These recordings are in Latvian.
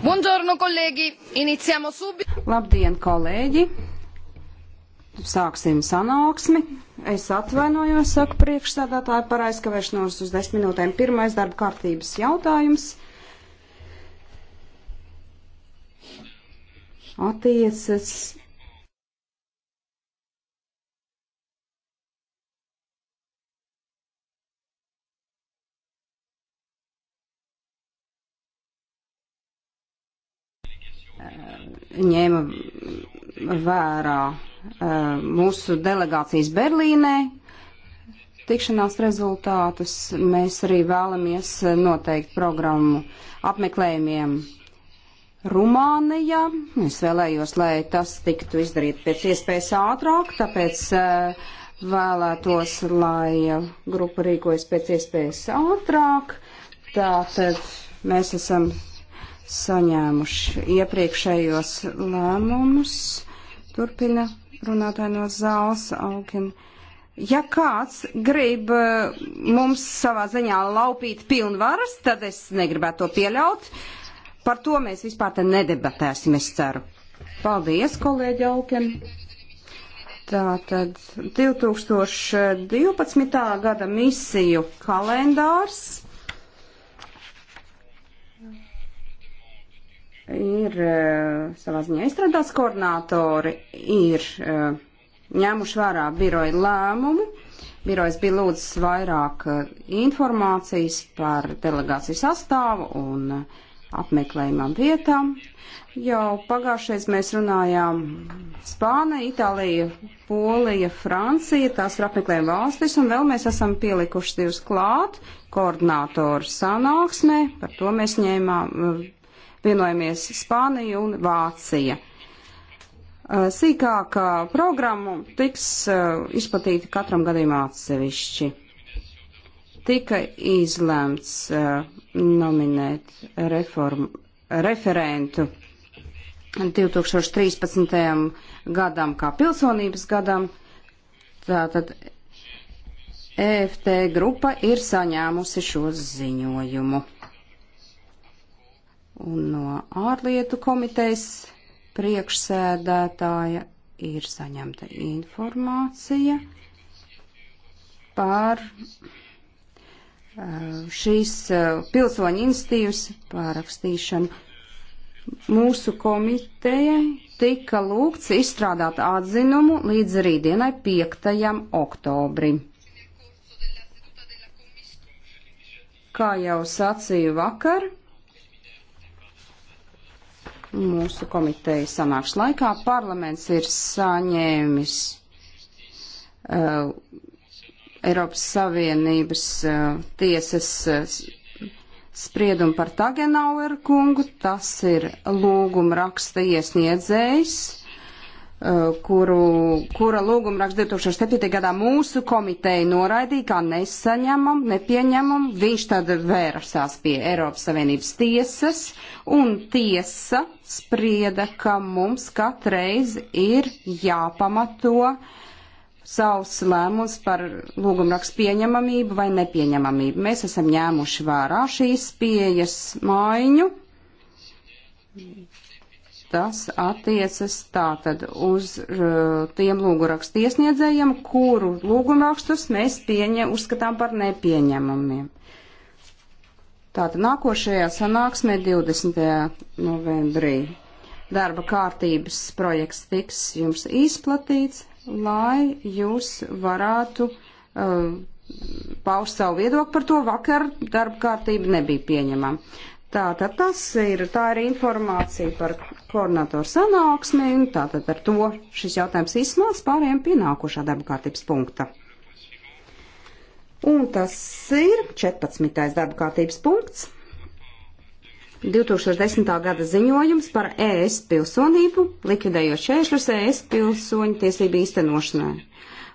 Buongiorno, kolēģi! Iniciamo subito! Labdien, kolēģi! Sāksim sanāksmi. Es atvainojos, saku priekšsēdētāju par aizkavēšanos uz desmit minūtēm. Pirmais darba kārtības jautājums attiecas ņēma vērā eh, mūsu delegācijas Berlīnē tikšanās rezultātus. Mēs arī vēlamies noteikt programmu apmeklējumiem Rumānijā. Es vēlējos, lai tas tiktu izdarīt pēc iespējas ātrāk, tāpēc eh, vēlētos, lai grupa rīkojas pēc iespējas ātrāk. Tātad mēs esam saņēmuši iepriekšējos lēmumus. Turpina runātāji no zāles augina. Ja kāds grib eh, mums savā ziņā laupīt pilnvaras, tad es negribētu to pieļaut. Par to mēs vispār te nedebatēsim, es ceru. Paldies, kolēģi Auken. Tātad 2012. gada misiju kalendārs ir e, savā ziņā izstrādāts koordinātori, ir e, ņēmuši vērā biroja lēmumu. Birojas bija lūdzis vairāk e, informācijas par delegāciju sastāvu un apmeklējumām vietām. Jau pagājušais mēs runājām Spānija, Itālija, Polija, Francija, tās ir apmeklējuma valstis, un vēl mēs esam pielikuši divus klāt koordinātoru sanāksmē, par to mēs ņēmām vienojamies Spānija un Vācija. Uh, Sīkākā programma tiks uh, izplatīta katram gadījumā atsevišķi. Tika izlēmts uh, nominēt reformu, referentu 2013. gadam kā pilsonības gadam. Tātad EFT grupa ir saņēmusi šo ziņojumu un no ārlietu komitejas priekšsēdētāja ir saņemta informācija par eh, šīs eh, pilsoņu institīvas pārakstīšanu. Mūsu komitejai tika lūgts izstrādāt atzinumu līdz rītdienai 5. oktobrim. Kā jau sacīju vakar, mūsu komiteja sanāks laikā. Parlaments ir saņēmis uh, Eiropas Savienības uh, tiesas uh, spriedumu par Tagenauer kungu. Tas ir lūguma raksta iesniedzējs. Uh, kuru, kura lūguma raksts 2007. gadā mūsu komiteja noraidīja kā nesaņemam, nepieņemam. Viņš tad vērsās pie Eiropas Savienības tiesas, un tiesa sprieda, ka mums katreiz ir jāpamato savus lēmumus par lūgumrakstu pieņemamību vai nepieņemamību. Mēs esam ņēmuši vērā šīs pieejas maiņu Tas attiecas tātad uz uh, tiem lūgurakstu iesniedzējiem, kuru lūgumrakstus mēs pieņem, uzskatām par nepieņemamiem. Tātad nākošajā sanāksmē 20. novembrī darba kārtības projekts tiks jums izplatīts, lai jūs varētu uh, paust savu viedokli par to. Vakar darba kārtība nebija pieņemama. Tātad tas ir, tā ir informācija par koordinatoru sanāksmi, un tātad ar to šis jautājums izsmās pārējiem pie nākošā darba kārtības punkta. Un tas ir 14. darba kārtības punkts. 2010. gada ziņojums par ES pilsonību, likvidējot šķēršļus ES pilsoņu tiesību īstenošanai.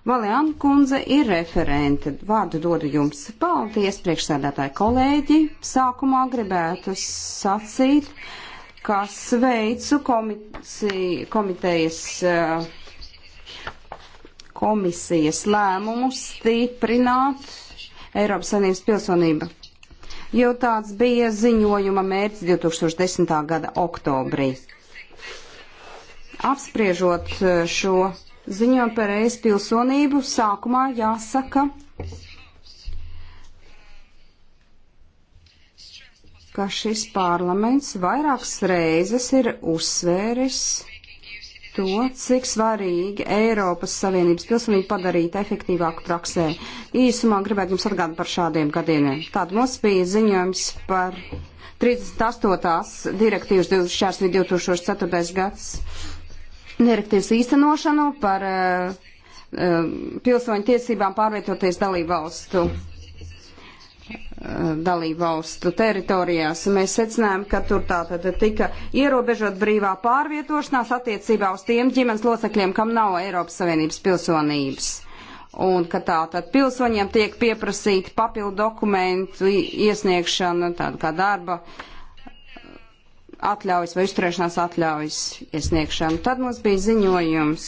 Valian kundze ir referente. Vārdu dodu jums. Paldies, priekšsēdētāji kolēģi. Sākumā gribētu sacīt, ka sveicu komite komitejas, eh, komisijas lēmumu stiprināt Eiropas Savienības pilsonību. Jo tāds bija ziņojuma mērķis 2010. gada oktobrī. Apspriežot eh, šo ziņo par reiz pilsonību, sākumā jāsaka, ka šis parlaments vairākas reizes ir uzsvēris to, cik svarīgi Eiropas Savienības pilsonību padarīt efektīvāku praksē. Īsumā gribētu jums atgādināt par šādiem gadījumiem. Tāda mums bija ziņojums par 38. direktīvas 2004. gads direktīvas īstenošanu par uh, pilsoņu tiesībām pārvietoties dalību valstu eh, dalību valstu teritorijās. Mēs secinājām, ka tur tātad tika ierobežot brīvā pārvietošanās attiecībā uz tiem ģimenes locekļiem, kam nav Eiropas Savienības pilsonības. Un ka tātad pilsoņiem tiek pieprasīta papildu dokumentu iesniegšana, tāda kā darba uh, atļaujas vai uzturēšanās atļaujas iesniegšanu. Tad mums bija ziņojums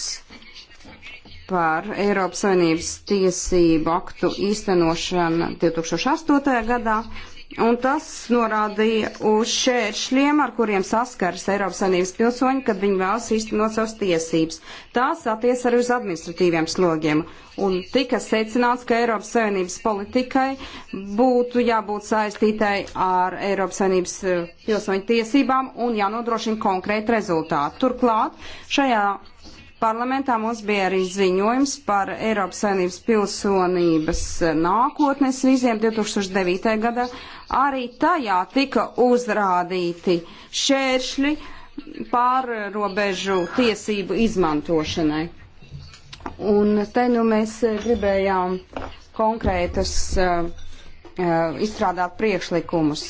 par Eiropas Savienības tiesību aktu īstenošanu 2008. gadā. Un tas norādīja uz šēršļiem, ar kuriem saskaras Eiropas Savienības pilsoņi, kad viņi vēlas īstenot savas tiesības. Tās attiec arī uz administratīviem slogiem. Un tika secināts, ka Eiropas Savienības politikai būtu jābūt saistītai ar Eiropas Savienības eh, pilsoņu tiesībām un jānodrošina konkrēti rezultāti. Turklāt šajā parlamentā mums bija arī ziņojums par Eiropas Savienības pilsonības nākotnes vīziem 2009. gadā. Arī tajā tika uzrādīti šēršļi pārrobežu tiesību izmantošanai. Un te nu mēs gribējām konkrētus uh, eh, uh, eh, izstrādāt priekšlikumus.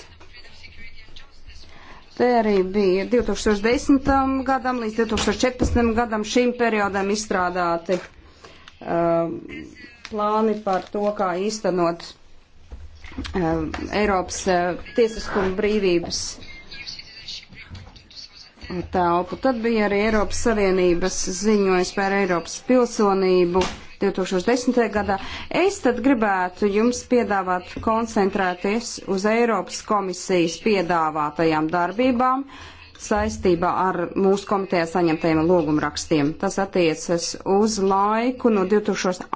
Te arī bija 2010. gadam līdz 2014. gadam šīm periodam izstrādāti uh, plāni par to, kā īstenot uh, Eiropas uh, tiesiskuma brīvības telpu. Tad bija arī Eiropas Savienības ziņojums par Eiropas pilsonību 2010. gadā. Es tad gribētu jums piedāvāt koncentrēties uz Eiropas komisijas piedāvātajām darbībām saistībā ar mūsu komitejā saņemtajiem logumrakstiem. Tas attiecas uz laiku no 2008.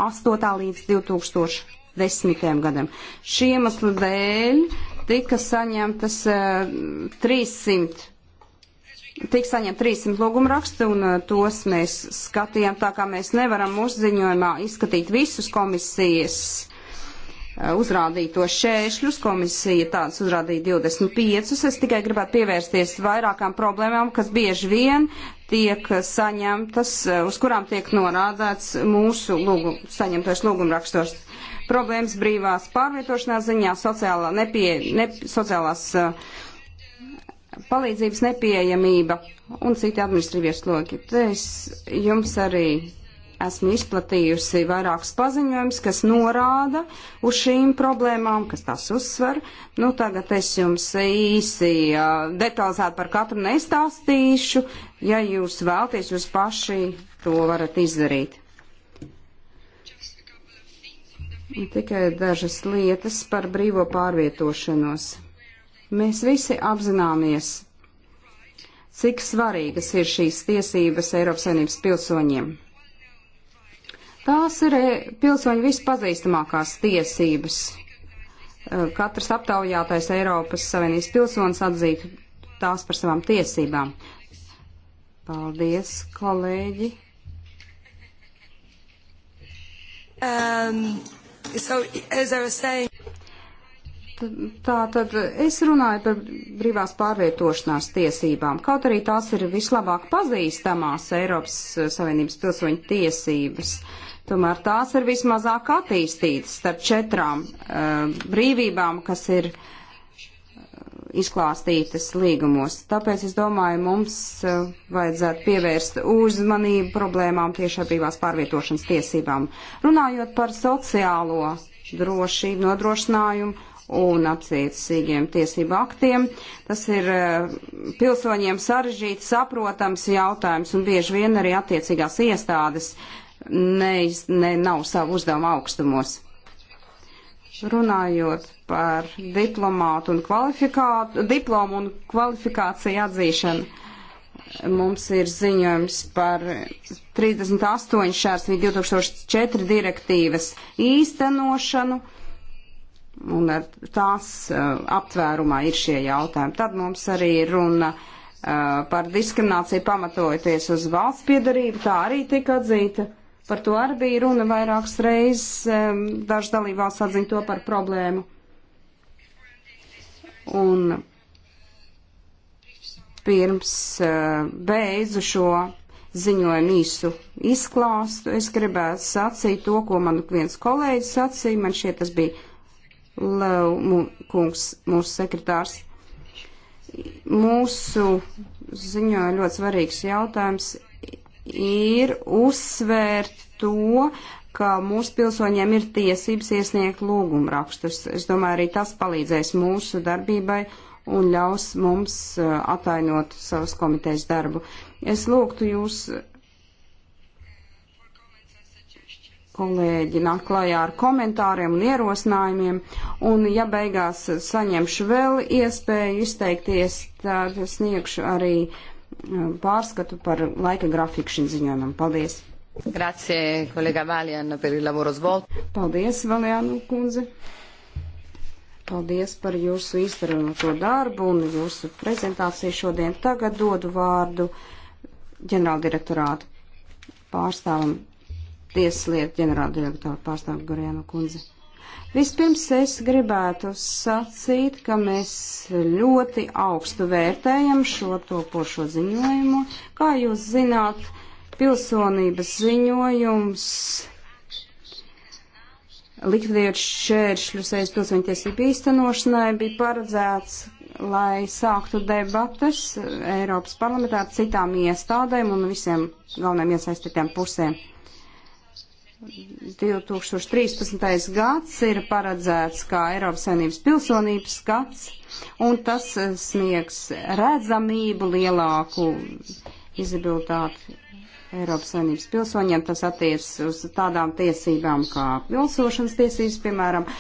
līdz 2010. gadam. Šī iemesla dēļ tika saņemtas uh, eh, 300 Tik saņemt 300 lūgumu rakstu, un eh, tos mēs skatījām, tā kā mēs nevaram uzziņojumā izskatīt visus komisijas eh, uzrādīto šēšļus. Komisija tāds uzrādīja 25. Es tikai gribētu pievērsties vairākām problēmām, kas bieži vien tiek saņemtas, eh, uz kurām tiek norādēts mūsu lūgum, saņemtais lūgumrakstos. Problēmas brīvās pārvietošanās ziņā, sociālā nepie, ne, sociālās uh, palīdzības nepieejamība un citi administratīvie slogi. Es jums arī esmu izplatījusi vairākus paziņojumus, kas norāda uz šīm problēmām, kas tās uzsver. Nu, tagad es jums īsi uh, detalizēti par katru nestāstīšu. Ja jūs vēlties, jūs paši to varat izdarīt. Tikai dažas lietas par brīvo pārvietošanos. Mēs visi apzināmies, cik svarīgas ir šīs tiesības Eiropas Savienības pilsoņiem. Tās ir e, pilsoņu vispazīstamākās tiesības. E, katrs aptaujātais Eiropas Savienības pilsonis atzīt tās par savām tiesībām. Paldies, kolēģi! Um, so, saying... Tā tad es runāju par brīvās pārvietošanās tiesībām, kaut arī tās ir vislabāk pazīstamās Eiropas eh, Savienības pilsoņu tiesības. Tomēr tās ir vismazāk attīstītas starp četrām uh, brīvībām, kas ir eh, izklāstītas līgumos. Tāpēc es domāju, mums uh, vajadzētu pievērst uzmanību problēmām tieši ar brīvās pārvietošanas tiesībām. Runājot par sociālo drošību, nodrošinājumu un attiecīgiem tiesību aktiem. Tas ir eh, pilsoņiem sarežģīts, saprotams jautājums, un bieži vien arī attiecīgās iestādes ne, ne, nav savu uzdevumu augstumos. Runājot par diplomātu un kvalifikātu, diplomu un kvalifikāciju atzīšanu, mums ir ziņojums par 38 šārsvī 2004 direktīvas īstenošanu un ar tās uh, aptvērumā ir šie jautājumi. Tad mums arī ir runa uh, par diskrimināciju pamatojoties uz valsts piedarību, tā arī tika atzīta. Par to arī bija runa vairākas reizes, um, eh, daži dalībvalsts atzina to par problēmu. Un pirms uh, beidzu šo ziņojumu īsu izklāstu, es gribētu sacīt to, ko man viens kolēģis sacīja, man šie tas bija Leu kungs, mūsu sekretārs. Mūsu ziņā ļoti svarīgs jautājums ir uzsvērt to, ka mūsu pilsoņiem ir tiesības iesniegt lūgumu rakstus. Es domāju, arī tas palīdzēs mūsu darbībai un ļaus mums uh, atainot savas komitejas darbu. Es lūgtu jūs kolēģi nāk klajā ar komentāriem un ierosinājumiem, un ja beigās saņemšu vēl iespēju izteikties, tad sniegšu arī um, pārskatu par laika grafiku šim ziņojumam. Paldies! Grazie, kolēģa Valian, par lavoro svolto. Paldies, Valianu kundze! Paldies par jūsu izdarīto darbu un jūsu prezentāciju šodien. Tagad dodu vārdu ģenerāldirektorātu pārstāvam tieslietu ģenerāldirektoru pārstāvu Gorjānu kundzi. Vispirms es gribētu sacīt, ka mēs ļoti augstu vērtējam šo topošo ziņojumu. Kā jūs zināt, pilsonības ziņojums likvidējot šķēršļus aiz pilsoņtiesību īstenošanai bija paredzēts, lai sāktu debates Eiropas parlamentā ar citām iestādēm un visiem galvenajiem iesaistītiem pusēm. 2013. gads ir paredzēts kā Eiropas Savienības pilsonības gads, un tas eh, sniegs redzamību lielāku izibilitāti Eiropas Savienības pilsoņiem. Tas attiec uz tādām tiesībām kā pilsošanas tiesības, piemēram, uh,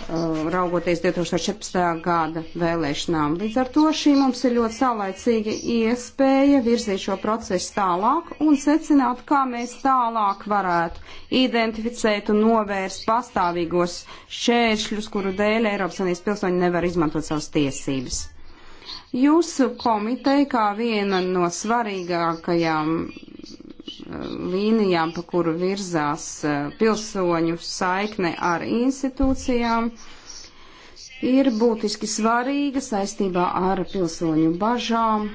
Uh, raugoties 2014. gada vēlēšanām. Līdz ar to šī mums ir ļoti saulaicīga iespēja virzīt šo procesu tālāk un secināt, kā mēs tālāk varētu identificēt un novērst pastāvīgos šķēršļus, kuru dēļ Eiropas Savienības pilsoņi nevar izmantot savas tiesības. Jūsu komiteja kā viena no svarīgākajām līnijām, pa kuru virzās eh, pilsoņu saikne ar institūcijām, ir būtiski svarīga saistībā ar pilsoņu bažām.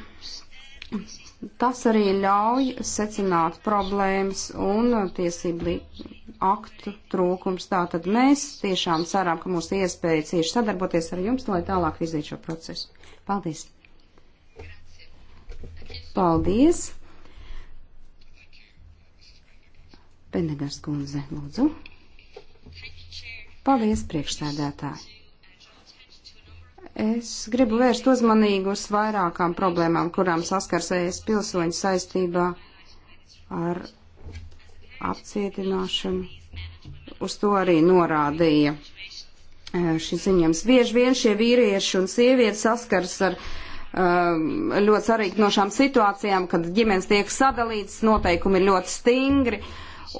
Tas arī ļauj secināt problēmas un tiesību aktu trūkums. Tātad mēs tiešām ceram, ka mūsu iespēja cieši sadarboties ar jums, lai tālāk virzītu šo procesu. Paldies! Paldies! Pendegas kundze, lūdzu. Paldies, priekšsēdētāji. Es gribu vērst uzmanību uz vairākām problēmām, kurām saskarsējas pilsoņi saistībā ar apcietināšanu. Uz to arī norādīja e, šis ziņojums. Bieži vien šie vīrieši un sievietes saskars ar um, ļoti sarīknošām situācijām, kad ģimenes tiek sadalītas, noteikumi ir ļoti stingri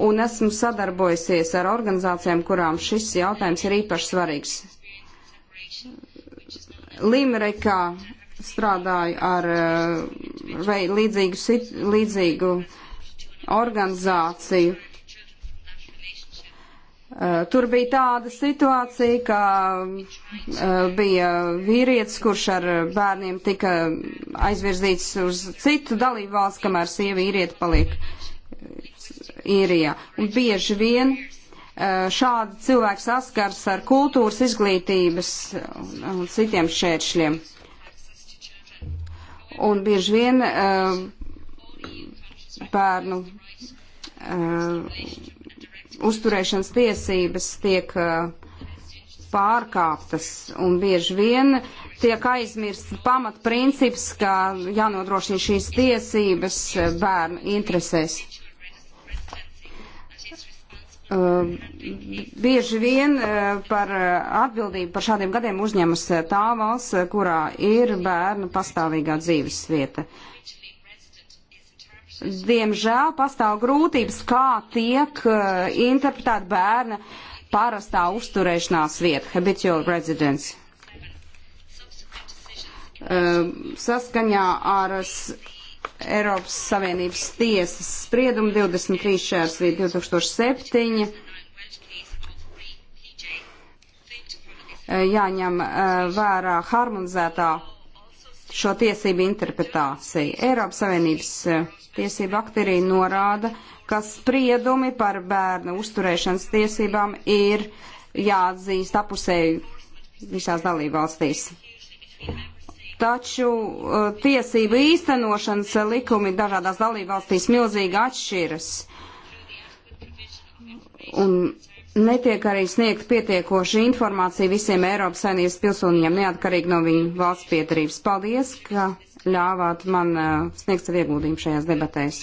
un esmu sadarbojusies ar organizācijām, kurām šis jautājums ir īpaši svarīgs. Limrekā strādāju ar eh, vai līdzīgu, līdzīgu organizāciju. Eh, tur bija tāda situācija, ka eh, bija vīrietis, kurš ar bērniem tika aizvirzīts uz citu dalībvalsts, kamēr sieva vīrieti paliek īrijā. Un bieži vien eh, šādi cilvēki saskars ar kultūras izglītības un citiem šēršļiem. Un bieži vien eh, bērnu eh, uzturēšanas tiesības tiek pārkāptas un bieži vien tiek aizmirsts pamatprincips, ka jānodrošina šīs tiesības bērnu interesēs. Eh, bieži vien eh, par eh, atbildību par šādiem gadiem uzņemas tā valsts, kurā ir bērnu pastāvīgā dzīves vieta. Diemžēl pastāv grūtības, kā tiek interpretēta bērna parastā uzturēšanās vieta, habitual residence. Saskaņā ar Eiropas Savienības tiesas spriedumu 23 šērs 2007. Eh, jāņem eh, vērā harmonizētā šo tiesību interpretāciju. Eiropas Savienības eh, tiesība akti arī norāda, ka spriedumi par bērnu uzturēšanas tiesībām ir jāatzīst apusēji visās dalībvalstīs. Taču uh, tiesību īstenošanas likumi dažādās dalībvalstīs milzīgi atšķiras. Un netiek arī sniegt pietiekoši informācija visiem Eiropas saimnības pilsoņiem, neatkarīgi no viņu valsts piedarības. Paldies, ka ļāvāt man uh, sniegt savu ieguldījumu šajās debatēs.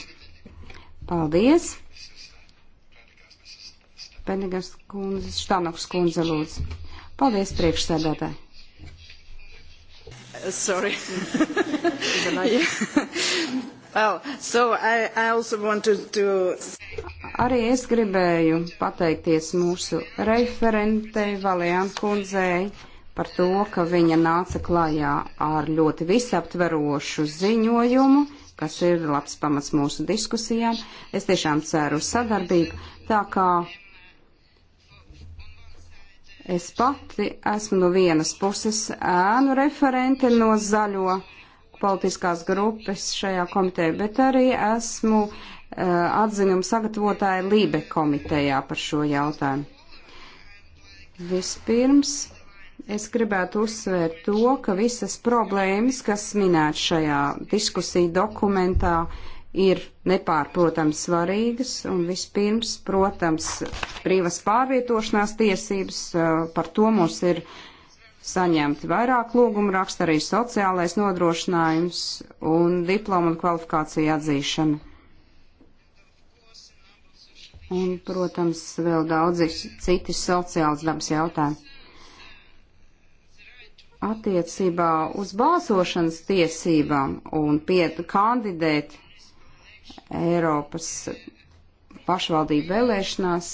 Paldies! Penegas kundze, Štanoks kundze lūdzu. Paldies priekšsēdētāji! Uh, sorry. yeah. well, oh, so I, I also wanted to... Arī es gribēju pateikties mūsu referentei Valijām kundzei par to, ka viņa nāca klajā ar ļoti visaptverošu ziņojumu, kas ir labs pamats mūsu diskusijām. Es tiešām ceru uz sadarbību, tā kā Es pati esmu no vienas puses ēnu referente no zaļo politiskās grupas šajā komitejā, bet arī esmu uh, atziņuma sagatavotāja Lībe komitejā par šo jautājumu. Vispirms es gribētu uzsvērt to, ka visas problēmas, kas minētas šajā diskusiju dokumentā, uh, ir nepārprotams svarīgas, un vispirms, protams, brīvas pārvietošanās tiesības, par to mums ir saņemti vairāk lūgumu raksta arī sociālais nodrošinājums un diplomu un kvalifikāciju atzīšana. Un, protams, vēl daudzi citi sociāls dabas jautājumi. Attiecībā uz balsošanas tiesībām un pie kandidēt Eiropas pašvaldību vēlēšanās.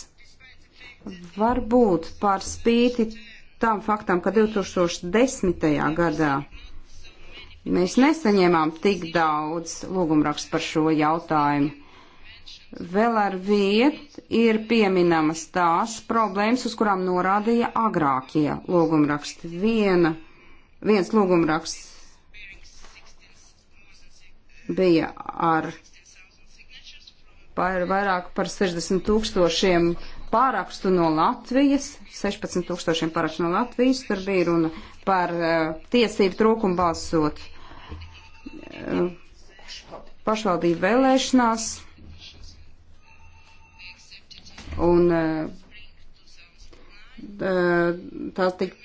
Varbūt par spīti tam faktam, ka 2010. gadā mēs nesaņēmām tik daudz lūgumrakstu par šo jautājumu. Vēl ar vietu ir pieminamas tās problēmas, uz kurām norādīja agrākie lūgumraksti. Viena, viens lūgumraksts bija ar par vairāk par 60 tūkstošiem pārakstu no Latvijas, 16 tūkstošiem pārakstu no Latvijas, tur bija runa par uh, tiesību trūkumu balsot uh, pašvaldību vēlēšanās. Un uh, eh, tā tika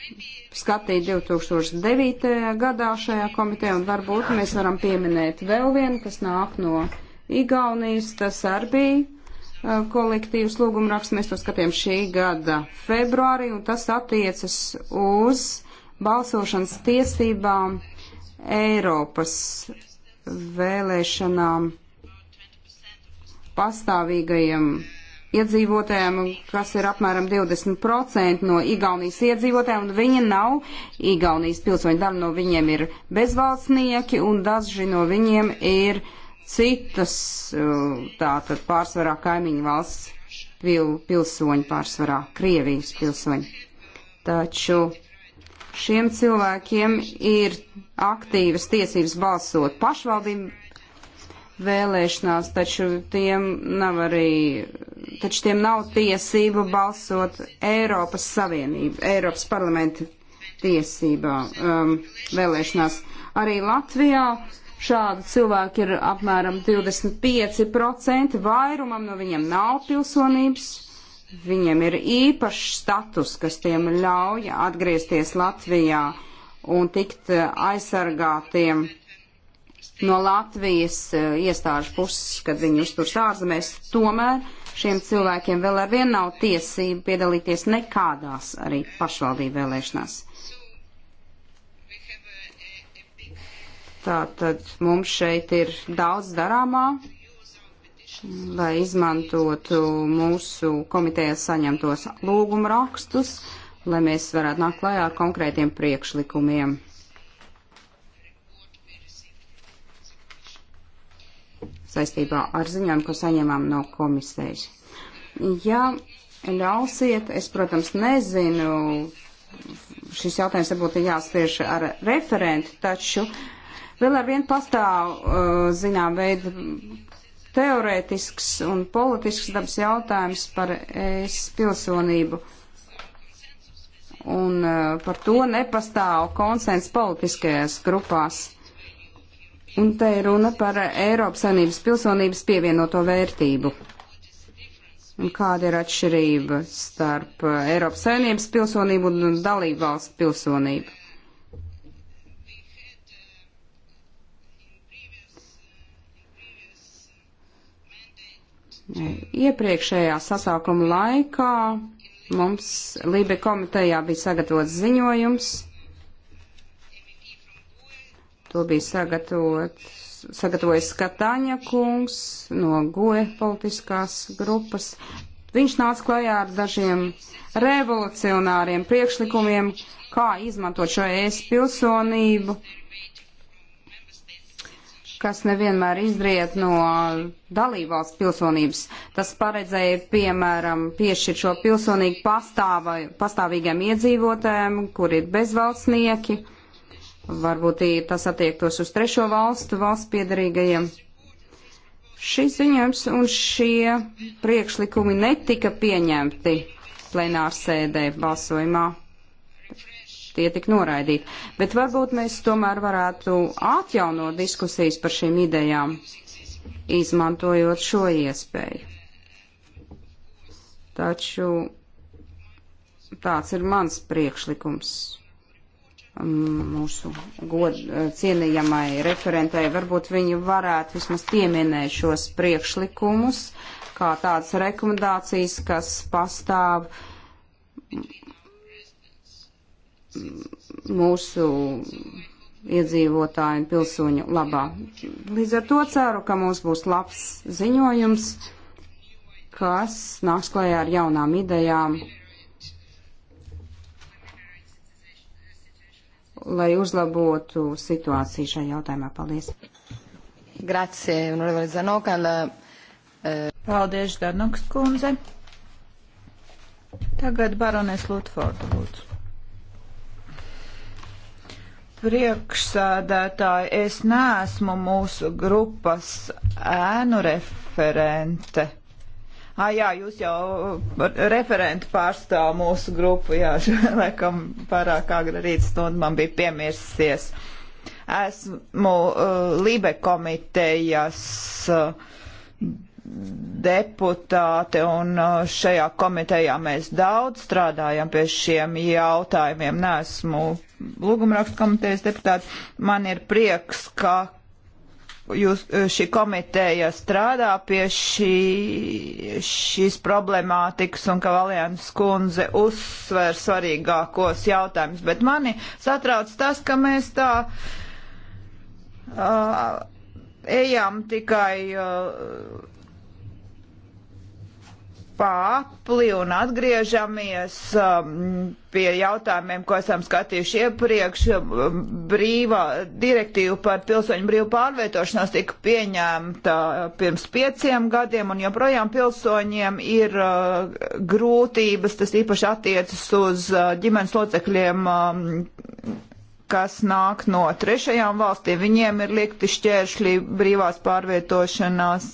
skatīt 2009. gadā šajā komitejā, un varbūt mēs varam pieminēt vēl vienu, kas nāk no Igaunijas, tas arī bija uh, kolektīvs lūgumraksts. Mēs to skatījām šī gada februārī, un tas attiecas uz balsošanas tiesībām Eiropas vēlēšanām pastāvīgajiem iedzīvotājiem, kas ir apmēram 20% no Igaunijas iedzīvotājiem, un viņi nav Igaunijas pilsoņi. Daļa no viņiem ir bezvalstnieki, un daži no viņiem ir uh, citas, uh, tātad pārsvarā kaimiņu valsts pil, pilsoņu, pārsvarā Krievijas pilsoņu. Taču šiem cilvēkiem ir aktīvas tiesības balsot pašvaldību vēlēšanās, taču tiem nav arī, taču tiem nav tiesību balsot Eiropas Savienību, Eiropas parlamenta tiesībā um, vēlēšanās. Arī Latvijā uh, Šādu cilvēku ir apmēram 25%, vairumam no viņiem nav pilsonības, viņiem ir īpašs status, kas tiem ļauj atgriezties Latvijā un tikt eh, aizsargātiem no Latvijas eh, iestāžu puses, kad viņi uzturs ārzemēs. Tomēr šiem cilvēkiem vēl ar vienu nav tiesību piedalīties nekādās arī pašvaldību vēlēšanās. Tātad mums šeit ir daudz darāmā, lai izmantotu mūsu komitejas saņemtos lūgumu rakstus, lai mēs varētu nākt klajā ar konkrētiem priekšlikumiem. saistībā ar ziņām, ko saņemam no komisijas. Ja ļausiet, es, protams, nezinu, šis jautājums varbūt ir jāspriež ar referentu, taču uh, Vēl ar vienu pastāv, uh, zinām, veidu teorētisks un politisks dabas jautājums par es pilsonību. Un uh, par to nepastāv konsens politiskajās grupās. Un te ir runa par Eiropas saimnības pilsonības pievienoto vērtību. Un kāda ir atšķirība starp Eiropas saimnības pilsonību un dalību valsts pilsonību? Iepriekšējā sasākuma laikā mums Lībe komitejā bija sagatavots ziņojums. To bija sagatavot, sagatavojis Skatāņa kungs no GOE politiskās grupas. Viņš nāca klajā ar dažiem revolucionāriem priekšlikumiem, kā izmantot šo ēst pilsonību kas nevienmēr izriet no dalībvalsts pilsonības. Tas paredzēja, piemēram, piešķirt šo pilsonību pastāvai, pastāvīgiem iedzīvotājiem, kur ir bezvalstnieki. Varbūt tas attiektos uz trešo valstu valsts piedarīgajiem. Šis ziņojums un šie priekšlikumi netika pieņemti plenārsēdē balsojumā tie tik noraidīti. Bet varbūt mēs tomēr varētu atjaunot diskusijas par šīm idejām, izmantojot šo iespēju. Taču tāds ir mans priekšlikums mūsu god, cienījamai referentai. Varbūt viņi varētu vismaz pieminēt šos priekšlikumus kā tādas rekomendācijas, kas pastāv mūsu iedzīvotāju un pilsoņu labā. Līdz ar to ceru, ka mums būs labs ziņojums, kas nāks klajā ar jaunām idejām, lai uzlabotu situāciju šajā jautājumā. Paldies! Grazie, Honorevole Zanokala. Eh, Paldies, Danoks kundze. Tagad baronēs Lutforda lūdzu priekšsēdētāji, es neesmu mūsu grupas ēnu referente. Ah, jā, jūs jau referenti pārstāv mūsu grupu, jā, laikam pārāk agra rīta stunda man bija piemirsies. Esmu uh, Libe komitejas uh, deputāte, un uh, šajā komitejā mēs daudz strādājam pie šiem jautājumiem. Nesmu lūgumrakstu komitejas deputāts. Man ir prieks, ka jūs, uh, šī komiteja strādā pie šī, šīs problemātikas un ka Valēnas kundze uzsver svarīgākos jautājumus, bet mani satrauc tas, ka mēs tā uh, ejam tikai. Uh, pāpli un atgriežamies um, pie jautājumiem, ko esam skatījuši iepriekš. Um, brīvā direktīva par pilsoņu brīvu pārvietošanos tika pieņemta pirms pieciem gadiem, un joprojām pilsoņiem ir uh, grūtības, tas īpaši attiecas uz uh, ģimenes locekļiem. Um, kas nāk no trešajām valstīm, viņiem ir liekti šķēršļi brīvās pārvietošanās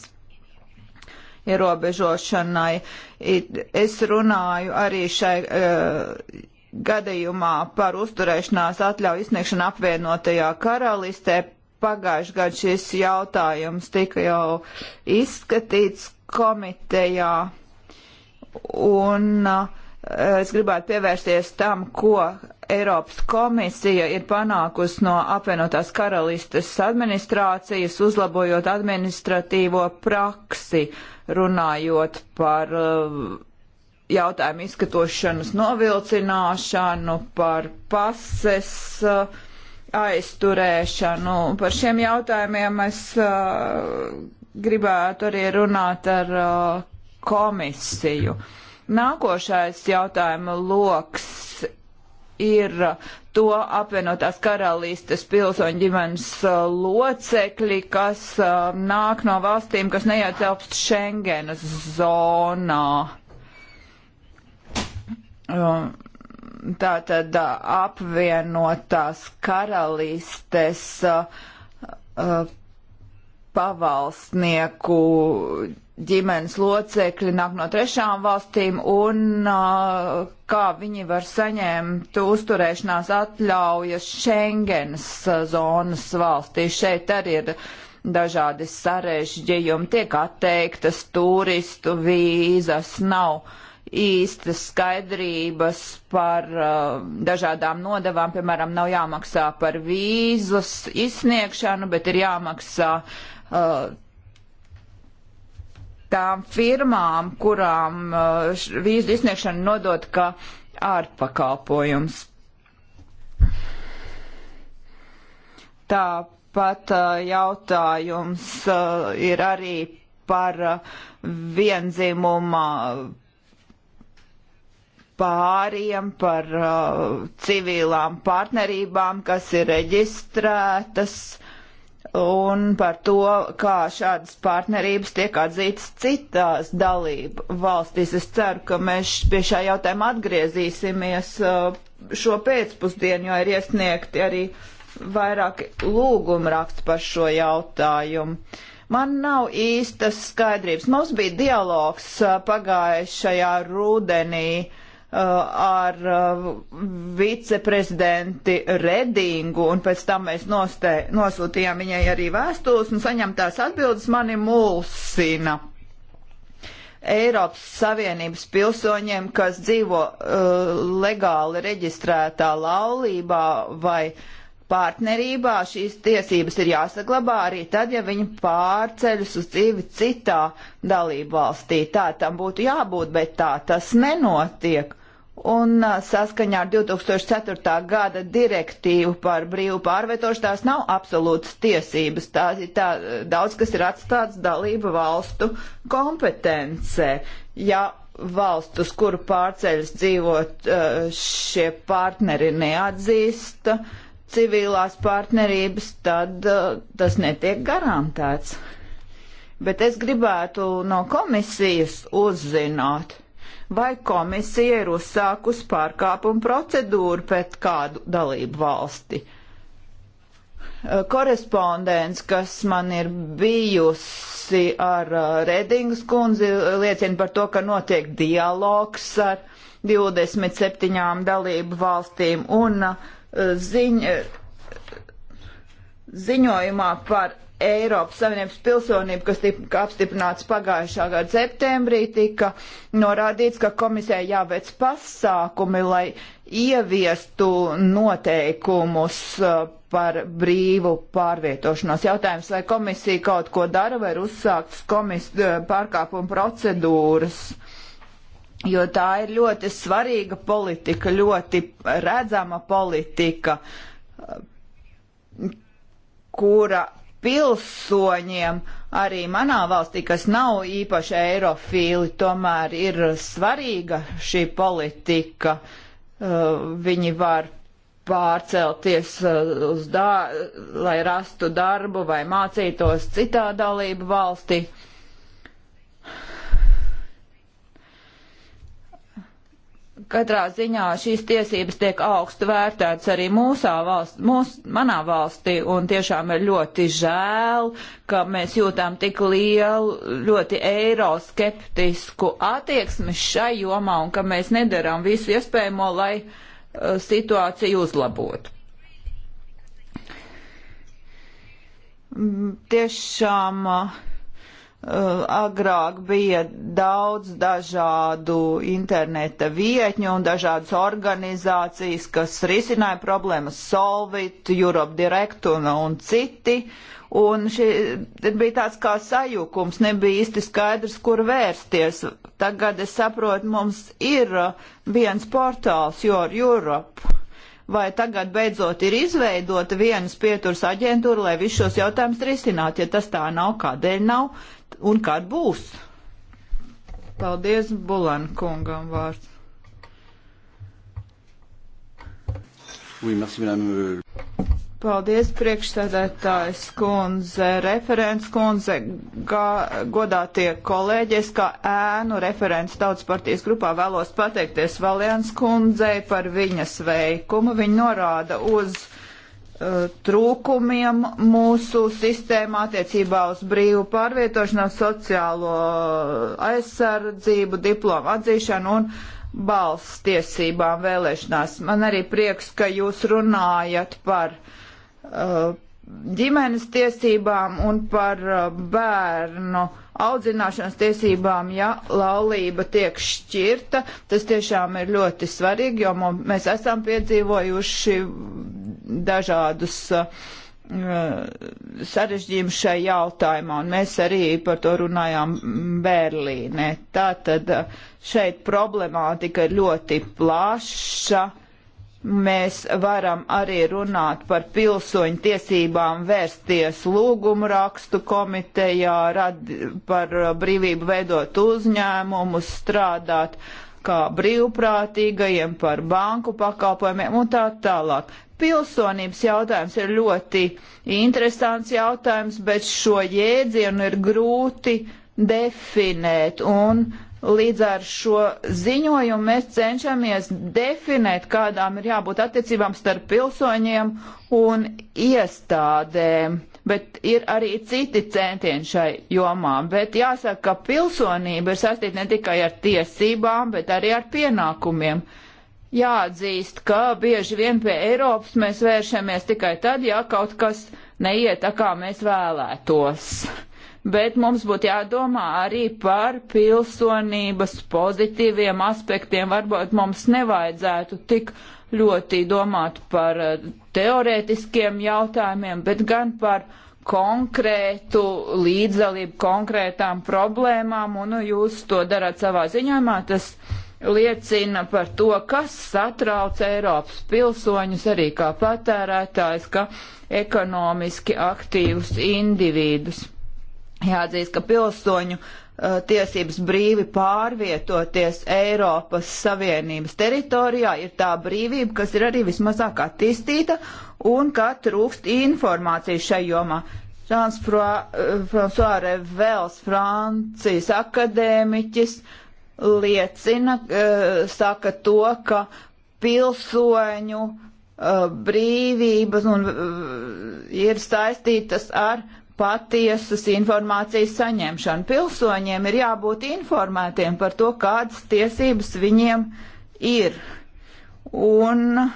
ierobežošanai. Es runāju arī šai uh, gadījumā par uzturēšanās atļauju izsniegšanu apvienotajā karalistē. Pagājuši gadu šis jautājums tika jau izskatīts komitejā. Un uh, es gribētu pievērsties tam, ko Eiropas komisija ir panākusi no apvienotās karalistes administrācijas, uzlabojot administratīvo praksi runājot par uh, jautājumu izskatošanas novilcināšanu, par pases uh, aizturēšanu. Par šiem jautājumiem es uh, gribētu arī runāt ar komisiju. Nākošais jautājuma loks ir to apvienotās karalistes pilsoņu ģimenes uh, locekļi, kas uh, nāk no valstīm, kas neietilpst Schengenas zonā. Um, tātad uh, apvienotās karalistes pavalstnieku ģimenes locekļi nāk no trešām valstīm un uh, kā viņi var saņemt uzturēšanās atļaujas Schengenas zonas valstī. Šeit arī ir dažādi sarežģījumi, tiek atteiktas turistu vīzas, nav īstas skaidrības par uh, dažādām nodevām, piemēram, nav jāmaksā par vīzas izsniegšanu, bet ir jāmaksā uh, tām firmām, kurām uh, vīzu izsniegšana nodot kā ārpakalpojums. Tāpat uh, jautājums uh, ir arī par viendzimuma pāriem, par civilām partnerībām, kas ir reģistrētas. Uh, un par to, kā šādas partnerības tiek atzītas citās dalību valstīs. Es ceru, ka mēs pie šā jautājuma atgriezīsimies uh, šo pēcpusdienu, jo ir iesniegti arī vairāki lūguma raksts par šo jautājumu. Man nav īstas skaidrības. Mums bija dialogs uh, pagājušajā rudenī uh, Uh, ar uh, viceprezidenti Redingu, un pēc tam mēs nostē, nosūtījām viņai arī vēstules, un saņemtās atbildes mani mulsina. Eiropas Savienības pilsoņiem, kas dzīvo uh, legāli reģistrētā laulībā vai partnerībā, šīs tiesības ir jāsaglabā arī tad, ja viņi pārceļas uz dzīvi citā dalību valstī. Tā tam būtu jābūt, bet tā tas nenotiek. Un saskaņā ar 2004. gada direktīvu par brīvu pārvietošanu tās nav absolūtas tiesības. Tās ir tā, daudz, kas ir atstāts dalību valstu kompetencē. Ja valstus, kuru pārceļas dzīvot, šie partneri neatzīst civilās partnerības, tad tas netiek garantēts. Bet es gribētu no komisijas uzzināt vai komisija ir uzsākus pārkāpumu procedūru pret kādu dalību valsti. Korespondents, kas man ir bijusi ar Redingas kundzi, liecina par to, ka notiek dialogs ar 27 dalību valstīm un ziņa, ziņojumā par Eiropas Savienības pilsonību, kas tika apstiprināts pagājušā gada septembrī, tika norādīts, ka komisijai jāveic pasākumi, lai ieviestu noteikumus uh, par brīvu pārvietošanos. Jautājums, vai komisija kaut ko dara, vai ir uzsāktas uh, pārkāpuma procedūras? Jo tā ir ļoti svarīga politika, ļoti redzama politika, uh, kura pilsoņiem arī manā valstī, kas nav īpaši eirofīli, tomēr ir svarīga šī politika. Uh, viņi var pārcelties uh, uz dā, lai rastu darbu vai mācītos citā dalību valstī. Uh, katrā ziņā šīs tiesības tiek augstu vērtētas arī mūsā valsts, mūs, manā valstī, un tiešām ir ļoti žēl, ka mēs jūtām tik lielu, ļoti eiroskeptisku attieksmi šai jomā, un ka mēs nedarām visu iespējamo, lai uh, situāciju uzlabotu. Mm, tiešām. Uh, Eh, agrāk bija daudz dažādu interneta vietņu un dažādas organizācijas, kas risināja problēmas Solvit, Europe Direct un, un citi. Un šī bija tāds kā sajukums, nebija īsti skaidrs, kur vērsties. Tagad es saprotu, mums ir viens portāls, Your Europe vai tagad beidzot ir izveidota vienas pieturas aģentūra, lai visus šos jautājumus risinātu. Ja tas tā nav, kādēļ nav, un kad būs. Paldies Bulan kungam vārds. Oui, merci, madame. Euh. Paldies, priekšsēdētājs kundze, referents kundze, gā, godātie kolēģis, kā ēnu referents tautas partijas grupā vēlos pateikties Valiens kundzei par viņas veikumu. Viņa norāda uz trūkumiem mūsu sistēmā attiecībā uz brīvu pārvietošanos, sociālo aizsardzību, diplomu atzīšanu un balss tiesībām vēlēšanās. Man arī prieks, ka jūs runājat par uh, ģimenes tiesībām un par uh, bērnu uh, audzināšanas tiesībām, ja laulība tiek šķirta. Tas tiešām ir ļoti svarīgi, jo mums, mēs esam piedzīvojuši dažādus uh, sarežģījumu šai jautājumā, un mēs arī par to runājām Berlīnē. Tātad uh, šeit problemātika ir ļoti plaša, Mēs varam arī runāt par pilsoņu tiesībām vērsties lūgumu rakstu komitejā, rad, par uh, brīvību veidot uzņēmumus, strādāt kā brīvprātīgajiem, par banku pakalpojumiem un tā tālāk. Pilsonības jautājums ir ļoti interesants jautājums, bet šo jēdzienu ir grūti definēt un uh, Līdz ar šo ziņojumu mēs cenšamies definēt, kādām ir jābūt attiecībām starp pilsoņiem un iestādēm, bet ir arī citi centieni šai jomā. Bet jāsaka, ka pilsonība ir saistīta ne tikai ar tiesībām, bet arī ar pienākumiem. Jāatzīst, ka bieži vien pie Eiropas mēs vēršamies tikai tad, ja kaut kas neiet tā, kā mēs vēlētos bet mums būtu jādomā arī par pilsonības pozitīviem aspektiem. Varbūt mums nevajadzētu tik ļoti domāt par eh, teorētiskiem jautājumiem, bet gan par konkrētu līdzdalību konkrētām problēmām, un nu, jūs to darat savā ziņojumā, tas liecina par to, kas satrauc Eiropas pilsoņus arī kā patērētājs, kā ekonomiski aktīvus individus. Jāatzīst, ka pilsoņu uh, tiesības brīvi pārvietoties Eiropas Savienības teritorijā ir tā brīvība, kas ir arī vismazāk attīstīta un ka trūkst informācijas šai jomā. Uh, François Revels, Francijas akadēmiķis, liecina, uh, saka to, ka pilsoņu uh, brīvības un, ir saistītas ar uh, patiesas informācijas saņemšanu. Pilsoņiem ir jābūt informētiem par to, kādas tiesības viņiem ir. Un uh,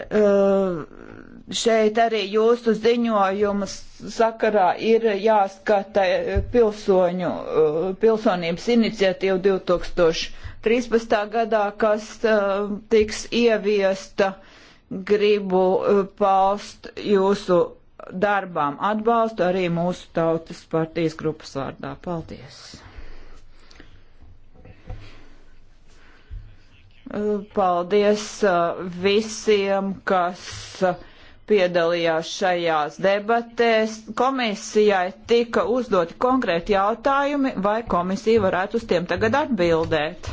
uh, šeit arī jūsu ziņojumu sakarā ir jāskata pilsoņu, uh, pilsonības iniciatīva 2013. gadā, kas uh, tiks ieviesta gribu e, paust jūsu darbām atbalstu arī mūsu tautas partijas grupas vārdā. Paldies! E, paldies e, visiem, kas piedalījās šajās debatēs. Komisijai tika uzdoti konkrēti jautājumi, vai komisija varētu uz tiem tagad atbildēt.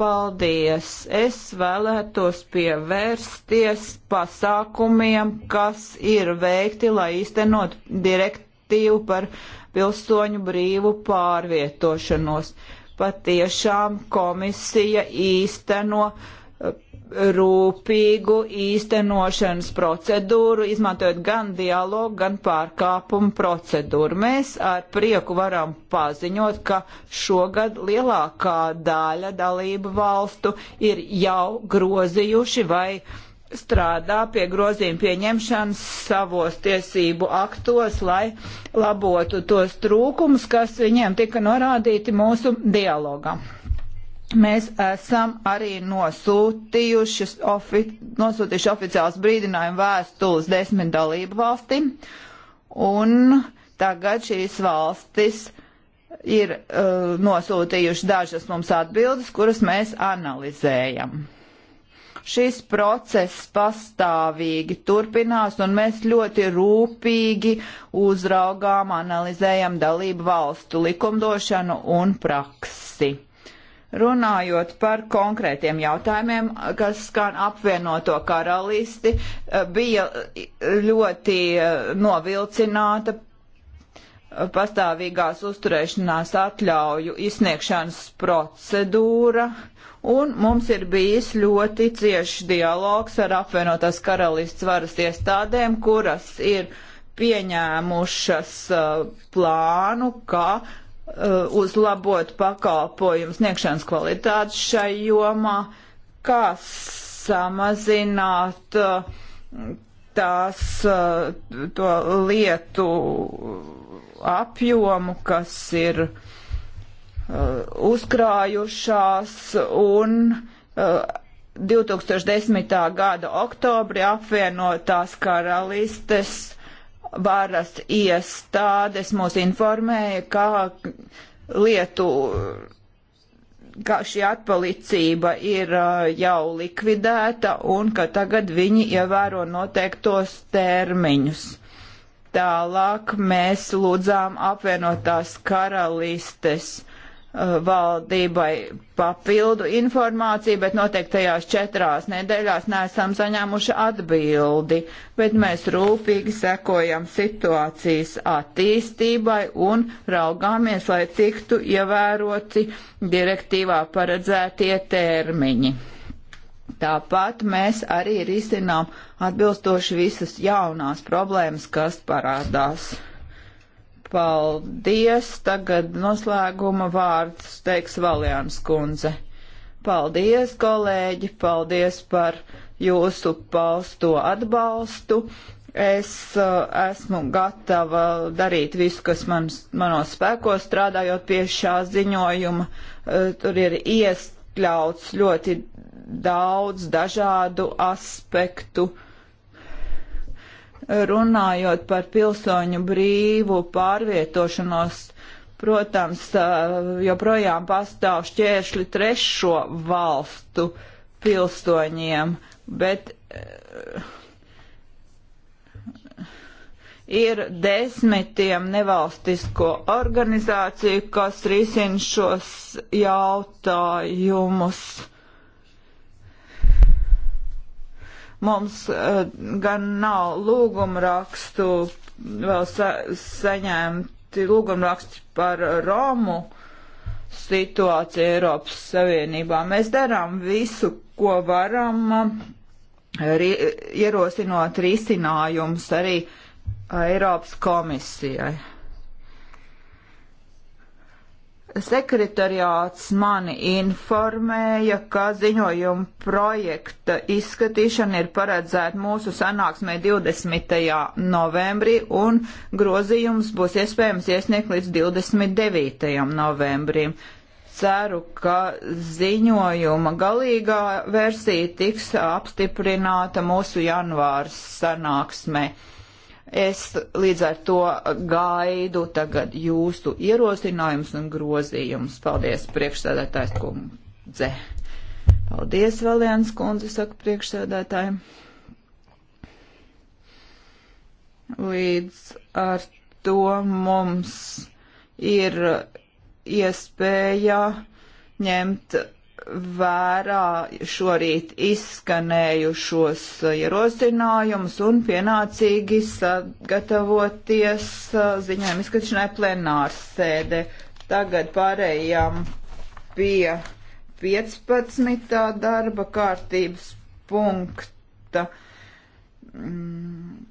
Paldies! Es vēlētos pievērsties pasākumiem, kas ir veikti, lai īstenot direktīvu par pilsoņu brīvu pārvietošanos. Patiešām komisija īsteno rūpīgu īstenošanas procedūru, izmantojot gan dialogu, gan pārkāpumu procedūru. Mēs ar prieku varam paziņot, ka šogad lielākā daļa dalību valstu ir jau grozījuši vai strādā pie grozījuma pieņemšanas savos tiesību aktos, lai labotu tos trūkums, kas viņiem tika norādīti mūsu dialogam. Mēs esam arī nosūtījuši, ofi, nosūtījuši oficiāls brīdinājumu vēstules desmit dalību valstīm, un tagad šīs valstis ir uh, nosūtījuši dažas mums atbildes, kuras mēs analizējam. Šis process pastāvīgi turpinās, un mēs ļoti rūpīgi uzraugām, analizējam dalību valstu likumdošanu un praksi Runājot par konkrētiem jautājumiem, kas skan apvienoto karalisti, eh, bija ļoti eh, novilcināta pastāvīgās uzturēšanās atļauju izsniegšanas procedūra, un mums ir bijis ļoti cieši dialogs ar apvienotās karalists varas iestādēm, kuras ir pieņēmušas eh, plānu, ka Uh, uzlabot pakalpojumu sniegšanas kvalitāti šai jomā, kā samazināt uh, tās uh, to lietu apjomu, kas ir uzkrājušās un 2010. gada oktobri apvienotās karalistes varas iestādes mūs informēja, ka lietu, ka šī atpalicība ir jau likvidēta un ka tagad viņi ievēro noteiktos termiņus. Tālāk mēs lūdzām apvienotās karalistes Uh, valdībai papildu informāciju, bet noteiktajās četrās nedēļās neesam saņēmuši atbildi, bet mēs rūpīgi sekojam situācijas attīstībai un raugāmies, lai tiktu ievēroti direktīvā paredzētie termiņi. Tāpat mēs arī risinām atbilstoši visas jaunās problēmas, kas parādās. Paldies. Tagad noslēguma vārds teiks Valjāns kundze. Paldies, kolēģi, paldies par jūsu pausto atbalstu. Es uh, esmu gatava darīt visu, kas man, manos spēkos strādājot pie šā ziņojuma. Uh, tur ir ieskļauts ļoti daudz dažādu aspektu. Uh, runājot par pilsoņu brīvu pārvietošanos, protams, eh, joprojām pastāv šķēršļi trešo valstu pilsoņiem, bet eh, ir desmitiem nevalstisko organizāciju, kas risina šos jautājumus Mums uh, gan nav lūgumrakstu vēl sa saņemti lūgumraksti par Romu situāciju Eiropas Savienībā. Mēs darām visu, ko varam, ri ierosinot risinājumus arī Eiropas komisijai. Sekretariāts mani informēja, ka ziņojuma projekta izskatīšana ir paredzēta mūsu sanāksmē 20. novembrī un grozījums būs iespējams iesniegt līdz 29. novembrim. Ceru, ka ziņojuma galīgā versija tiks apstiprināta mūsu janvāras sanāksmē. Es līdz ar to gaidu tagad jūsu ierosinājumus un grozījumus. Paldies, priekšsēdētājs kundze. Paldies, Valēns kundze, saka priekšsēdētājiem. Līdz ar to mums ir iespēja ņemt vērā šorīt izskanējušos ierosinājumus un pienācīgi sagatavoties uh, ziņojumu izskatīšanai plenārs sēdē. Tagad pārējām pie 15. darba kārtības punkta. Mm,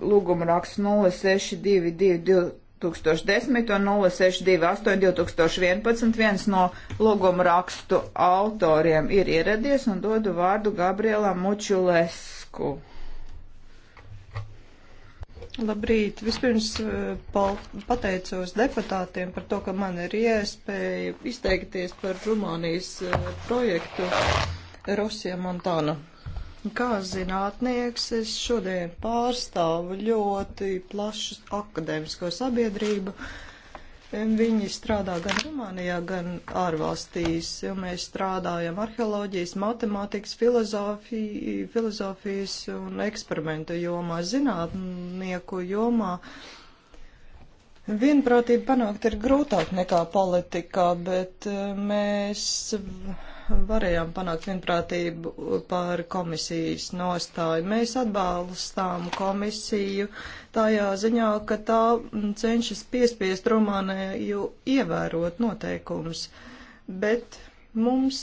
lūguma raksts 0622 2010 un 0628 2011 viens no lūguma rakstu autoriem ir ieradies un dodu vārdu Gabrielam Mučulesku. Labrīt! Vispirms eh, pateicos deputātiem par to, ka man ir iespēja izteikties par Rumānijas eh, projektu Rosija Montana. Kā zinātnieks, es šodien pārstāvu ļoti plašu akadēmisko sabiedrību. Viņi strādā gan Rumānijā, gan ārvalstīs. Mēs strādājam arheoloģijas, matemātikas, filozofija, filozofijas un eksperimentu jomā, zinātnieku jomā. Vienprātību panākt ir grūtāk nekā politikā, bet eh, mēs varējām panākt vienprātību par komisijas nostāju. Mēs atbalstām komisiju tajā ziņā, ka tā cenšas piespiest Rumāniju ievērot noteikumus, bet mums,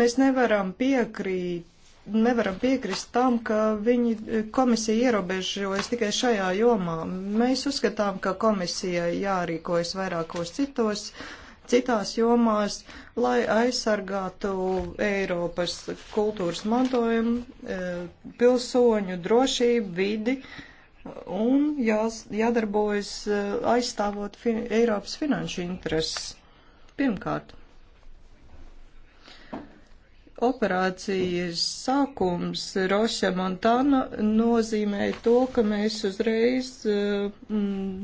mēs nevaram piekrīt. Nevaram piekrist tam, ka viņi komisija ierobežojas tikai šajā jomā. Mēs uzskatām, ka komisijai jārīkojas vairākos citos citās jomās, lai aizsargātu Eiropas kultūras mantojumu, e, pilsoņu drošību, vidi un jās, jādarbojas e, aizstāvot fin Eiropas finanšu intereses. Pirmkārt, operācijas sākums Roša Montana nozīmēja to, ka mēs uzreiz mm,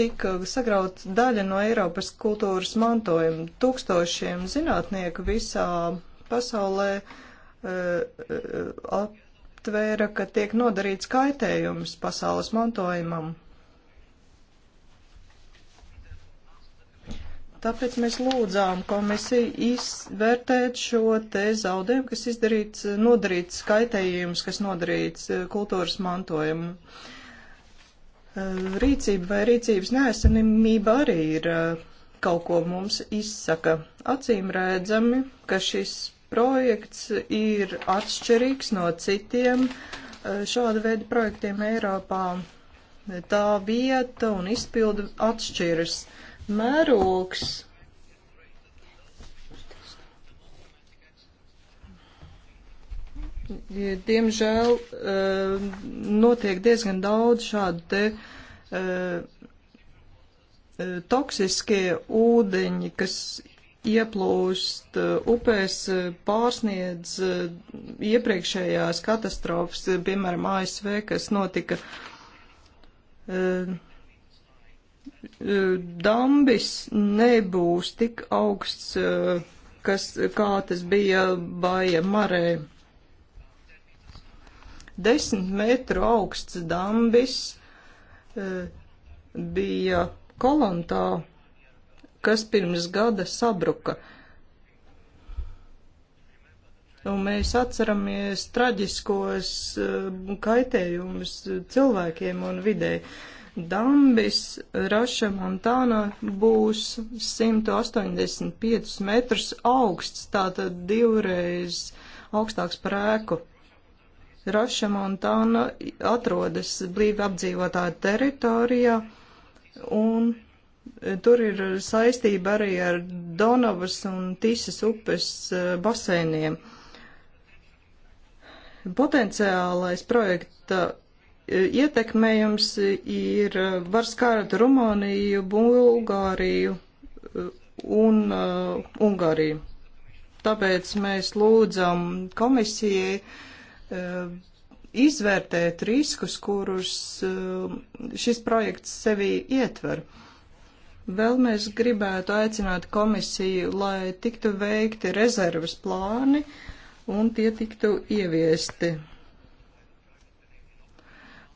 tika sagraut daļa no Eiropas kultūras mantojuma. Tūkstošiem zinātnieku visā pasaulē e, e, aptvēra, ka tiek nodarīts kaitējums pasaules mantojumam. Tāpēc mēs lūdzām komisiju izvērtēt šo te zaudējumu, kas izdarīts, nodarīts kaitējums, kas nodarīts e, kultūras mantojumu. Uh, Eh, rīcība vai rīcības neesamība arī ir eh, kaut ko mums izsaka. Acīm redzami, ka šis projekts ir atšķirīgs no citiem eh, šāda veida projektiem Eiropā. Tā vieta un izpildu atšķiras. Mērogs Diemžēl eh, notiek diezgan daudz šādu te eh, eh, toksiskie ūdeņi, kas ieplūst upēs, pārsniedz iepriekšējās katastrofas, piemēram, ASV, kas notika dambis nebūs tik augsts, kas, kā tas bija Baja Marē. Desmit metru augsts dambis e, bija kolontā, kas pirms gada sabruka. Un mēs atceramies traģiskos e, kaitējumus cilvēkiem un vidē. Dambis Raša Montāna būs 185 metrus augsts, tātad divreiz augstāks par ēku. Roša Montāna atrodas blīvi apdzīvotā teritorijā, un e, tur ir saistība arī ar Donavas un Tīsas upes e, basēniem. Potenciālais projekta e, ietekmējums ir var skārt Rumāniju, Bulgāriju un uh, Ungāriju. Tāpēc mēs lūdzam komisijai uh, Um, izvērtēt riskus, kurus um, šis projekts sevī ietver. Vēl mēs gribētu aicināt komisiju, lai tiktu veikti rezervas plāni un tie tiktu ieviesti.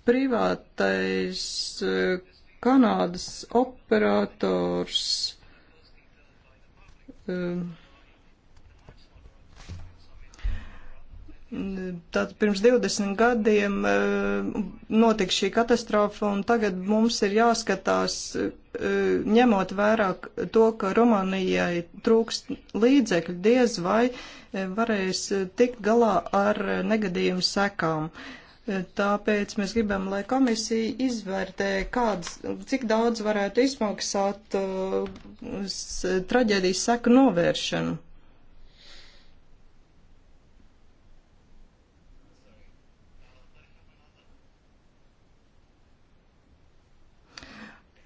Privātais uh, Kanādas operators. Um, Tātad pirms 20 gadiem eh, notika šī katastrofa, un tagad mums ir jāskatās, eh, ņemot vērā to, ka Rumānijai trūkst līdzekļu, diez vai eh, varēs tikt galā ar negadījumu sekām. Tāpēc mēs gribam, lai komisija izvērtē, kāds, cik daudz varētu izmaksāt traģēdijas seku novēršanu.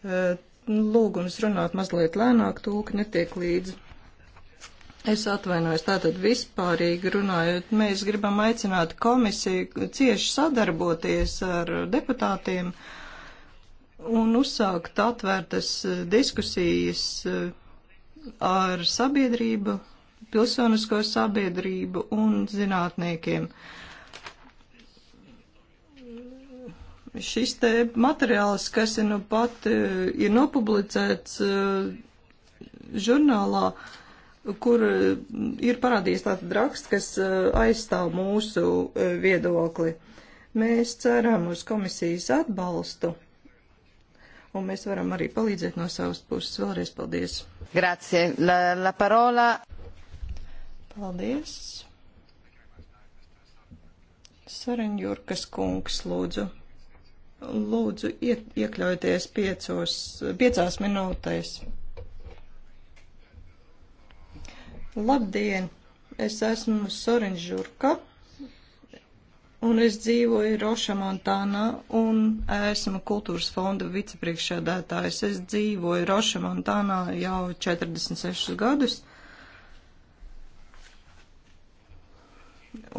Eh, lūgums runāt mazliet lēnāk, tūki netiek līdzi. Es atvainojos, tātad vispārīgi runājot, mēs gribam aicināt komisiju cieši sadarboties ar deputātiem un uzsākt atvērtas diskusijas eh, ar sabiedrību, pilsonisko sabiedrību un zinātniekiem. Uh, šis te materiāls, kas ir nu pat eh, ir nopublicēts eh, žurnālā, kur eh, ir parādījies tāds raksts, kas aizstāv mūsu viedokli. Mēs ceram uz komisijas atbalstu, un mēs varam arī palīdzēt no savas puses. Vēlreiz paldies! Grazie! La, la parola! Paldies! Sareņjurkas kungs, lūdzu! lūdzu iet, iekļaujieties piecos, piecās minūtēs. Labdien! Es esmu Sorin Žurka un es dzīvoju Roša Montānā un esmu kultūras fonda vicepriekšsēdētājs. Es dzīvoju Roša Montānā jau 46 gadus.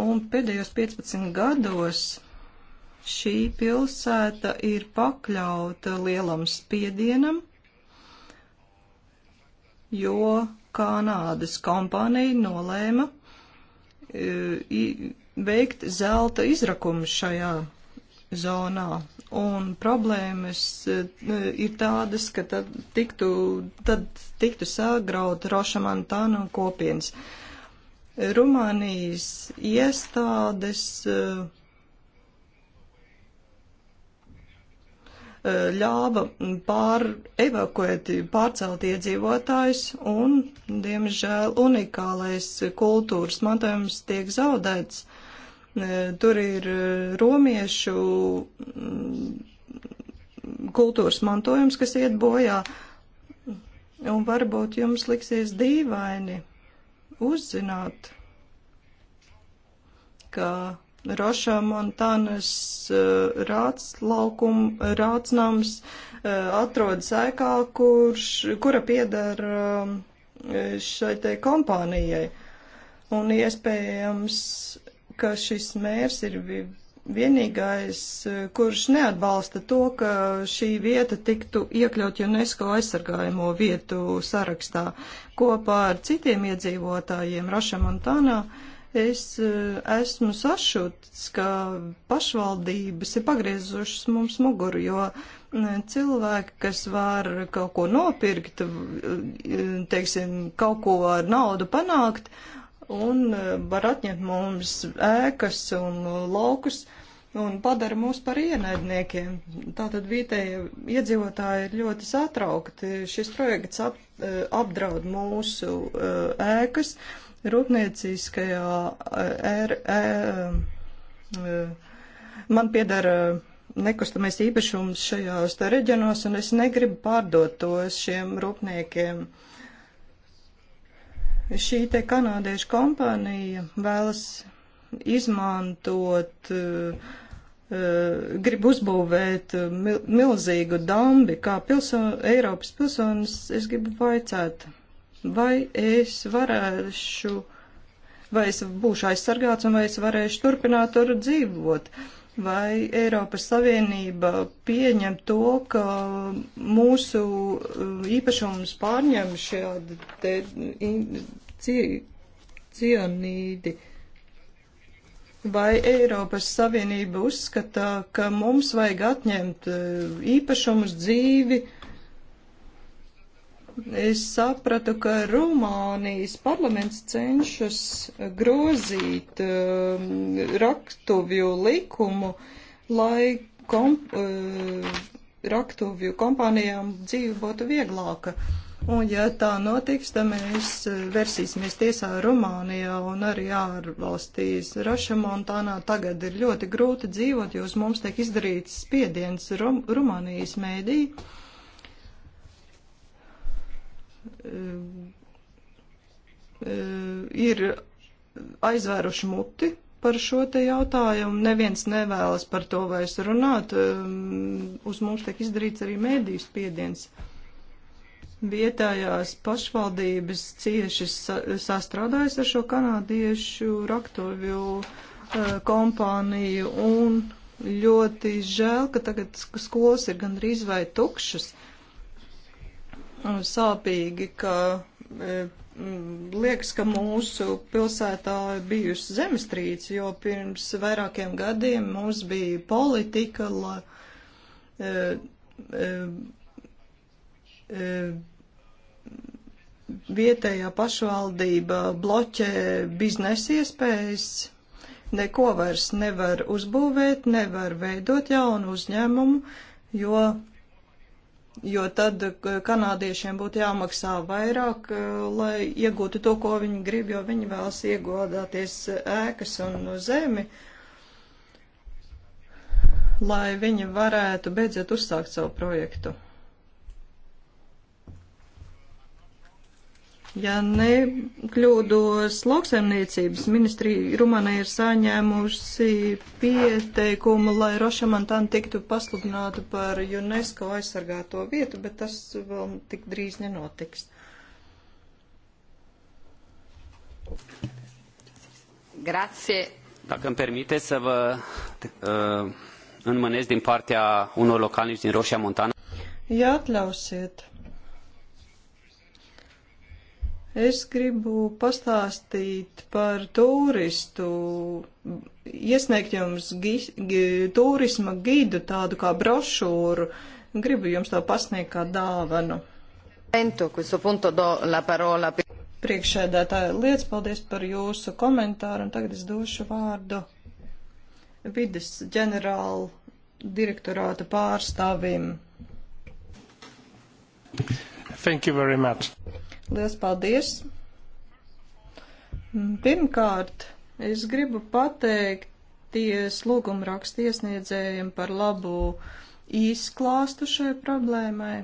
Un pēdējos 15 gados Šī pilsēta ir pakļauta lielam spiedienam, jo Kanādas kompānija nolēma e, veikt zelta izrakumu šajā zonā. Un problēmas e, ir tādas, ka tad tiktu, tad tiktu sagraut Rošamantānu kopienas. Rumānijas iestādes uh, E, ļāva pār evakuēt, pārcelt iedzīvotājus, un, diemžēl, unikālais kultūras mantojums tiek zaudēts. E, tur ir e, romiešu mm, kultūras mantojums, kas iet bojā, un varbūt jums liksies dīvaini uzzināt, ka Rošā Montānas eh, rāts laukum, rātsnams eh, atrodas ēkā, kurš, kura piedara eh, šai te kompānijai. Un iespējams, ka šis mērs ir vienīgais, kurš neatbalsta to, ka šī vieta tiktu iekļaut UNESCO aizsargājamo vietu sarakstā kopā ar citiem iedzīvotājiem Roša Montānā. Uh, Es eh, esmu sašuts, ka pašvaldības ir pagriezušas mums muguru, jo eh, cilvēki, kas var kaut ko nopirkt, eh, teiksim, kaut ko ar naudu panākt, un var atņemt mums ēkas un laukus un padara mūs par ienaidniekiem. Tātad vietējie iedzīvotāji ir ļoti satraukti. Šis projekts ap, apdraud mūsu ēkas. Uh, Rūpnieciskajā eh, er, er, man piedara nekustamais īpašums šajās te reģionos, un es negribu pārdot tos šiem rūpniekiem. Šī te kanādiešu kompānija vēlas izmantot, grib uzbūvēt milzīgu dambi, kā pilson, Eiropas pilsonis, es gribu vaicāt, vai es varēšu, vai es būšu aizsargāts un vai es varēšu turpināt tur dzīvot. Vai Eiropas Savienība pieņem to, ka mūsu uh, īpašums pārņem šādi te cianīdi? Vai Eiropas Savienība uzskata, ka mums vajag atņemt uh, īpašumus dzīvi? Uh, es sapratu, ka Rumānijas parlaments cenšas grozīt uh, um, raktuvju likumu, lai komp uh, raktuvju kompānijām dzīve būtu vieglāka. Un, ja tā notiks, tad mēs uh, versīsimies tiesā Rumānijā un arī ārvalstīs. Rašamontānā tagad ir ļoti grūti dzīvot, jo uz mums tiek izdarīts spiediens Rum Rumānijas mēdī. Uh, Eh, ir aizvēruši muti par šo te jautājumu. Neviens nevēlas par to vairs runāt. Eh, uz mums tiek izdarīts arī mēdīju spiediens. Vietējās pašvaldības cieši sa sastrādājas ar šo kanādiešu raktovju eh, kompāniju un ļoti žēl, ka tagad skolas ir gandrīz vai tukšas. Uh, sāpīgi, ka e, mm, liekas, ka mūsu pilsētā ir bijusi zemestrīce, jo pirms vairākiem gadiem mums bija politika, la, e, e, e, vietējā pašvaldība bloķē biznesa iespējas, neko vairs nevar uzbūvēt, nevar veidot jaunu uzņēmumu, jo jo tad eh, kanādiešiem būtu jāmaksā vairāk, eh, lai iegūtu to, ko viņi grib, jo viņi vēlas iegādāties ēkas un zemi, lai viņi varētu beidzot uzsākt savu projektu. Ja nekļūdos, lauksaimniecības ministrija Rumānija ir saņēmusi pieteikumu, lai Rošamantan tiktu pasludināta par UNESCO aizsargāto vietu, bet tas vēl tik drīz nenotiks. Grazie. Dacă îmi permite să vă uh, înmânez din partea unor localnici din Roșia Montană. Ia atlausiet. Es gribu pastāstīt par turistu, iesniegt jums gi, gi, turisma gidu, tādu kā brošūru. Gribu jums to pasniegt kā dāvanu. Priekšēdētāji, liec paldies par jūsu komentāru, un tagad es došu vārdu vides ģenerāla direktorāta pārstāvim. Thank you very much. Lielas paldies! Mm, pirmkārt, es gribu pateikties lūguma rakstu iesniedzējiem par labu izklāstu šai problēmai.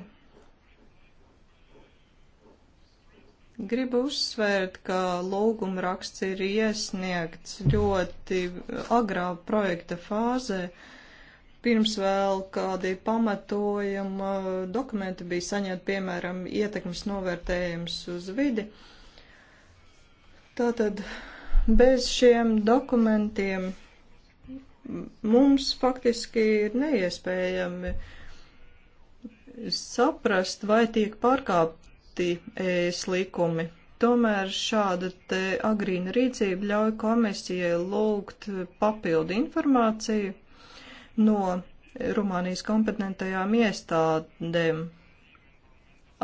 Gribu uzsvērt, ka lūguma raksts ir iesniegts ļoti agrā projekta fāzē. Uh, pirms vēl kādi pamatojuma dokumenti bija saņemti, piemēram, ietekmes novērtējums uz vidi. Tātad bez šiem dokumentiem mums faktiski ir neiespējami saprast, vai tiek pārkāpti ēs likumi. Tomēr šāda te agrīna rīcība ļauj komisijai lūgt papildu informāciju no Rumānijas kompetentajām iestādēm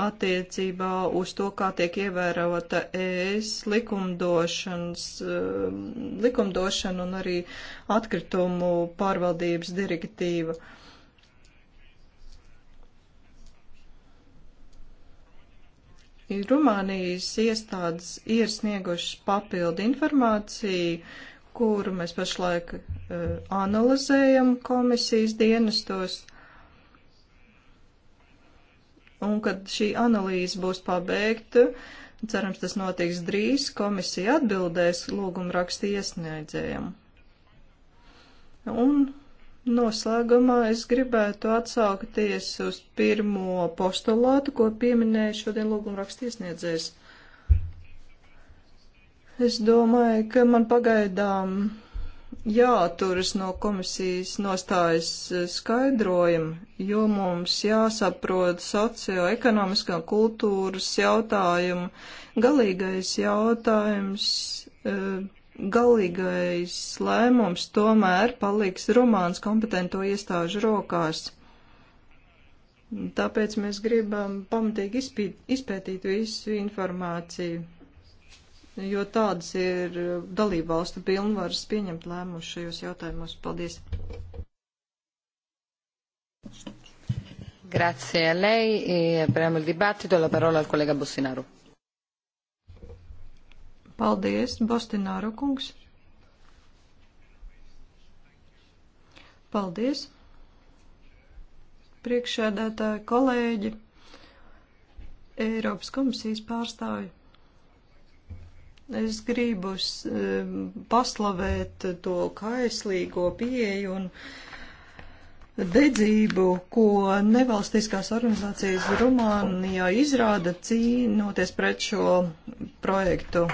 attiecībā uz to, kā tiek ievērota ES likumdošanas, um, likumdošana un arī atkritumu pārvaldības direktīva. Rumānijas iestādes ir sniegušas papildu informāciju, kuru mēs pašlaik uh, analizējam komisijas dienestos. Un kad šī analīze būs pabeigta, cerams, tas notiks drīz, komisija atbildēs lūgumu rakstu iesniedzējiem. Un noslēgumā es gribētu atsaukties uz pirmo postulātu, ko pieminēja šodien lūgumu rakstu iesniedzējs. Es domāju, ka man pagaidām jāturas no komisijas nostājas eh, skaidrojumu, jo mums jāsaprot socioekonomiskā kultūras jautājumu, galīgais jautājums, eh, galīgais lēmums tomēr paliks Rumāns kompetento iestāžu rokās. Tāpēc mēs gribam pamatīgi izpīt, izpētīt visu informāciju jo tādas ir eh, dalībvalstu pilnvaras pieņemt lēmumus šajos jautājumos. Paldies! Grazie a lei e apriamo il dibattito. La parola al collega Bostinaru. Paldies, Bostināru kungs. Paldies, priekšsēdētāji, kolēģi, Eiropas komisijas pārstāvi. Es gribu paslavēt to kaislīgo pieeju un dedzību, ko nevalstiskās organizācijas Rumānijā izrāda cīnoties pret šo projektu.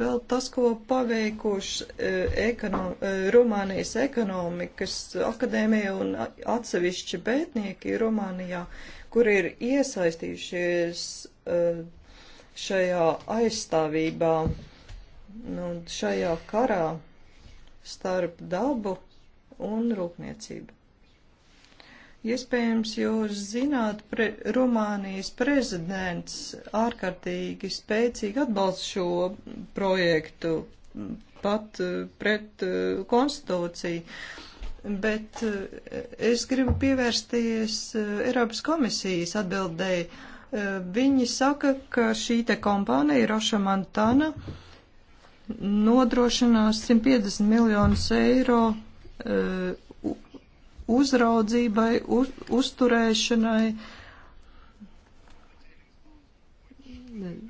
Vēl tas, ko paveikuši eh, ekonom, eh, Rumānijas ekonomikas akadēmija un atsevišķi pētnieki Rumānijā, kur ir iesaistījušies eh, šajā aizstāvībā, nu, šajā karā starp dabu un rūpniecību. Iespējams, jūs zināt, pre, Rumānijas prezidents ārkārtīgi spēcīgi atbalsta šo projektu pat eh, pret eh, konstitūciju, bet eh, es gribu pievērsties Eiropas komisijas atbildēji Eh, viņi saka, ka šī te kompānija Roša Montana nodrošinās 150 miljonus eiro eh, uzraudzībai, uz, uzturēšanai eh,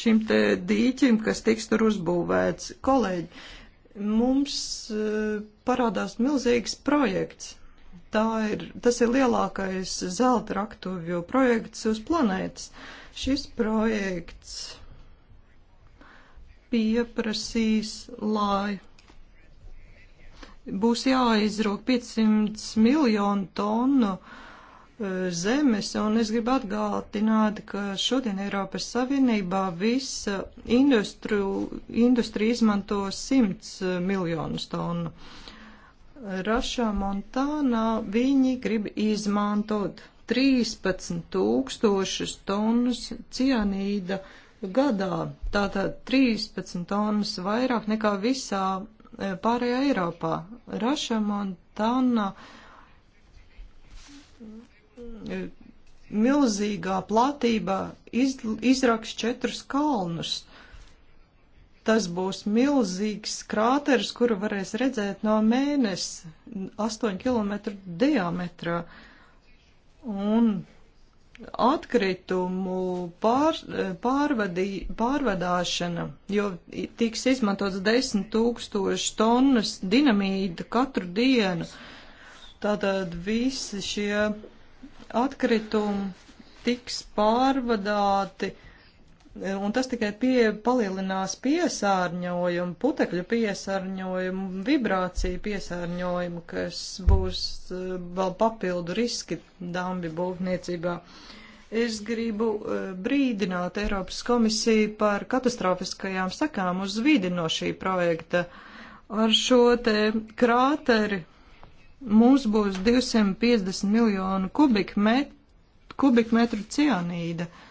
šim te dīķim, kas tiks tur uzbūvēts. Kolēģi, mums parādās milzīgs projekts tā ir, tas ir lielākais zelta raktuvju projekts uz planētas. Šis projekts pieprasīs, lai būs jāizrūk 500 miljonu tonu e, zemes, un es gribu atgādināt, ka šodien Eiropas Savienībā visa industri, industrija izmanto 100 miljonus tonu. Uh, Rašā Montānā viņi grib izmantot 13 tūkstošus tonnas cianīda gadā. Tātad 13 tonnas vairāk nekā visā e, pārējā Eiropā. Rašā Montānā e, milzīgā platībā izrakst četrus kalnus. Tas būs milzīgs krāteris, kuru varēs redzēt no mēnesis, 8 km diametrā. Un atkritumu pār, pārvadī, pārvadāšana, jo tiks izmantots 10 tūkstoši tonnas dinamīta katru dienu. Tātad visi šie atkritumi tiks pārvadāti uh, Un tas tikai pie, palielinās piesārņojumu, putekļu piesārņojumu, vibrāciju piesārņojumu, kas būs eh, vēl papildu riski dambi būvniecībā. Es gribu eh, brīdināt Eiropas komisiju par katastrofiskajām sakām uz vidi no šī projekta. Ar šo te krāteri mums būs 250 miljonu kubikmetru, kubikmetru cianīda. Uh,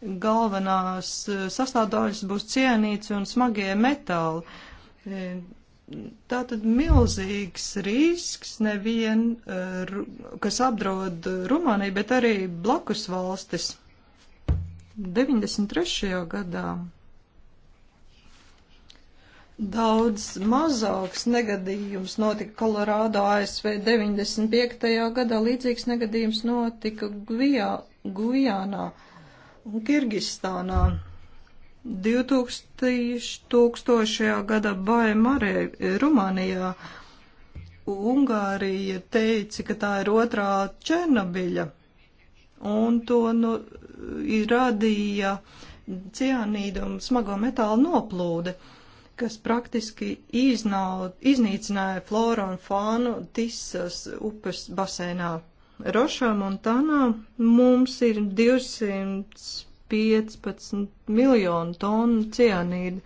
galvenās eh, sastāvdaļas būs cienīts un smagie metāli. Eh, tātad milzīgs risks nevien, eh, kas apdraud Rumāniju, bet arī blakus valstis. 93. gadā daudz mazāks negadījums notika Kolorādo ASV 95. gadā, līdzīgs negadījums notika Gvijā, Gvijānā. Gujā, Kirgistānā 2000. gada Baimarē, Rumānijā, Ungārija teica, ka tā ir otrā Černobiļa, un to nu, radīja cianīdu un smago metālu noplūde, kas praktiski iznau, iznīcināja floru un fānu Tisas upes basēnā. Rošā Montanā mums ir 215 miljonu tonu cianīdu.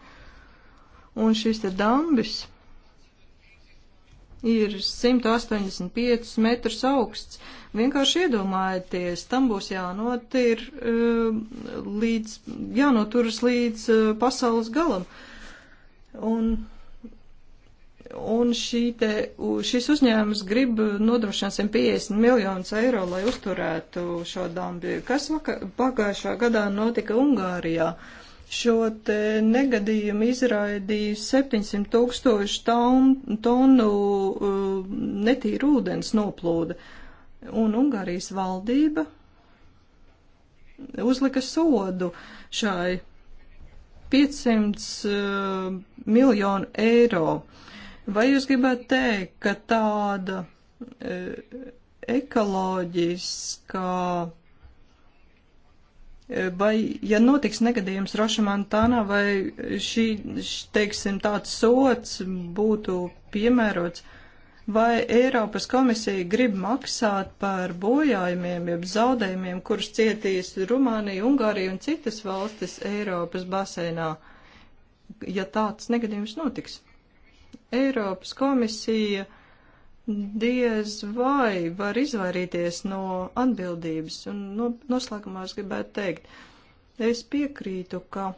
Un šis te dambis ir 185 metrus augsts. Vienkārši iedomājieties, tam būs jānotir eh, līdz, jānoturas līdz eh, pasaules galam. Un Un te, šis uzņēmums grib nodrošināt 150 miljonus eiro, lai uzturētu šo dambju. Kas vaka, pagājušā gadā notika Ungārijā? Šo te negadījumu izraidīja 700 tūkstoši ton, tonu uh, netīru ūdens noplūda. Un Ungārijas valdība uzlika sodu šai 500 uh, miljonu eiro. Uh, Vai jūs gribētu teikt, ka tāda e, ekoloģiskā, e, vai ja notiks negadījums Rošamantānā, vai šī, š, teiksim, tāds sots būtu piemērots, vai Eiropas komisija grib maksāt par bojājumiem, jeb zaudējumiem, kurus cietīs Rumānija, Ungārija un citas valstis Eiropas basēnā, ja tāds negadījums notiks? Eiropas komisija diez vai var izvairīties no atbildības. Un no, noslēgumā es gribētu teikt, es piekrītu, ka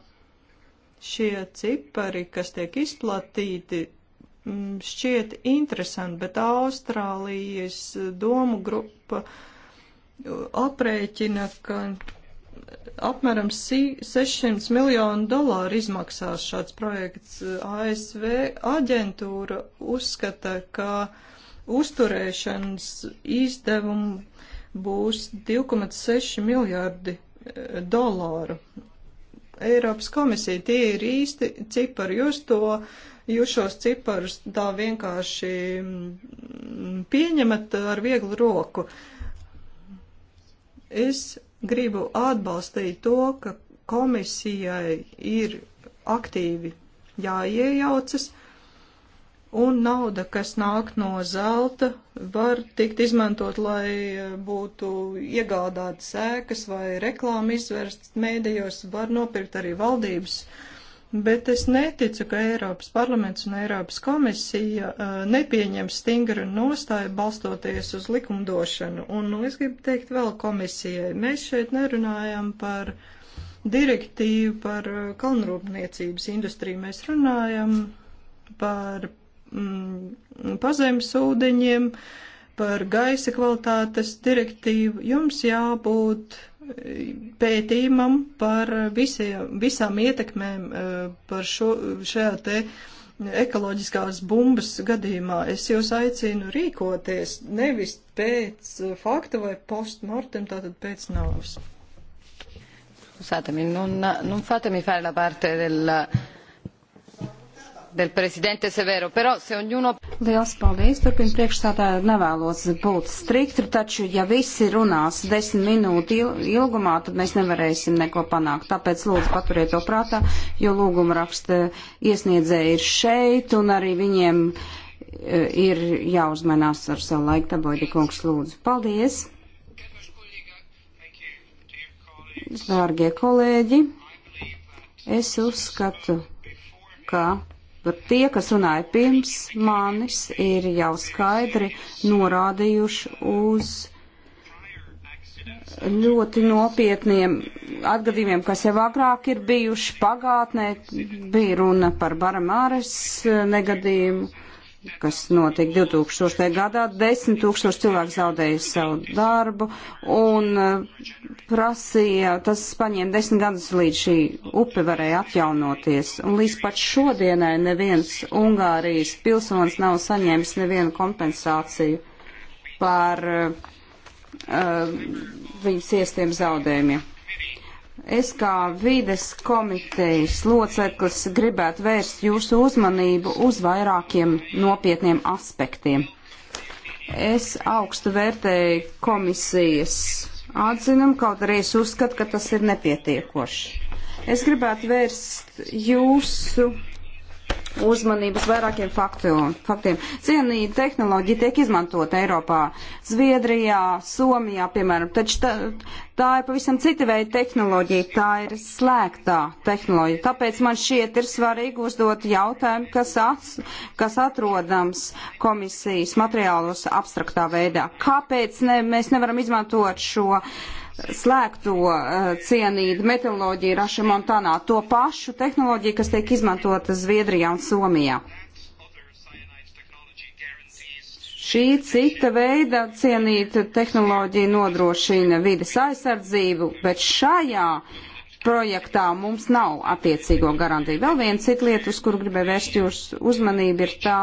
šie cipari, kas tiek izplatīti, mm, šķiet interesanti, bet Austrālijas domu grupa aprēķina, ka apmēram 600 miljonu dolāru izmaksās šāds projekts. ASV aģentūra uzskata, ka uzturēšanas izdevumu būs 2,6 miljārdi e, dolāru. Eiropas komisija tie ir īsti cipari, jūs to, jūs šos ciparus tā vienkārši mm, pieņemat ar vieglu roku. Es gribu atbalstīt to, ka komisijai ir aktīvi jāiejaucas, un nauda, kas nāk no zelta, var tikt izmantot, lai būtu iegādātas ēkas vai reklāmas izvērsts mēdījos, var nopirkt arī valdības uh, bet es neticu, ka Eiropas parlaments un Eiropas komisija uh, eh, nepieņem stingru nostāju balstoties uz likumdošanu. Un nu, es gribu teikt vēl komisijai, mēs šeit nerunājam par direktīvu par eh, kalnrūpniecības industriju, mēs runājam par mm, pazemes ūdeņiem, par gaisa kvalitātes direktīvu. Jums jābūt uh, pētījumam par visiem, visām ietekmēm eh, par šo, šajā te ekoloģiskās bumbas gadījumā. Es jūs aicinu rīkoties nevis pēc fakta vai postmortem, tātad pēc nāvas. Scusatemi, non, non fatemi fare la parte del, del prezidente Severo, pero se ognuno... Liels paldies, turpin priekšstādāju nevēlos būt strikti, taču ja visi runās desmit minūtu ilgumā, tad mēs nevarēsim neko panākt. Tāpēc lūdzu paturiet to prātā, jo lūguma raksta iesniedzēji ir šeit un arī viņiem e, ir jāuzmanās ar savu laiku. Taboidi kungs lūdzu. Paldies! Dārgie kolēģi, es uzskatu, ka Tie, kas runāja pirms manis, ir jau skaidri norādījuši uz ļoti nopietniem atgadījumiem, kas jau agrāk ir bijuši pagātnē. Bija runa par Baramāres negadījumu kas notika 2000. gadā, 10 tūkstoši cilvēku zaudēja savu darbu un eh, prasīja, tas paņēma 10 gadus līdz šī upe varēja atjaunoties. Un līdz pat šodienai neviens Ungārijas pilsonis nav saņēmis nevienu kompensāciju par uh, eh, eh, viņas iestiem zaudējumiem. Es kā vides komitejas loceklis gribētu vērst jūsu uzmanību uz vairākiem nopietniem aspektiem. Es augstu vērtēju komisijas atzinumu, kaut arī es uzskatu, ka tas ir nepietiekoši. Es gribētu vērst jūsu uzmanības vairākiem faktiem. faktiem. Cienīta tehnoloģija tiek izmantota Eiropā, Zviedrijā, Somijā, piemēram, taču tā, tā ir pavisam cita veida tehnoloģija, tā ir slēgtā tehnoloģija. Tāpēc man šiet ir svarīgi uzdot jautājumu, kas, ats, kas atrodams komisijas materiālos abstraktā veidā. Kāpēc ne, mēs nevaram izmantot šo uh, slēgto eh, cienīdu meteoroloģiju Raša Montanā, to pašu tehnoloģiju, kas tiek izmantota Zviedrijā un Somijā. Šī cita veida cienīta tehnoloģija nodrošina vides aizsardzību, bet šajā projektā mums nav attiecīgo garantiju. Vēl viena cita lieta, uz kuru gribēju vērst jūsu uzmanību, ir tā,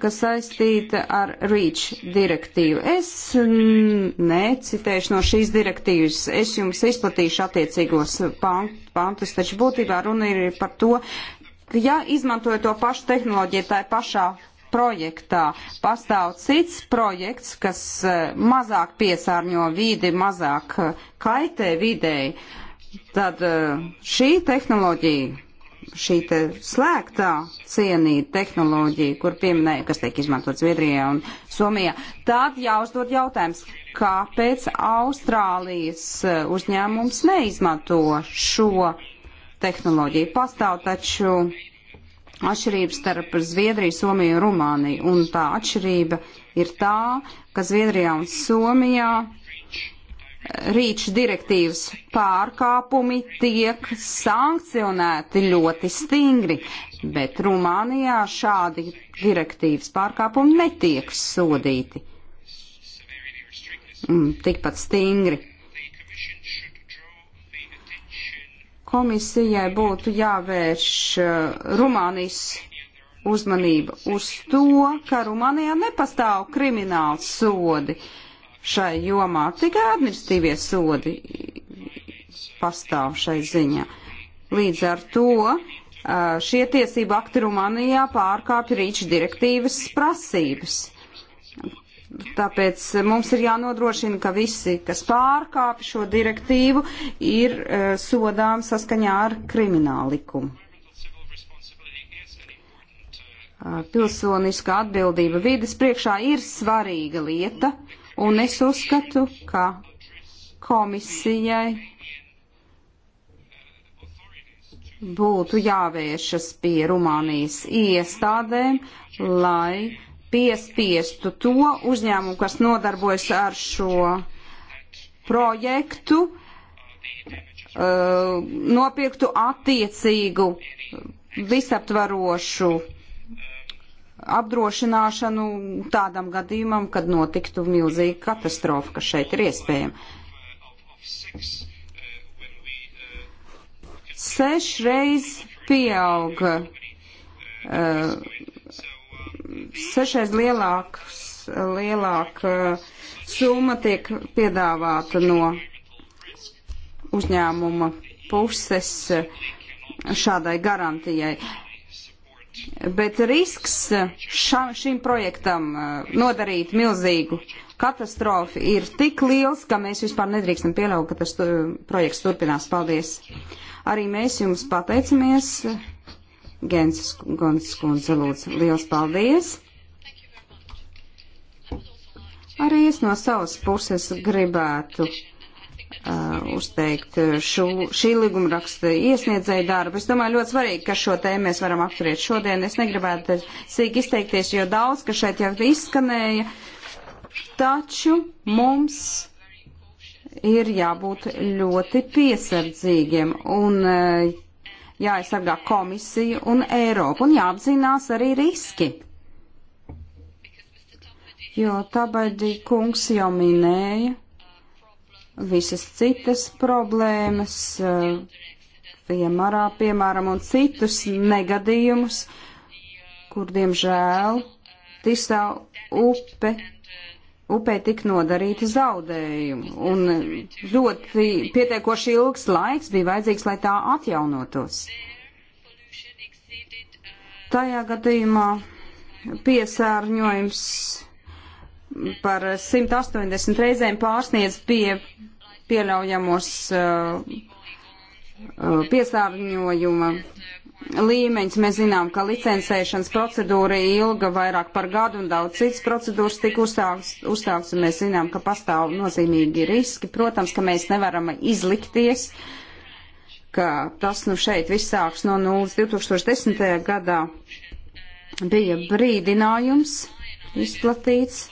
kas saistīta ar REACH direktīvu. Es mm, necitēšu no šīs direktīvas, es jums izplatīšu attiecīgos pantus, taču būtībā runa ir par to, ka ja izmantoja to pašu tehnoloģiju tā pašā projektā, pastāv cits projekts, kas eh, mazāk piesārņo vidi, mazāk eh, kaitē videi, tad eh, šī tehnoloģija šī te slēgtā cienīta tehnoloģija, kur pieminēja, kas tiek izmantot Zviedrijā un Somijā, tad jāuzdod jautājums, kāpēc Austrālijas uh, uzņēmums neizmanto šo tehnoloģiju. Pastāv taču atšķirības starp Zviedriju, Somiju un Rumāniju, un tā atšķirība ir tā, ka Zviedrijā un Somijā rīču direktīvas pārkāpumi tiek sankcionēti ļoti stingri, bet Rumānijā šādi direktīvas pārkāpumi netiek sodīti mm, tikpat stingri. Komisijai būtu jāvērš uh, Rumānijas uzmanība uz to, ka Rumānijā nepastāv krimināls sodi. Uh, šai jomā, tikai administratīvie sodi pastāv šai ziņā. Līdz ar to šie tiesību akti Rumānijā pārkāpj rīču direktīvas prasības. Tāpēc mums ir jānodrošina, ka visi, kas pārkāpj šo direktīvu, ir sodām saskaņā ar kriminālu likumu. Pilsoniskā atbildība vides priekšā ir svarīga lieta. Uh, Un es uzskatu, ka komisijai būtu jāvēršas pie Rumānijas iestādēm, lai piespiestu to uzņēmumu, kas nodarbojas ar šo projektu, uh, nopirktu attiecīgu visaptvarošu apdrošināšanu tādam gadījumam, kad notiktu milzīga katastrofa, kas šeit ir iespējama. Sešreiz pieauga, eh, sešreiz lielāks, lielāka summa tiek piedāvāta no uzņēmuma puses šādai garantijai. Bet risks eh, ša, šim projektam eh, nodarīt milzīgu katastrofu ir tik liels, ka mēs vispār nedrīkstam pieļaut, ka tas tu, projekts turpinās. Paldies! Arī mēs jums pateicamies. Gens Gonskundze, lūdzu, liels paldies! Arī es no savas puses gribētu uh, uzteikt uh, šo, šī līguma raksta iesniedzēju darbu. Es domāju, ļoti svarīgi, ka šo tēmu mēs varam apturēt šodien. Es negribētu sīk izteikties, jo daudz, kas šeit jau izskanēja, taču mums ir jābūt ļoti piesardzīgiem un uh, jāaizsargā komisiju un Eiropu un jāapzinās arī riski. Jo Tabadi kungs jau minēja, visas citas problēmas, piemērā, piemēram, un citus negadījumus, kur, diemžēl, Tisā upe upē tik nodarīti zaudējumi, un ļoti pietiekoši ilgs laiks bija vajadzīgs, lai tā atjaunotos. Tajā gadījumā piesārņojums par 180 reizēm pārsniedz pie pieļaujamos uh, uh, piesārņojuma līmeņus. Mēs zinām, ka licencēšanas procedūra ilga vairāk par gadu un daudz cits procedūras tika uzstāvs, un mēs zinām, ka pastāv nozīmīgi riski. Protams, ka mēs nevaram izlikties, ka tas nu šeit viss sāks no nulles 2010. gadā. Bija brīdinājums izplatīts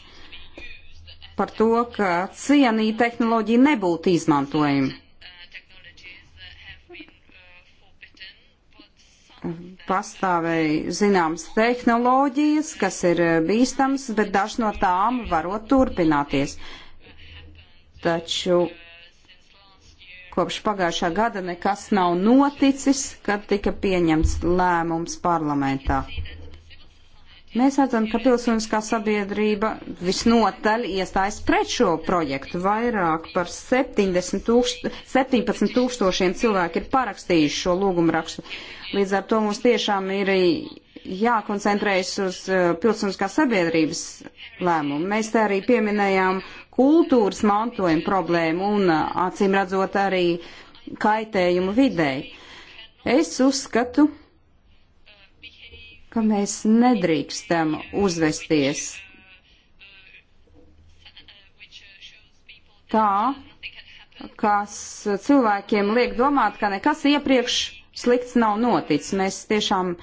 par to, ka cienīja tehnoloģija nebūtu izmantojama. Pastāvēja zināmas tehnoloģijas, kas ir eh, bīstams, bet daži no tām varot turpināties. Taču kopš pagājušā gada nekas nav noticis, kad tika pieņemts lēmums parlamentā. Mēs redzam, ka pilsoniskā sabiedrība visnotaļ iestājas pret šo projektu. Vairāk par 70 tūkst, 17 tūkstošiem cilvēku ir parakstījuši šo lūgumu rakstu. Līdz ar to mums tiešām ir jākoncentrējas uz uh, pilsoniskā sabiedrības lēmumu. Mēs te arī pieminējām kultūras mantojuma problēmu un uh, acīm redzot arī kaitējumu videi. Es uzskatu, ka mēs nedrīkstam uzvesties tā, kas cilvēkiem liek domāt, ka nekas iepriekš slikts nav noticis. Mēs tiešām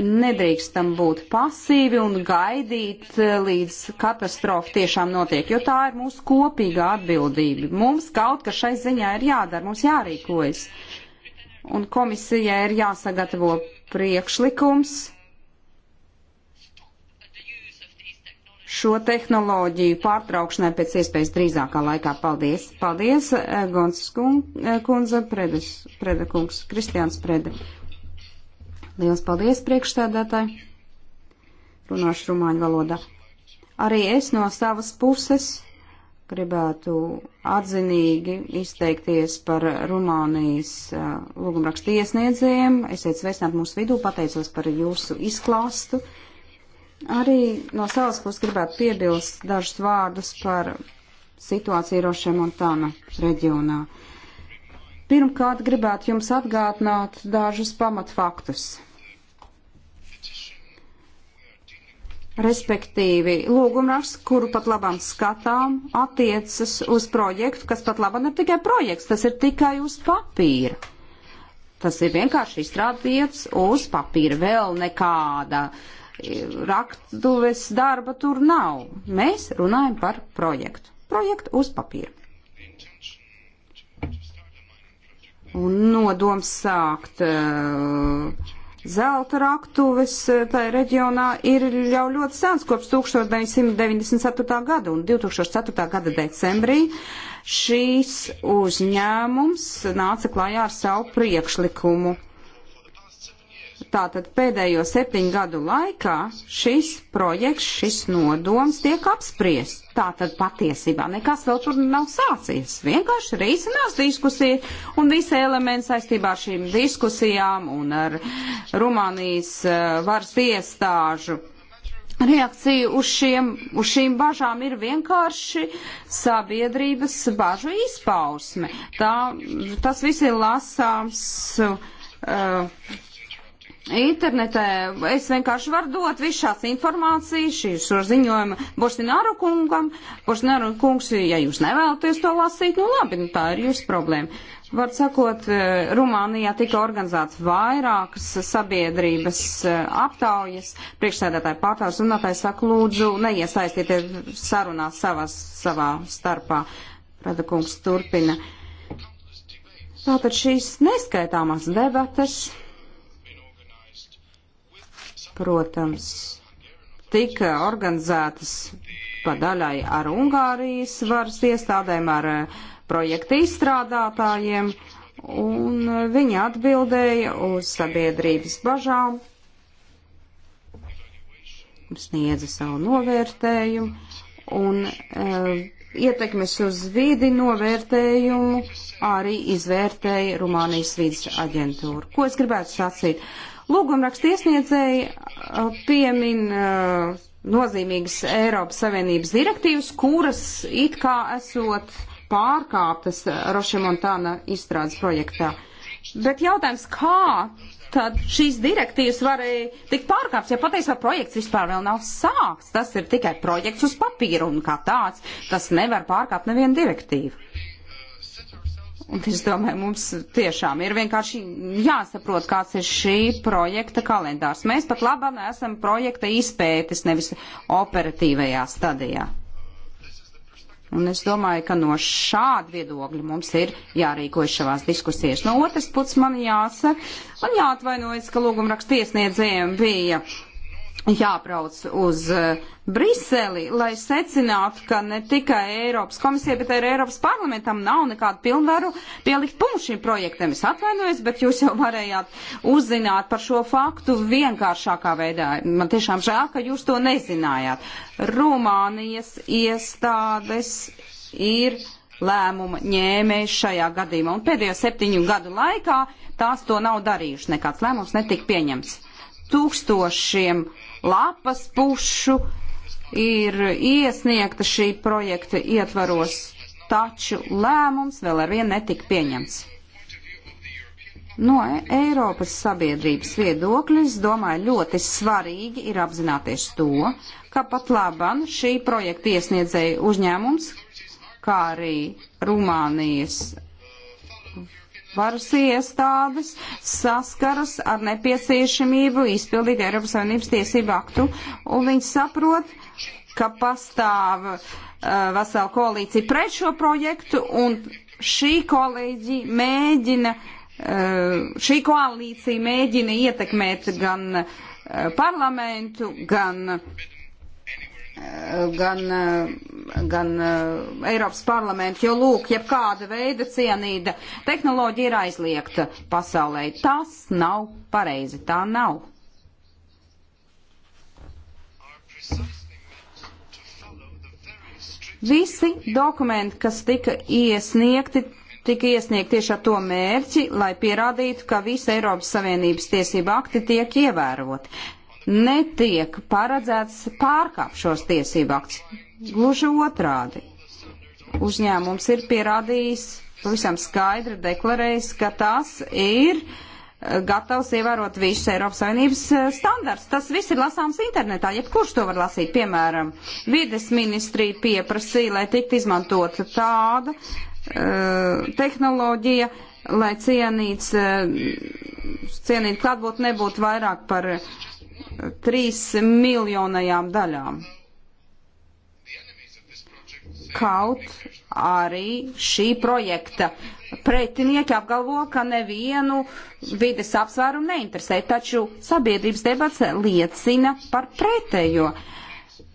nedrīkstam būt pasīvi un gaidīt, līdz katastrofa tiešām notiek, jo tā ir mūsu kopīga atbildība. Mums kaut kas šai ziņā ir jādara, mums jārīkojas. Un komisijai ir jāsagatavo priekšlikums šo tehnoloģiju pārtraukšanai pēc iespējas drīzākā laikā. Paldies! Paldies, eh, Gonsas eh, kundze, Predes, Preda kungs, Kristiāns Prede. Liels paldies priekšstādātāji! Runāšu rumāņu valodā. Arī es no savas puses gribētu atzinīgi izteikties par Rumānijas lūgumrakstu iesniedzējiem. Esiet sveicināti mūsu vidū, pateicos par jūsu izklāstu. Arī no savas puses gribētu piebilst dažus vārdus par situāciju Rošē Montāna reģionā. Pirmkārt, gribētu jums atgādināt dažus pamatfaktus. respektīvi lūgumraksts, kuru pat labam skatām, attiecas uz projektu, kas pat labam ir tikai projekts, tas ir tikai uz papīra. Tas ir vienkārši izstrādīts uz papīra, vēl nekāda e, raktuves darba tur nav. Mēs runājam par projektu. Projektu uz papīra. Un nodoms sākt uh, Zelta raktuves e, tajā reģionā ir jau ļoti sens kopš 1994. gada un 2004. gada decembrī šīs uzņēmums nāca klājā ar savu priekšlikumu Tātad pēdējo septiņu gadu laikā šis projekts, šis nodoms tiek apspriests. Tātad patiesībā nekas vēl tur nav sācies. Vienkārši rīcinās diskusija un visi elementi saistībā ar šīm diskusijām un ar Rumānijas eh, varas iestāžu reakcija uz, šiem, uz šīm bažām ir vienkārši sabiedrības bažu izpausme. Tā, tas viss ir lasāms. Uh, Internetē es vienkārši varu dot visu šās informācijas, šīs ziņojuma Boštināru kungam. Boštināru kungs, ja jūs nevēlaties to lasīt, nu labi, nu tā ir jūsu problēma. Var sakot, eh, Rumānijā tika organizēts vairākas sabiedrības eh, aptaujas. Priekšsēdētāji pārtāvis runātāji saka, lūdzu, neiesaistieties sarunās savas, savā starpā. Prada kungs turpina. Tātad šīs neskaitāmās debatas Protams, tika organizētas pa daļai ar Ungārijas varas iestādēm, ar eh, projekta izstrādātājiem, un viņi atbildēja uz sabiedrības bažām, sniedza savu novērtējumu, un e, ietekmes uz vidi novērtējumu arī izvērtēja Rumānijas vidas aģentūra. Ko es gribētu sacīt? Lūgumraksta iesniedzēji uh, piemin uh, nozīmīgas Eiropas Savienības direktīvas, kuras it kā esot pārkāptas Roša Montāna izstrādes projektā. Bet jautājums, kā tad šīs direktīvas varēja tikt pārkāptas, ja patiesībā projekts vispār vēl nav sākts? Tas ir tikai projekts uz papīra un kā tāds, tas nevar pārkāpt nevienu direktīvu. Un es domāju, mums tiešām ir vienkārši jāsaprot, kāds ir šī projekta kalendārs. Mēs pat labam esam projekta izpētes, nevis operatīvajā stadijā. Un es domāju, ka no šāda viedokļa mums ir jārīkojas šavās diskusijas. No otras puses man jāsaka, man jāatvainojas, ka lūgumrakstiesniedzējiem bija jābrauc uz eh, Briseli, lai secinātu, ka ne tikai Eiropas komisija, bet arī Eiropas parlamentam nav nekādu pilnvaru pielikt punktu šim projektam. Es atvainojos, bet jūs jau varējāt uzzināt par šo faktu vienkāršākā veidā. Man tiešām žēl, ka jūs to nezinājāt. Rumānijas iestādes ir lēmuma ņēmējs šajā gadījumā, un pēdējo septiņu gadu laikā tās to nav darījuši. Nekāds lēmums netika pieņemts. Tūkstošiem uh, lapas pušu ir iesniegta šī projekta ietvaros, taču lēmums vēl ar vienu netika pieņemts. No e- Eiropas sabiedrības viedokļa, es domāju, ļoti svarīgi ir apzināties to, ka pat laban šī projekta iesniedzēja uzņēmums, kā arī Rumānijas varas iestādes saskaras ar nepieciešamību izpildīt Eiropas Savienības tiesību aktu, un viņi saprot, ka pastāv uh, vesela koalīcija pret šo projektu, un šī koalīcija mēģina, uh, šī koalīcija mēģina ietekmēt gan uh, parlamentu, gan uh, gan, gan eh, Eiropas parlamentu, jo lūk, jebkāda veida cienīta tehnoloģija ir aizliegta pasaulē. Tas nav pareizi, tā nav. Visi dokumenti, kas tika iesniegti, tika iesniegti tieši ar to mērķi, lai pierādītu, ka visi Eiropas Savienības tiesība akti tiek ievēroti netiek paredzēts pārkāpt šos tiesību aktus. Gluži otrādi. Uzņēmums ir pierādījis, pavisam skaidri deklarējis, ka tas ir eh, gatavs ievērot visus Eiropas Savienības eh, standarts. Tas viss ir lasāms internetā, jebkurš to var lasīt. Piemēram, vides ministrija pieprasīja, lai tiktu izmantota tāda uh, tehnoloģija, lai cienīts, uh, cienīt klātbūt nebūtu vairāk par uh, trīs miljonajām daļām. Kaut arī šī projekta pretinieki apgalvo, ka nevienu vides apsvērumu neinteresē, taču sabiedrības debats liecina par pretējo. Uh,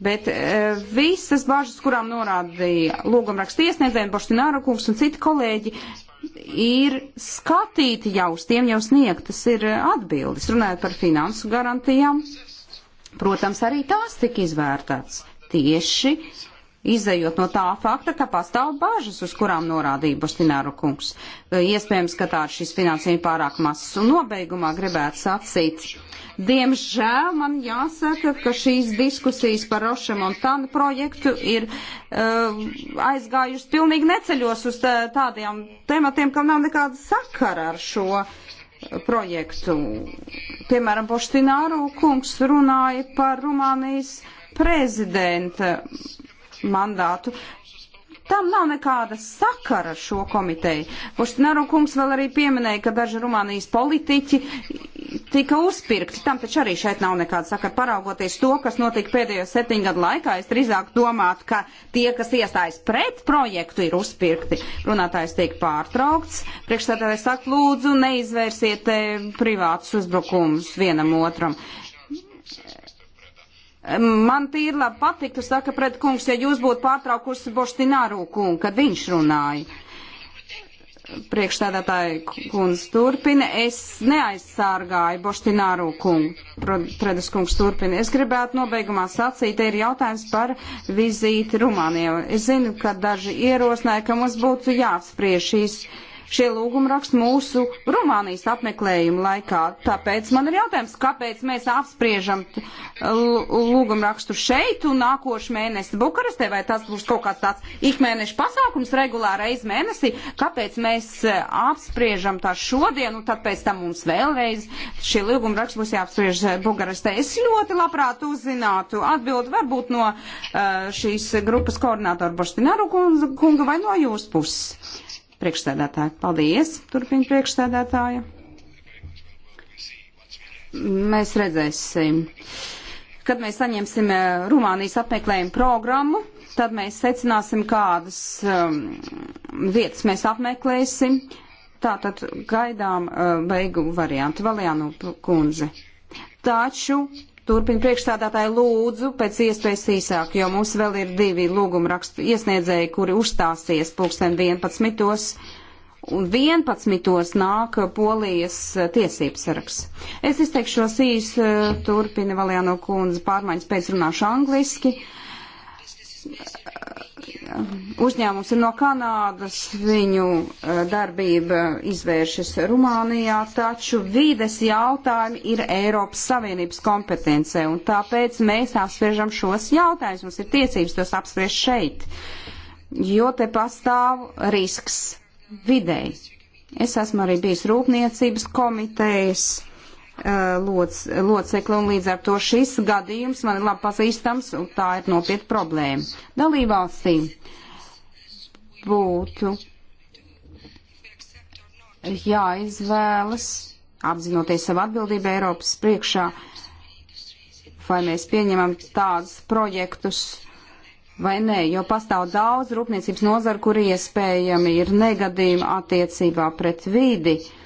Bet e, visas bažas, kurām norādīja lūgumraksta iesniedzējiem, Boštināra kungs un citi kolēģi, ir skatīti jau uz tiem jau sniegtas ir atbildes. Runājot par finansu garantijām, protams, arī tās tika izvērtāts tieši izējot no tā fakta, ka pastāv bažas, uz kurām norādīja Boštināra kungs. E, iespējams, ka tā ir šis finansējums pārāk mazs un nobeigumā gribētu sacīt Diemžēl man jāsaka, ka šīs diskusijas par Roša Montana projektu ir uh, aizgājušas pilnīgi neceļos uz tādiem tematiem, kam nav nekāda sakara ar šo projektu. Piemēram, Poštināru kungs runāja par Rumānijas prezidenta mandātu. Tam nav nekāda sakara ar šo komiteju. Poštināru kungs vēl arī pieminēja, ka daži Rumānijas politiķi tika uzpirkti. Tam taču arī šeit nav nekāda sakara. Paraugoties to, kas notika pēdējo septiņu gadu laikā, es drīzāk domātu, ka tie, kas iestājas pret projektu, ir uzpirkti. Runātājs tiek pārtraukts. Priekšstādātājs saka, lūdzu, neizvērsiet eh, privātus uzbrukumus vienam otram. Man tīri labi patiktu, saka pret kungs, ja jūs būtu pārtraukusi Boštināru kungu, kad viņš runāja priekšstādātāja kundze turpina. Es neaizsārgāju Boštināru kungu. Predes kungs turpina. Es gribētu nobeigumā sacīt, te ir jautājums par vizīti Rumānijā. Es zinu, ka daži ierosināja, ka mums būtu jāapspriež šīs šie lūgumraksti mūsu Rumānijas apmeklējuma laikā. Tāpēc man ir jautājums, kāpēc mēs apspriežam uh, lūgumrakstu šeit un nākošu mēnesi Bukarestē, vai tas būs kaut kāds tāds ikmēneša pasākums regulāri reiz mēnesī, kāpēc mēs uh, apspriežam tā šodien un tad pēc tam mums vēlreiz šie lūgumraksti būs jāapspriež uh, Bukarestē. Es ļoti labprāt uzzinātu atbildi varbūt no uh, šīs grupas koordinātora Borstināru kunga vai no jūsu puses. Priekšstādātāji, paldies, turpina priekšstādātāja. Mēs redzēsim. Kad mēs saņemsim eh, Rumānijas apmeklējumu programmu, tad mēs secināsim, kādas um, vietas mēs apmeklēsim. Tātad gaidām uh, beigu variantu Valjānu kundze. Taču Turpin priekšstādātāji lūdzu pēc iespējas īsāk, jo mums vēl ir divi lūguma rakstu iesniedzēji, kuri uzstāsies pulksten 11. Un 11. nāk polijas eh, tiesības sargs. Es izteikšos īsi, eh, turpina Valjāno kundze pārmaiņas pēc runāšu angliski. Uh, uzņēmums ir no Kanādas, viņu e, darbība izvēršas Rumānijā, taču vīdes jautājumi ir Eiropas Savienības kompetencē, un tāpēc mēs apspriežam šos jautājumus, mums ir tiesības tos apspriest šeit, jo te pastāv risks videi. Es esmu arī bijis rūpniecības komitejas Uh, loc, locekli, un līdz ar to šis gadījums man ir labi pazīstams, un tā ir nopietna problēma. Dalībvalstī būtu jāizvēlas, apzinoties savu atbildību Eiropas priekšā, vai mēs pieņemam tādus projektus vai nē, jo pastāv daudz rūpniecības nozara, kur iespējami ir negadījumi attiecībā pret vīdi. Uh,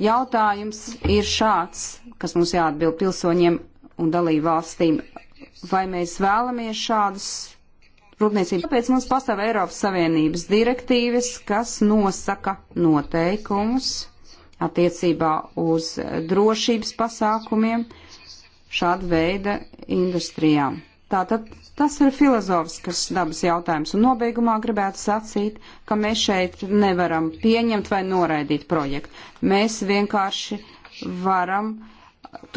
Jautājums ir šāds, kas mums jāatbild pilsoņiem un dalību valstīm. Vai mēs vēlamies šādus rūpniecības? Tāpēc mums pastāv Eiropas Savienības direktīvas, kas nosaka noteikumus attiecībā uz drošības pasākumiem šāda veida industrijām. Tātad Tas ir filozofiskas dabas jautājums, un nobeigumā gribētu sacīt, ka mēs šeit nevaram pieņemt vai noraidīt projektu. Mēs vienkārši varam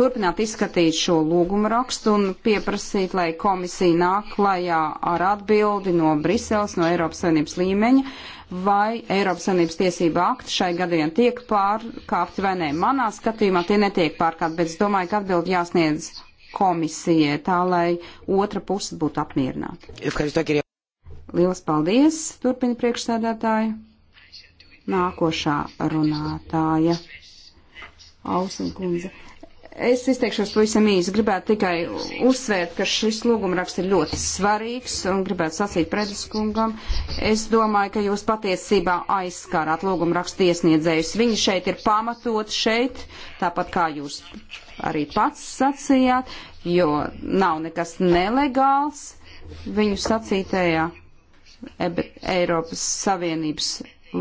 turpināt izskatīt šo lūgumu rakstu un pieprasīt, lai komisija nāk klajā ar atbildi no Briseles, no Eiropas Savienības līmeņa, vai Eiropas Savienības tiesība akti šai gadījumā tiek pārkāpti vai nē. Manā skatījumā tie netiek pārkāpti, bet es domāju, ka atbildi jāsniedz komisijai, tā lai otra puse būtu apmierināta. Lielas paldies, turpina priekšsēdētāja. Nākošā runātāja. Ausim kundze. Es izteikšos pavisam īsi. Gribētu tikai uzsvērt, ka šis lūgumraksts ir ļoti svarīgs un gribētu sacīt prediskungam. Es domāju, ka jūs patiesībā aizskārāt lūgumrakstu iesniedzējus. Viņi šeit ir pamatot šeit, tāpat kā jūs arī pats sacījāt, jo nav nekas nelegāls viņu sacītajā Eiropas Savienības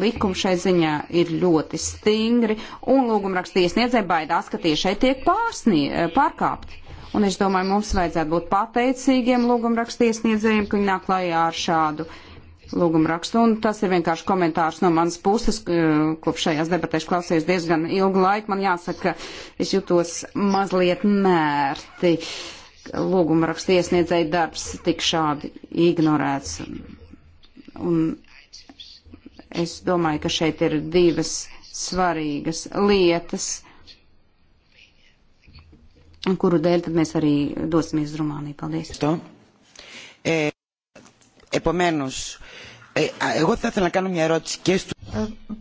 likumi šai ziņā ir ļoti stingri, un lūgumraksta iesniedzēji baidās, ka tie šeit tiek pārsnie, eh, pārkāpti. Un es domāju, mums vajadzētu būt pateicīgiem lūgumraksta iesniedzējiem, ka viņi nāk klajā ar šādu lūgumrakstu. Un tas ir vienkārši komentārs no manas puses, eh, kopš šajās debatēs klausījos diezgan ilgu laiku. Man jāsaka, ka es jūtos mazliet mērti. Lūgumraksta iesniedzēja darbs tik šādi ignorēts. Un Es domāju, ka šeit ir divas svarīgas lietas, kuru dēļ tad mēs arī dosimies uz Rumāniju. Paldies. To. Ε, επομένως, ε, εγώ θα ήθελα να κάνω μια ερώτηση και στο...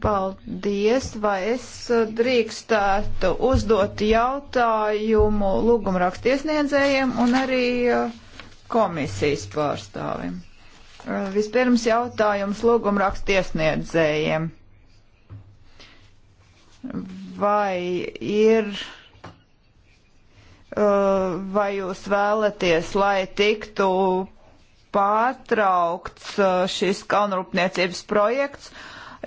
Paldies, vai es eh, drīkstētu uzdot jautājumu lūgumrakstiesniedzējiem un arī eh, komisijas pārstāvim? Uh, vispirms jautājums lūgumrakstu iesniedzējiem. Vai ir, uh, vai jūs vēlaties, lai tiktu pārtraukts uh, šis kalnrūpniecības projekts?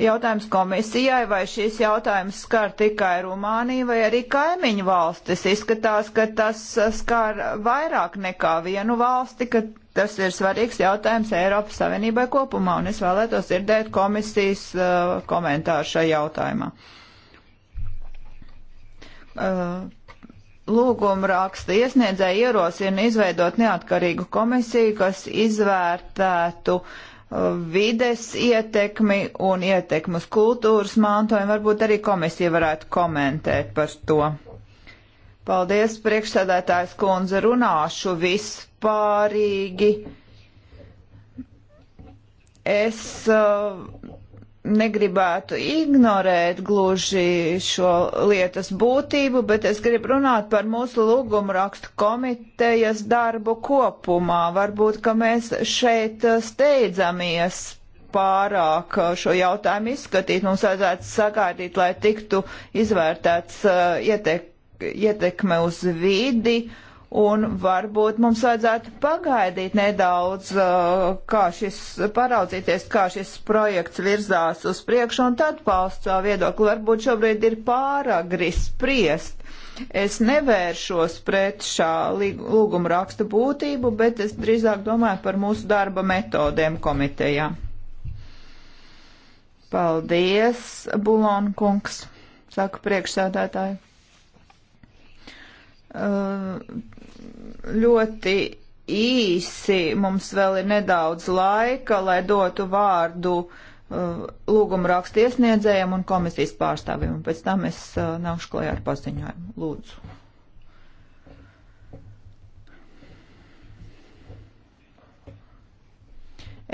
Jautājums komisijai, vai šīs jautājums skar tikai Rumāniju vai arī kaimiņu valstis? Izskatās, ka tas skar vairāk nekā vienu valsti, ka Tas ir svarīgs jautājums Eiropas Savienībai kopumā, un es vēlētos dzirdēt komisijas uh, komentāru šajā jautājumā. Uh, Lūguma raksta iesniedzēji ierosina izveidot neatkarīgu komisiju, kas izvērtētu uh, vides ietekmi un ietekmi uz kultūras mantojumu. Varbūt arī komisija varētu komentēt par to. Paldies, priekšsēdētājs kundze, runāšu viss vispārīgi. Es uh, negribētu ignorēt gluži šo lietas būtību, bet es gribu runāt par mūsu lūgumu rakstu komitejas darbu kopumā. Varbūt, ka mēs šeit steidzamies pārāk šo jautājumu izskatīt. Mums vajadzētu sagaidīt, lai tiktu izvērtēts uh, ietek, ietekme uz vidi Un varbūt mums vajadzētu pagaidīt nedaudz, uh, kā šis, paraudzīties, kā šis projekts virzās uz priekšu un tad paust savu viedokli. Varbūt šobrīd ir pāragri spriest. Es nevēršos pret šā lūguma raksta būtību, bet es drīzāk domāju par mūsu darba metodēm komitejā. Paldies, Bulon kungs, saka priekšsēdētāji ļoti īsi mums vēl ir nedaudz laika, lai dotu vārdu lūgumu rakstu iesniedzējiem un komisijas pārstāvjiem, un pēc tam es nākušu klajā ar paziņojumu. Lūdzu.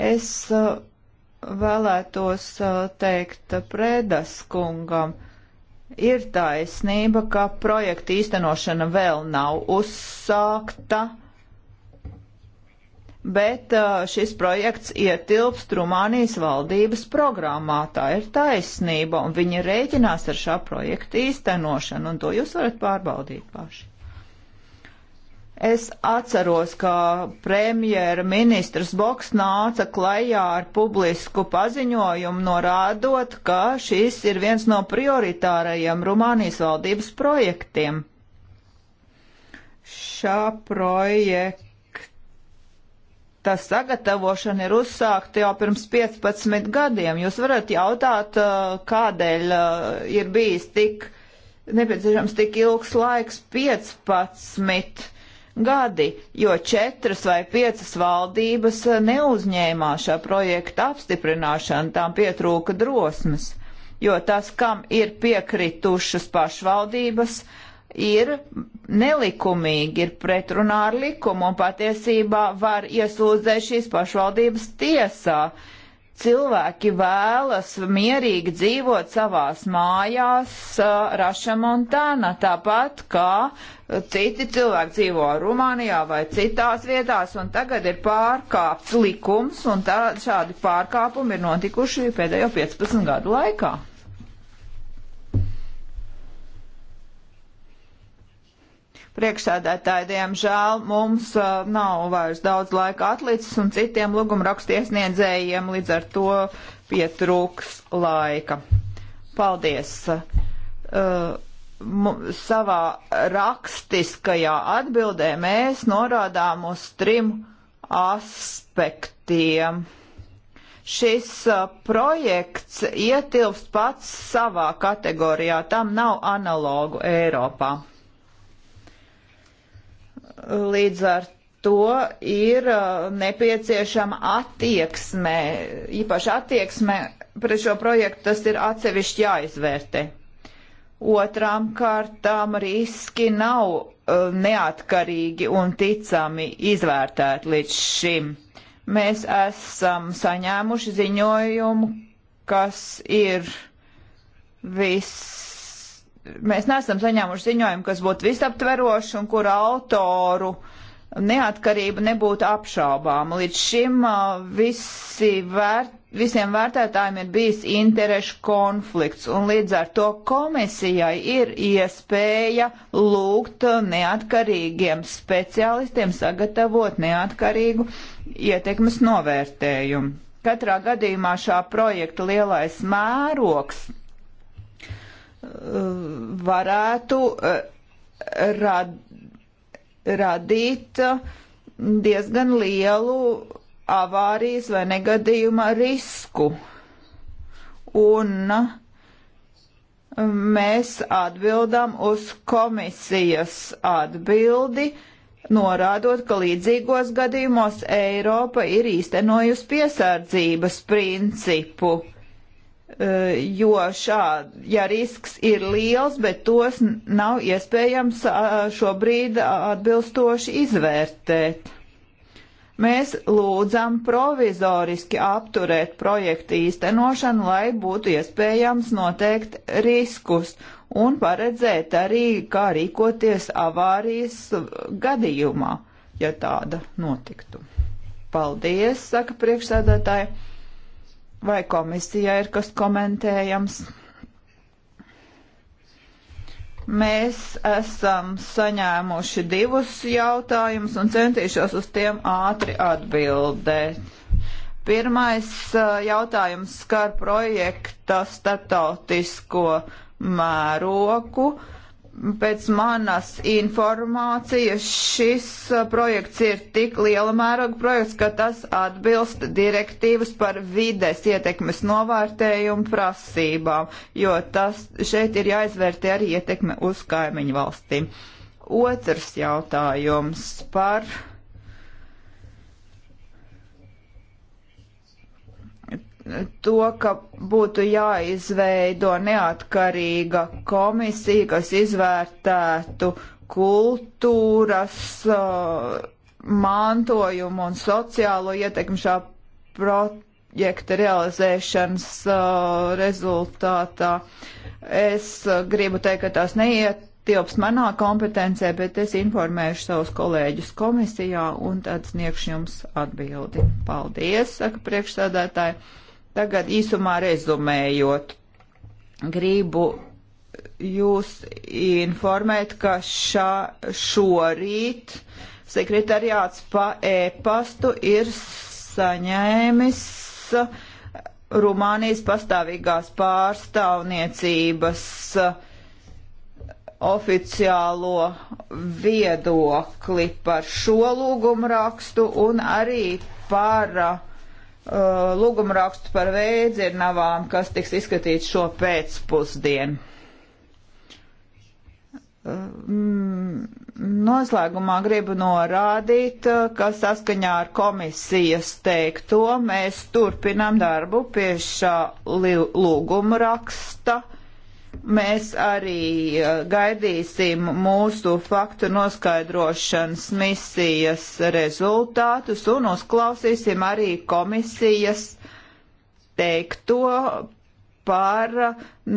Es vēlētos teikt Prēdas kungam, uh, Ir taisnība, ka projekta īstenošana vēl nav uzsākta, bet uh, šis projekts ietilpst Rumānijas valdības programmā. Tā ir taisnība, un viņi rēķinās ar šā projekta īstenošanu, un to jūs varat pārbaudīt paši. Es atceros, ka premjera ministrs Boks nāca klajā ar publisku paziņojumu norādot, ka šis ir viens no prioritārajiem Rumānijas valdības projektiem. Šā projekta sagatavošana ir uzsākta jau pirms 15 gadiem. Jūs varat jautāt, uh, kādēļ uh, ir bijis tik nepieciešams tik ilgs laiks 15 gadi, jo četras vai piecas valdības eh, neuzņēmās šā projekta apstiprināšanu, tām pietrūka drosmes, jo tas, kam ir piekritušas pašvaldības, ir nelikumīgi, ir pretrunā ar likumu un patiesībā var iesūdzēt šīs pašvaldības tiesā, cilvēki vēlas mierīgi dzīvot savās mājās uh, Rašamontāna, tāpat kā citi cilvēki dzīvo Rumānijā vai citās vietās, un tagad ir pārkāpts likums, un tā, šādi pārkāpumi ir notikuši pēdējo 15 gadu laikā. Priekšsēdētāji, diemžēl mums uh, nav vairs daudz laika atlicis un citiem lūgumrakstiesniedzējiem līdz ar to pietrūks laika. Paldies! Uh, savā rakstiskajā atbildē mēs norādām uz trim aspektiem šis uh, projekts ietilpst pats savā kategorijā, tam nav analogu Eiropā. Līdz ar to ir uh, nepieciešama attieksme, īpaši attieksme pret šo projektu, tas ir atsevišķi jāizvērtē. Otrām kārtām riski nav uh, neatkarīgi un ticami izvērtēti līdz šim. Mēs esam saņēmuši ziņojumu, kas ir viss mēs nesam saņēmuši ziņojumu, kas būtu visaptverošs un kur autoru neatkarība nebūtu apšaubāma. Līdz šim uh, visi vērt, visiem vērtētājiem ir bijis interešu konflikts, un līdz ar to komisijai ir iespēja lūgt neatkarīgiem speciālistiem sagatavot neatkarīgu ietekmes novērtējumu. Katrā gadījumā šā projekta lielais mērogs varētu eh, rad, radīt eh, diezgan lielu avārijas vai negadījuma risku. Un eh, mēs atbildam uz komisijas atbildi, norādot, ka līdzīgos gadījumos Eiropa ir īstenojusi piesardzības principu Eh, jo šā, ja risks ir liels, bet tos nav iespējams šobrīd atbilstoši izvērtēt. Mēs lūdzam provizoriski apturēt projektu īstenošanu, lai būtu iespējams noteikt riskus un paredzēt arī, kā rīkoties avārijas gadījumā, ja tāda notiktu. Paldies, saka priekšsēdētāji. Vai komisijai ir kas komentējams? Mēs esam saņēmuši divus jautājumus un centīšos uz tiem ātri atbildēt. Pirmais jautājums skar projekta starptautisko mēroku. Uh, pēc manas informācijas šis uh, projekts ir tik liela mēroga projekts, ka tas atbilst direktīvas par vides ietekmes novērtējumu prasībām, jo tas šeit ir jāizvērtē arī ietekme uz kaimiņu valstīm. Otrs jautājums par to, ka būtu jāizveido neatkarīga komisija, kas izvērtētu kultūras uh, mantojumu un sociālo ietekmi šā projekta realizēšanas uh, rezultātā. Es uh, gribu teikt, ka tās neiet tilps manā kompetencē, bet es informēšu savus kolēģus komisijā un tad sniegšu jums atbildi. Paldies, saka priekšsādātāji. Tagad īsumā rezumējot, gribu jūs informēt, ka šā, šorīt sekretariāts pa e-pastu ir saņēmis Rumānijas pastāvīgās pārstāvniecības oficiālo viedokli par šo lūgumu rakstu un arī par uh, Uh, lūgumrakstu par vēdzirnavām, kas tiks izskatīts šo pēcpusdienu. Uh, mm, noslēgumā gribu norādīt, uh, ka saskaņā ar komisijas teikto mēs turpinām darbu pie šā lūguma raksta. Uh, Mēs arī uh, gaidīsim mūsu faktu noskaidrošanas misijas rezultātus un uzklausīsim arī komisijas teikto par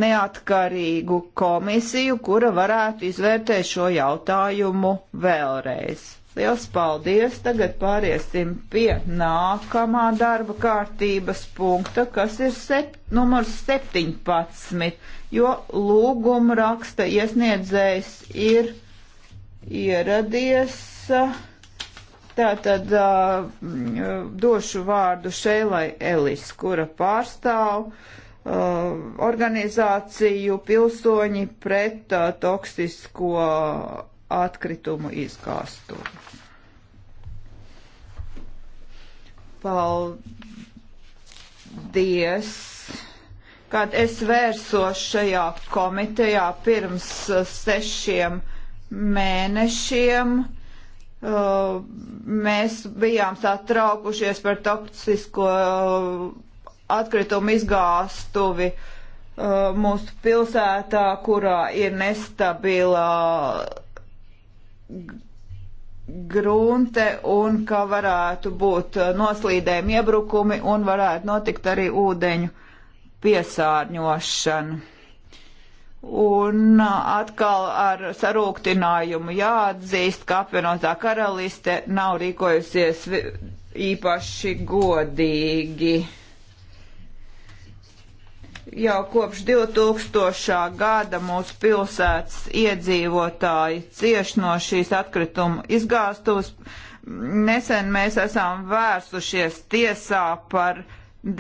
neatkarīgu komisiju, kura varētu izvērtēt šo jautājumu vēlreiz. Liels paldies! Tagad pāriesim pie nākamā darba kārtības punkta, kas ir sep numurs 17, jo lūguma raksta iesniedzējs ir ieradies. Tātad uh, došu vārdu Šeilai Elis, kura pārstāv uh, organizāciju pilsoņi pret uh, toksisko atkritumu izkāstuvi. Paldies! Kad es vērsos šajā komitejā pirms uh, sešiem mēnešiem, Uh, mēs bijām satraukušies par toksisko uh, atkritumu izgāstuvi uh, mūsu pilsētā, kurā ir nestabilā grunte un ka varētu būt uh, noslīdējumi iebrukumi un varētu notikt arī ūdeņu piesārņošana. Un uh, atkal ar sarūktinājumu jāatzīst, ka apvienotā karaliste nav rīkojusies īpaši godīgi. Jau kopš 2000. gada mūsu pilsētas iedzīvotāji cieš no šīs atkrituma izgāstuves. Nesen mēs esam vērsušies tiesā par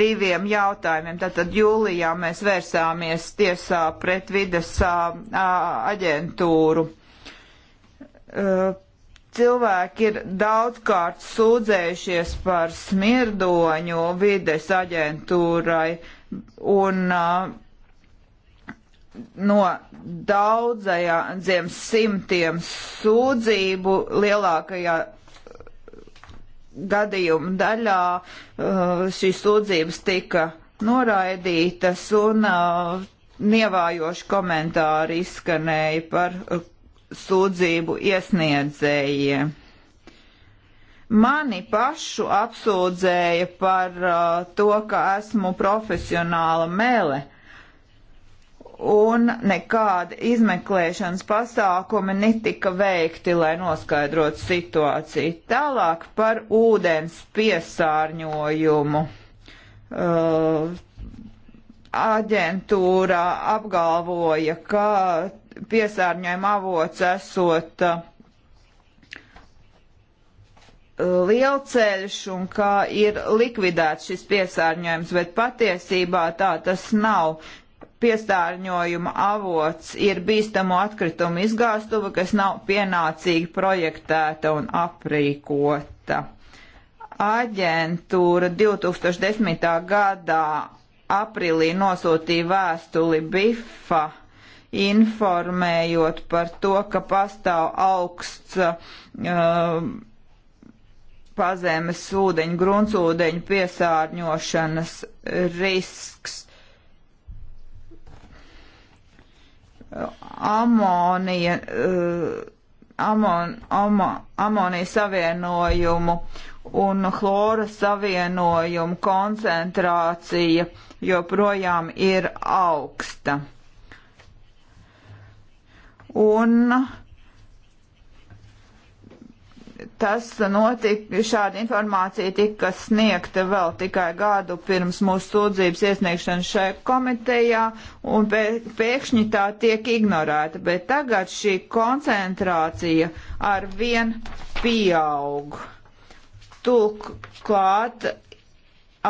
diviem jautājumiem. Tātad jūlijā mēs vērsāmies tiesā pret vides aģentūru. Cilvēki ir daudzkārt sūdzējušies par smirdoņu vides aģentūrai un no daudzajiem simtiem sūdzību lielākajā gadījuma daļā šīs sūdzības tika noraidītas un nievājoši komentāri izskanēja par sūdzību iesniedzējiem. Mani pašu apsūdzēja par uh, to, ka esmu profesionāla mele, un nekādi izmeklēšanas pasākumi netika veikti, lai noskaidrotu situāciju. Tālāk par ūdens piesārņojumu. Uh, aģentūra apgalvoja, ka piesārņojuma avots esot uh, lielceļš un ka ir likvidēts šis piesārņojums, bet patiesībā tā tas nav. Piesārņojuma avots ir bīstamo atkritumu izgāstuva, kas nav pienācīgi projektēta un aprīkota. Aģentūra 2010. gadā aprīlī nosūtīja vēstuli BIFA informējot par to, ka pastāv augsts uh, pazemes ūdeņu, gruntsūdeņu piesārņošanas risks. Amonija, eh, amon, amo, amonija savienojumu un hlora savienojumu koncentrācija joprojām ir augsta. Un uh, tas notika, šāda informācija tika sniegta vēl tikai gadu pirms mūsu sūdzības iesniegšanas šai komitejā, un pēkšņi tā tiek ignorēta, bet tagad šī koncentrācija ar vien pieaug. Turklāt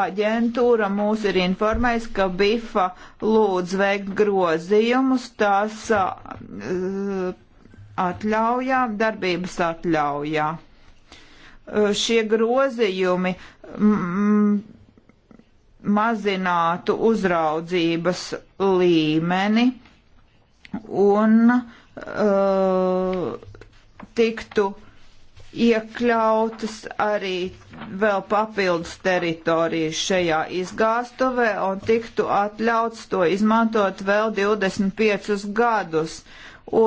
aģentūra mūs ir informējusi, ka BIFA lūdz veikt grozījumus, tās uh, atļaujā, darbības atļaujā. Eh, šie grozījumi mazinātu uzraudzības līmeni un uh, tiktu iekļautas arī vēl papildus teritorijas šajā izgāstuvē un tiktu atļauts to izmantot vēl 25 gadus.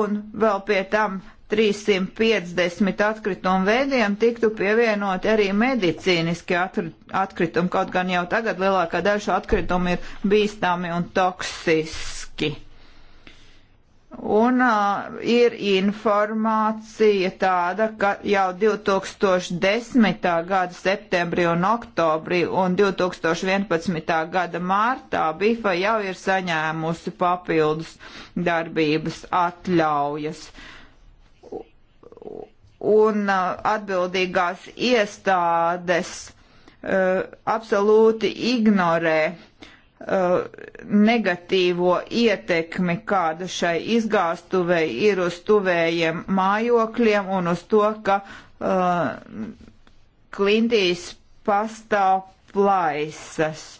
Un vēl pie tam 350 atkritumu veidiem tiktu pievienoti arī medicīniski atkritumi, kaut gan jau tagad lielākā daļa šo atkritumu ir bīstami un toksiski. Un uh, ir informācija tāda, ka jau 2010. gada septembrī un oktobrī un 2011. gada mārtā BIFA jau ir saņēmusi papildus darbības atļaujas. Uh, un uh, atbildīgās iestādes uh, absolūti ignorē uh, negatīvo ietekmi, kāda šai izgāstuvei ir uz tuvējiem mājokļiem un uz to, ka uh, klintīs pastāv plaisas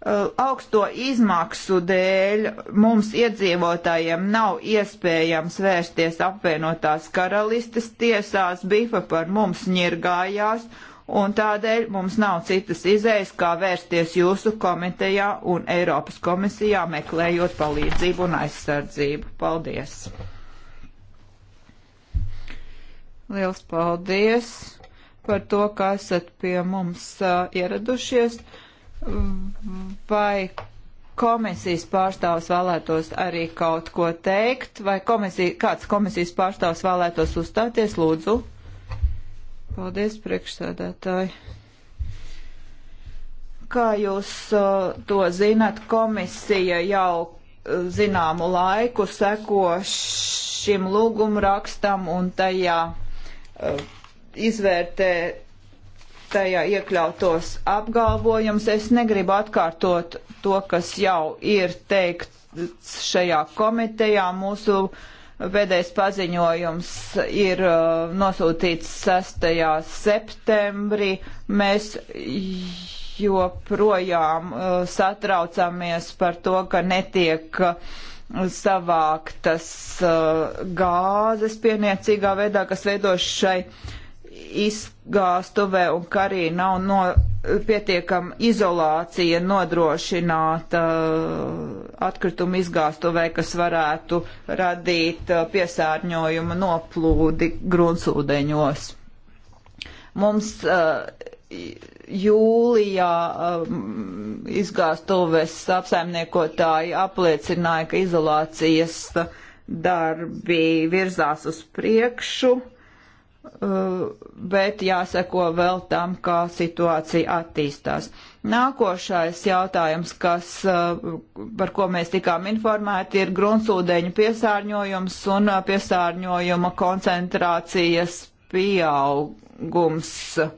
Uh, augsto izmaksu dēļ mums iedzīvotājiem nav iespējams vērsties apvienotās karalistes tiesās, bifa par mums ņirgājās, un tādēļ mums nav citas izējas, kā vērsties jūsu komitejā un Eiropas komisijā meklējot palīdzību un aizsardzību. Paldies! Liels paldies par to, ka esat pie mums uh, ieradušies. Vai komisijas pārstāvs vēlētos arī kaut ko teikt, vai komisija, kāds komisijas pārstāvs vēlētos uzstāties, lūdzu? Paldies, priekšsēdētāji. Kā jūs uh, to zinat, komisija jau uh, zināmu laiku seko šim lūgumrakstam un tajā uh, izvērtē tajā iekļautos apgalvojums. Es negribu atkārtot to, kas jau ir teikts šajā komitejā. Mūsu pēdējais paziņojums ir uh, nosūtīts 6. septembrī. Mēs joprojām uh, satraucamies par to, ka netiek uh, savāktas gāzes pieniecīgā veidā, kas veido šai uh, izgāstuvē un ka arī nav no, pietiekama izolācija nodrošināta uh, atkrituma izgāstuvē, kas varētu radīt uh, piesārņojuma noplūdi gruntsūdeņos. Mums uh, jūlijā um, izgāstuves apsaimniekotāji apliecināja, ka izolācijas darbi virzās uz priekšu Eh, bet jāseko vēl tam, kā situācija attīstās. Nākošais jautājums, kas, eh, par ko mēs tikām informēti, ir gruntsūdeņu piesārņojums un eh, piesārņojuma koncentrācijas pieaugums. Uh,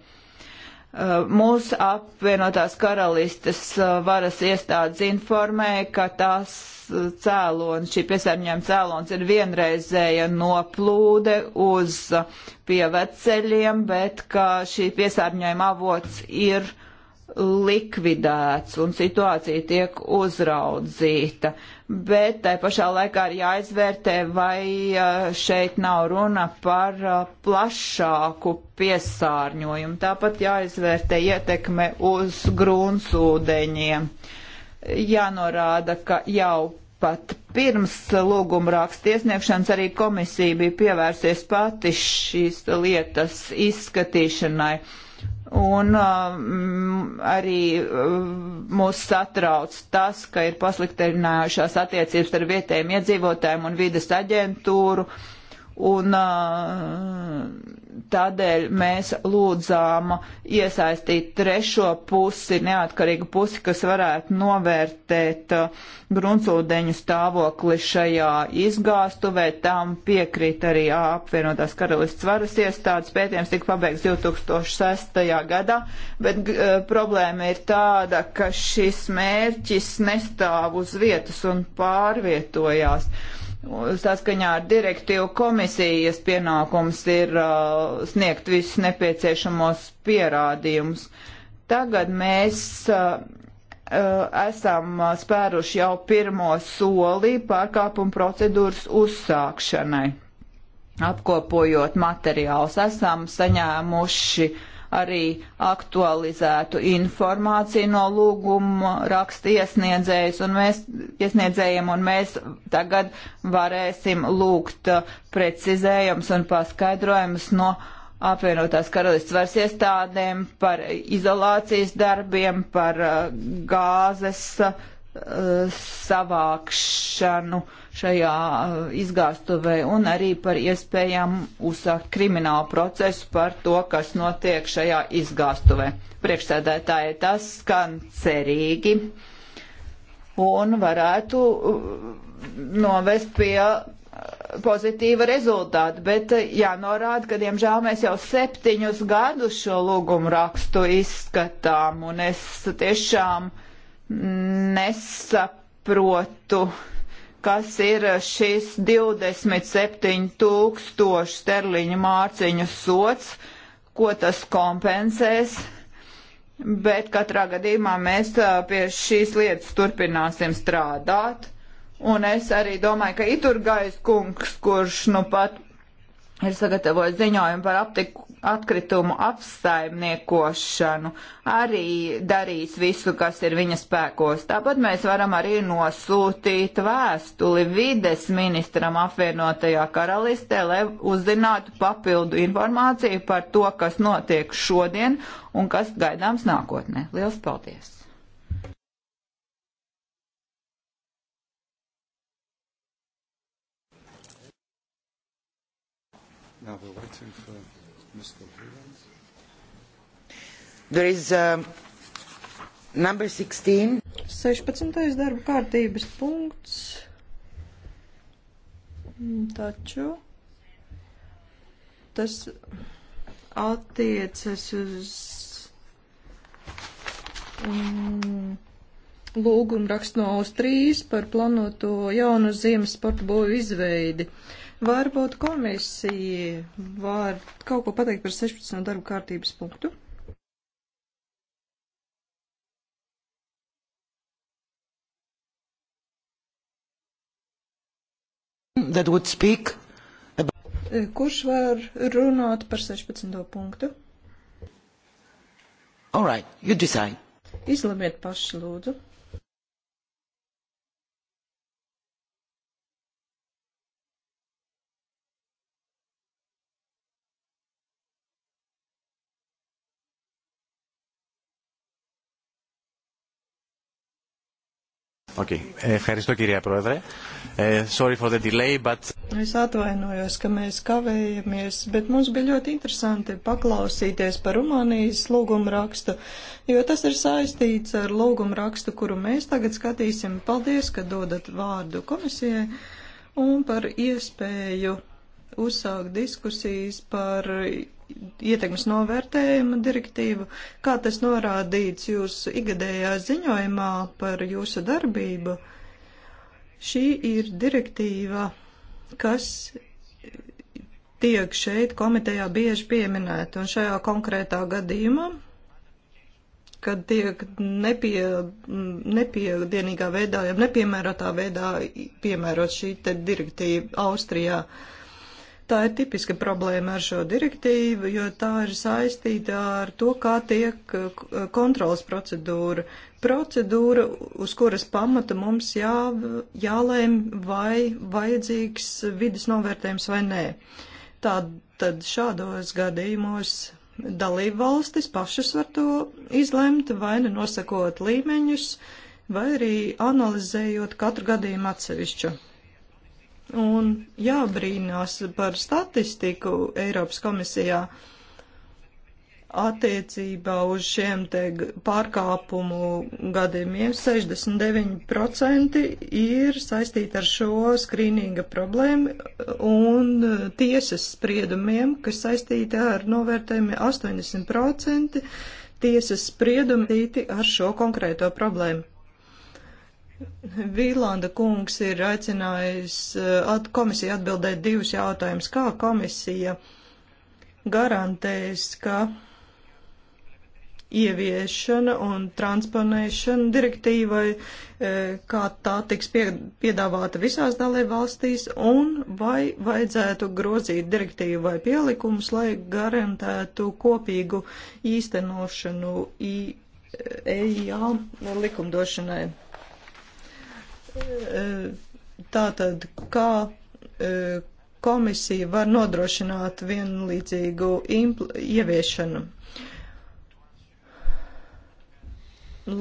Eh, mūs apvienotās karalistes eh, varas iestādes informēja, ka tās eh, cēlonis, šī piesārņojuma cēlonis ir vienreizēja noplūde uz pieveceļiem, bet ka šī piesārņojuma avots ir likvidēts un situācija tiek uzraudzīta bet tai pašā laikā ir jāizvērtē, vai šeit nav runa par plašāku piesārņojumu. Tāpat jāizvērtē ietekme uz grūnsūdeņiem. Jānorāda, ka jau pat pirms lūguma raksta iesniegšanas arī komisija bija pievērsies pati šīs lietas izskatīšanai Un um, arī um, mūs satrauc tas, ka ir pasliktinājušās attiecības ar vietējiem iedzīvotājiem un vides aģentūru. Un uh, Tādēļ mēs lūdzām iesaistīt trešo pusi, neatkarīgu pusi, kas varētu novērtēt gruntsūdeņu uh, stāvokli šajā izgāstuvē. Tām piekrīt arī apvienotās karalists varas iestādes. Pētījums tika pabeigts 2006. gadā, bet uh, problēma ir tāda, ka šis mērķis nestāv uz vietas un pārvietojās. Uh, Saskaņā ar direktīvu komisijas pienākums ir uh, sniegt visus nepieciešamos pierādījumus. Tagad mēs uh, uh esam uh, spēruši jau pirmo soli pārkāpuma procedūras uzsākšanai. Apkopojot materiālus, esam saņēmuši uh, arī aktualizētu informāciju no lūguma raksta iesniedzējus un mēs, iesniedzējiem, un mēs tagad varēsim lūgt uh, precizējums un paskaidrojumus no apvienotās karalists varas iestādēm par izolācijas darbiem, par uh, gāzes Eh, savākšanu šajā eh, izgāstuvē un arī par iespējām uzsākt kriminālu procesu par to, kas notiek šajā izgāstuvē. Priekšsēdētāji tas skan cerīgi un varētu eh, novest pie pozitīva rezultāta, bet jānorāda, ka, diemžēl, mēs jau septiņus gadus šo lūgumu rakstu izskatām, un es tiešām uh, nesaprotu, kas ir šis 27 tūkstoši sterliņu mārciņu sots, ko tas kompensēs. Bet katrā gadījumā mēs pie šīs lietas turpināsim strādāt. Un es arī domāju, ka Iturgais kungs, kurš nu pat ir sagatavojis ziņojumu par aptiku atkritumu apsaimniekošanu, arī darīs visu, kas ir viņa spēkos. Tāpat mēs varam arī nosūtīt vēstuli vides ministram apvienotajā karalistē, lai uzzinātu papildu informāciju par to, kas notiek šodien un kas gaidāms nākotnē. Lielas paldies! Now we'll wait. There is um, number 16. 16. darba kārtības punkts. Mm, taču tas attiecas uz um, lūgumu rakstu no Austrijas par planoto jaunu ziemas sporta boju izveidi. Varbūt komisija var kaut ko pateikt par 16. darba kārtības punktu. that would speak Kurš var runāt par 16. punktu? All right, you decide. Izlemiet paši, lūdzu. Okay. Eh, ευχαριστώ κυρία Πρόεδρε. Sorry for the delay, but... Es atvainojos, ka mēs kavējamies, bet mums bija ļoti interesanti paklausīties par Rumānijas lūgumu rakstu, jo tas ir saistīts ar lūgumu rakstu, kuru mēs tagad skatīsim. Paldies, ka dodat vārdu komisijai un par iespēju uzsākt diskusijas par ietekmes novērtējuma direktīvu, kā tas norādīts jūsu igadējā ziņojumā par jūsu darbību. Šī ir direktīva, kas tiek šeit komitejā bieži pieminēta, un šajā konkrētā gadījumā, kad tiek nepie, nepiedienīgā veidā, ja nepiemērotā veidā piemērot šī te direktīva Austrijā, uh, Tā ir tipiska problēma ar šo direktīvu, jo tā ir saistīta ar to, kā tiek eh, eh, kontrolas procedūra. Procedūra, uz kuras pamata mums jā, jālēm, vai vajadzīgs vidas novērtējums vai nē. Tā, tad šādos gadījumos dalību valstis pašas var to izlemt, vai nu nosakot līmeņus, vai arī analizējot katru gadījumu atsevišķu un jābrīnās par statistiku Eiropas komisijā attiecībā uz šiem te pārkāpumu gadījumiem 69% ir saistīti ar šo skrīninga problēmu un uh, tiesas spriedumiem, kas saistīti ar novērtējumi 80% tiesas spriedumi ar šo konkrēto problēmu. Vīlanda kungs ir aicinājis eh, at, komisiju atbildēt divus jautājumus. Kā komisija garantēs, ka ieviešana un transponēšana direktīvai, eh, kā tā tiks pie, piedāvāta visās dalībvalstīs, un vai vajadzētu grozīt direktīvu vai pielikumus, lai garantētu kopīgu īstenošanu EIA likumdošanai. E, tātad, kā e, komisija var nodrošināt vienlīdzīgu ieviešanu?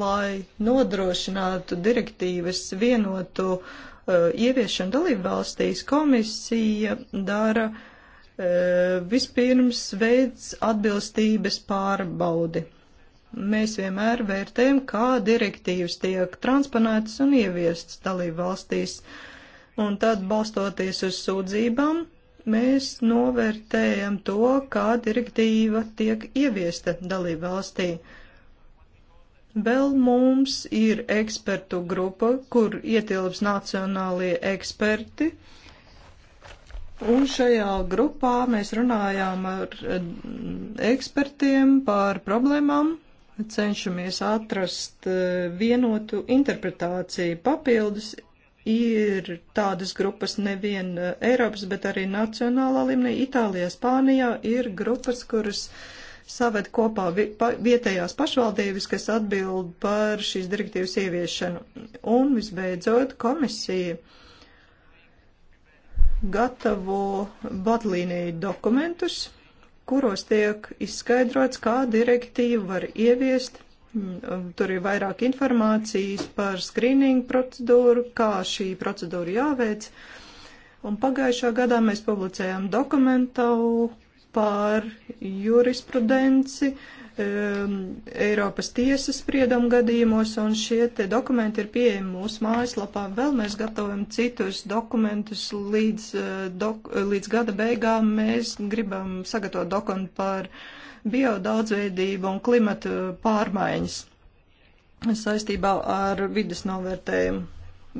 Lai nodrošinātu direktīvas vienotu uh, ieviešanu dalību valstīs, komisija dara uh, vispirms veids atbilstības pārbaudi. Mēs vienmēr vērtējam, kā direktīvas tiek transponētas un ieviestas dalību valstīs, un tad balstoties uz sūdzībām, mēs novērtējam to, kā direktīva tiek ieviesta dalību valstī. Vēl mums ir ekspertu grupa, kur ietilps nacionālie eksperti, un šajā grupā mēs runājām ar eh, ekspertiem par problēmām, cenšamies atrast eh, vienotu interpretāciju. Papildus ir tādas grupas nevien eh, Eiropas, bet arī nacionālā līmenī. Itālijā, Spānijā ir grupas, kuras saved kopā vietējās pašvaldības, kas atbild par šīs direktīvas ieviešanu. Un visbeidzot, komisija gatavo vadlīniju dokumentus kuros tiek izskaidrots, kā direktīvu var ieviest. Mm, tur ir vairāk informācijas par skrīningu procedūru, kā šī procedūra jāveic. Un pagājušā gadā mēs publicējām dokumentu par jurisprudenci, uh, um, Eiropas tiesas spriedumu gadījumos, un šie te dokumenti ir pieejami mūsu mājaslapā. Vēl mēs gatavojam citus dokumentus līdz, uh, dok, līdz gada beigām. Mēs gribam sagatavot dokumentu par biodaudzveidību un klimatu pārmaiņas saistībā ar vidas novērtējumu.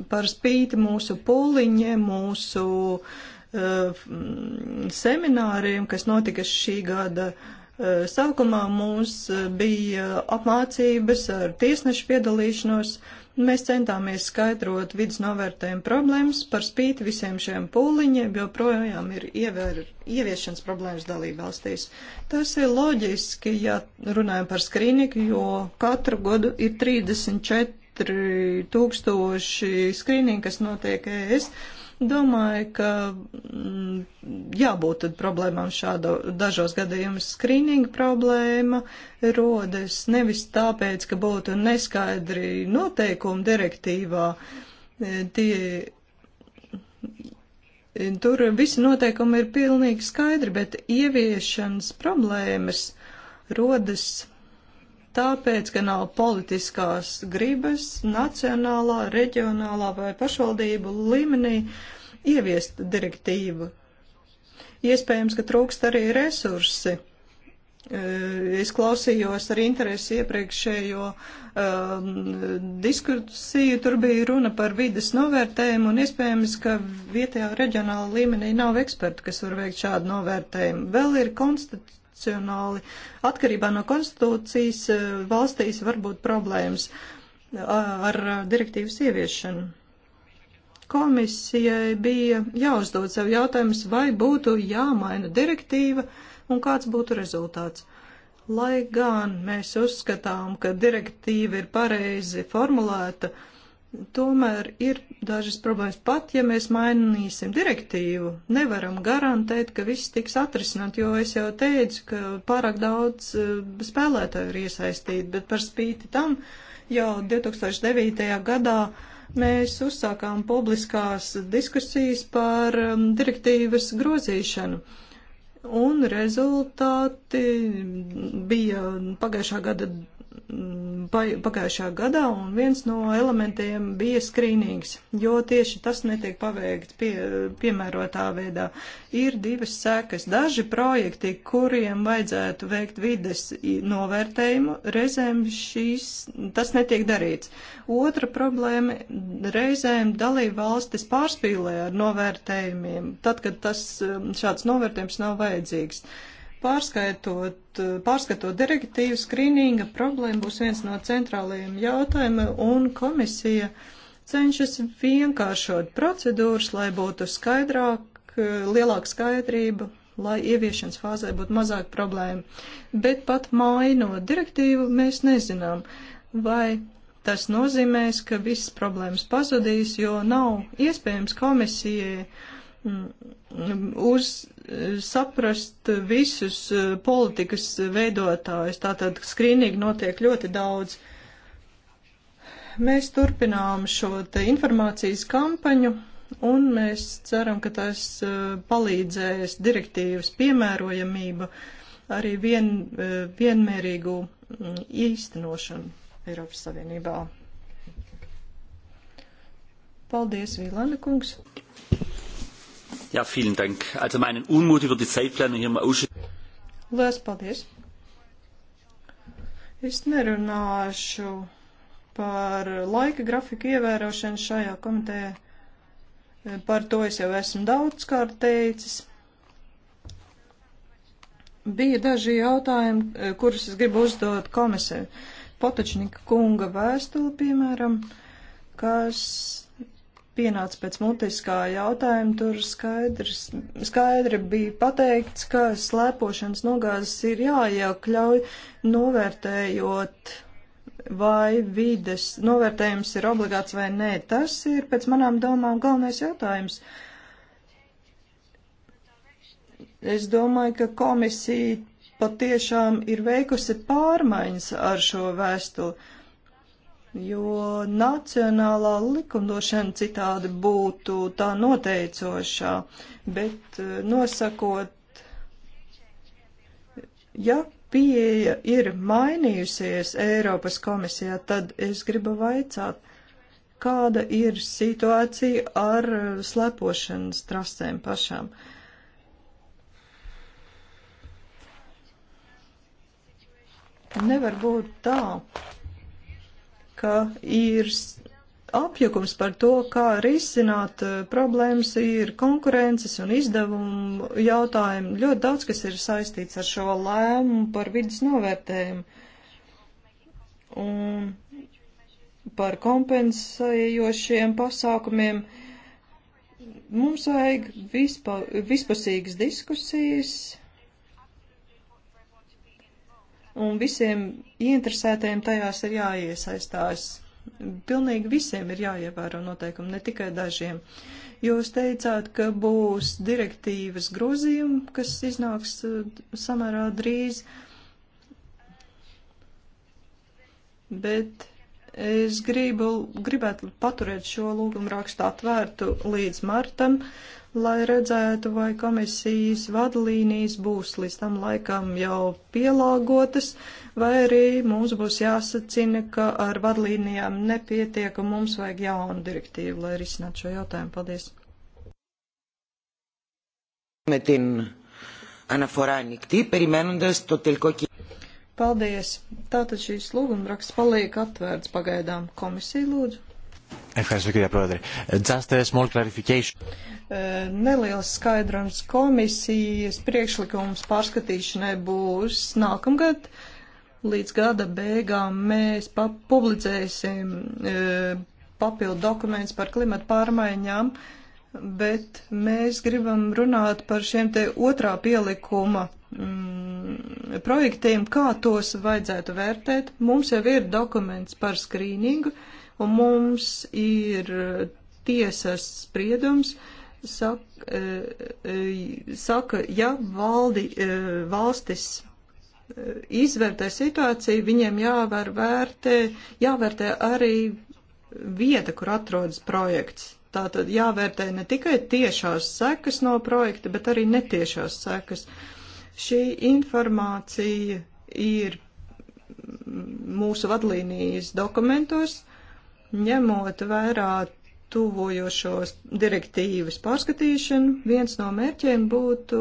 Par spīti mūsu pūliņiem, mūsu uh, semināriem, kas notika šī gada uh, Eh, sākumā mums eh, bija apmācības ar tiesnešu piedalīšanos. Mēs centāmies skaidrot vidus novērtējumu problēmas par spīti visiem šiem pūliņiem, jo projām ir ievēr, ieviešanas problēmas dalībvalstīs. Tas ir loģiski, ja runājam par skrīniku, jo katru gadu ir 34 tūkstoši skrīningi, kas notiek ES. Es Domāju, ka mm, jābūt tad problēmām šāda dažos gadījumos. Skrīninga problēma rodas nevis tāpēc, ka būtu neskaidri noteikumi direktīvā. E, tie, e, tur visi noteikumi ir pilnīgi skaidri, bet ieviešanas problēmas rodas tāpēc, ka nav politiskās gribas nacionālā, reģionālā vai pašvaldību līmenī ieviest direktīvu. Iespējams, ka trūkst arī resursi. E, es klausījos ar interesi iepriekšējo um, diskusiju, tur bija runa par vides novērtējumu un iespējams, ka vietējā reģionāla līmenī nav eksperti, kas var veikt šādu novērtējumu. Vēl ir konstatēts konstitucionāli. Atkarībā no konstitūcijas eh, valstīs var būt problēmas eh, ar eh, direktīvas ieviešanu. Komisijai bija jāuzdod sev jautājums, vai būtu jāmaina direktīva un kāds būtu rezultāts. Lai gan mēs uzskatām, ka direktīva ir pareizi formulēta, tomēr ir dažas problēmas. Pat ja mēs mainīsim direktīvu, nevaram garantēt, ka viss tiks atrisināt, jo es jau teicu, ka pārāk daudz eh, spēlētāju ir iesaistīti, bet par spīti tam jau 2009. gadā mēs uzsākām publiskās diskusijas par um, direktīvas grozīšanu. Un rezultāti bija pagājušā gada pagājušā gadā, un viens no elementiem bija skrīnings, jo tieši tas netiek paveikts pie, piemērotā veidā. Ir divas sekas. Daži projekti, kuriem vajadzētu veikt vides novērtējumu, reizēm šīs, tas netiek darīts. Otra problēma - reizēm dalība valstis pārspīlē ar novērtējumiem, tad, kad tas, um, šāds novērtējums nav vajadzīgs. Uh, Pārskaitot, pārskatot direktīvu, skrīninga problēma būs viens no centrālajiem jautājumiem, un komisija cenšas vienkāršot procedūras, lai būtu skaidrāk, lielāka skaidrība, lai ieviešanas fāzē būtu mazāk problēma. Bet pat mainot direktīvu, mēs nezinām, vai tas nozīmēs, ka visas problēmas pazudīs, jo nav iespējams komisijai uz saprast visus eh, politikas veidotājus. Tātad skrīnīgi notiek ļoti daudz. Mēs turpinām šo te informācijas kampaņu un mēs ceram, ka tas eh, palīdzēs direktīvas piemērojamību arī vien, eh, vienmērīgu mm, īstenošanu Eiropas Savienībā. Paldies, Vīlanda kungs! Ja, vielen Dank. Also meinen Unmut über die Zeitplanung hier im Ausschuss. Lielas paldies. Es nerunāšu par laika grafiku ievērošanu šajā komitejā. Par to es jau esmu daudz kārt teicis. Bija daži jautājumi, kurus es gribu uzdot komisē. Potočnika kunga vēstuli, piemēram, kas pienāca pēc mutiskā jautājuma, tur skaidrs, skaidri bija pateikts, ka slēpošanas nogāzes ir jāiekļauj novērtējot vai vides novērtējums ir obligāts vai nē. Tas ir pēc manām domām galvenais jautājums. Es domāju, ka komisija patiešām ir veikusi pārmaiņas ar šo vēstuli jo nacionālā likumdošana citādi būtu tā noteicošā, bet eh, nosakot, ja pieeja ir mainījusies Eiropas komisijā, tad es gribu vaicāt, kāda ir situācija ar eh, slepošanas trasēm pašām. Nevar būt tā, ka ir apjukums par to, kā risināt eh, problēmas, ir konkurences un izdevumu jautājumi. Ļoti daudz, kas ir saistīts ar šo lēmumu par vidas novērtējumu un par kompensējošiem pasākumiem. Mums vajag vispa, vispasīgas diskusijas un visiem ieinteresētajiem tajās ir jāiesaistās. Pilnīgi visiem ir jāievēro noteikumi, ne tikai dažiem. Jūs teicāt, ka būs direktīvas grozījumi, kas iznāks uh, samērā drīz, bet es gribu, gribētu paturēt šo lūgumu rakstu atvērtu līdz martam, lai redzētu, vai komisijas vadlīnijas būs līdz tam laikam jau pielāgotas, vai arī mums būs jāsacina, ka ar vadlīnijām nepietiek un mums vajag jaunu direktīvu, lai risinātu šo jautājumu. Paldies! Με την αναφορά ανοιχτή, περιμένοντας το τελικό κείμενο. Paldies! Tātad šīs lūgumraksts paliek atvērts pagaidām. Komisija lūdzu. Ευχαριστώ κύριε Πρόεδρε. Just a small clarification. Neliels skaidrums komisijas priekšlikums pārskatīšanai būs nākamgad. Līdz gada beigām mēs publicēsim e, papildu dokumentus par klimatu pārmaiņām, bet mēs gribam runāt par šiem te otrā pielikuma mm, projektiem, kā tos vajadzētu vērtēt. Mums jau ir dokuments par skrīningu. Uh, un mums ir eh, tiesas spriedums, saka, eh, eh, saka ja valdi, valstis izvērtē situāciju, viņiem jāvar vērtē, jāvērtē arī vieta, kur atrodas projekts. Tātad jāvērtē ne tikai tiešās sekas no projekta, bet arī netiešās sekas. Šī informācija ir mūsu vadlīnijas dokumentos, Ņemot vērā tuvojošos direktīvas pārskatīšanu, viens no mērķiem būtu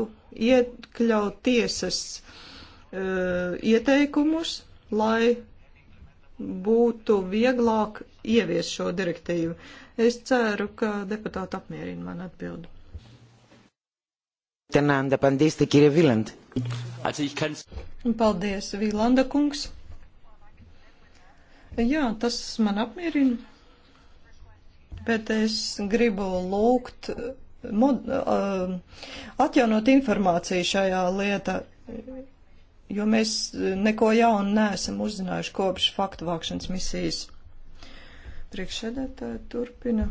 iekļaut tiesas uh, ieteikumus, lai būtu vieglāk ievies šo direktīvu. Es ceru, ka deputāti apmierina man atbildu. Paldies, Vīlanda kungs. Jā, tas man apmierina, bet es gribu lūgt mod, atjaunot informāciju šajā lietā, jo mēs neko jaunu neesam uzzinājuši kopš faktu vākšanas misijas. Priekšsēdētāji turpina.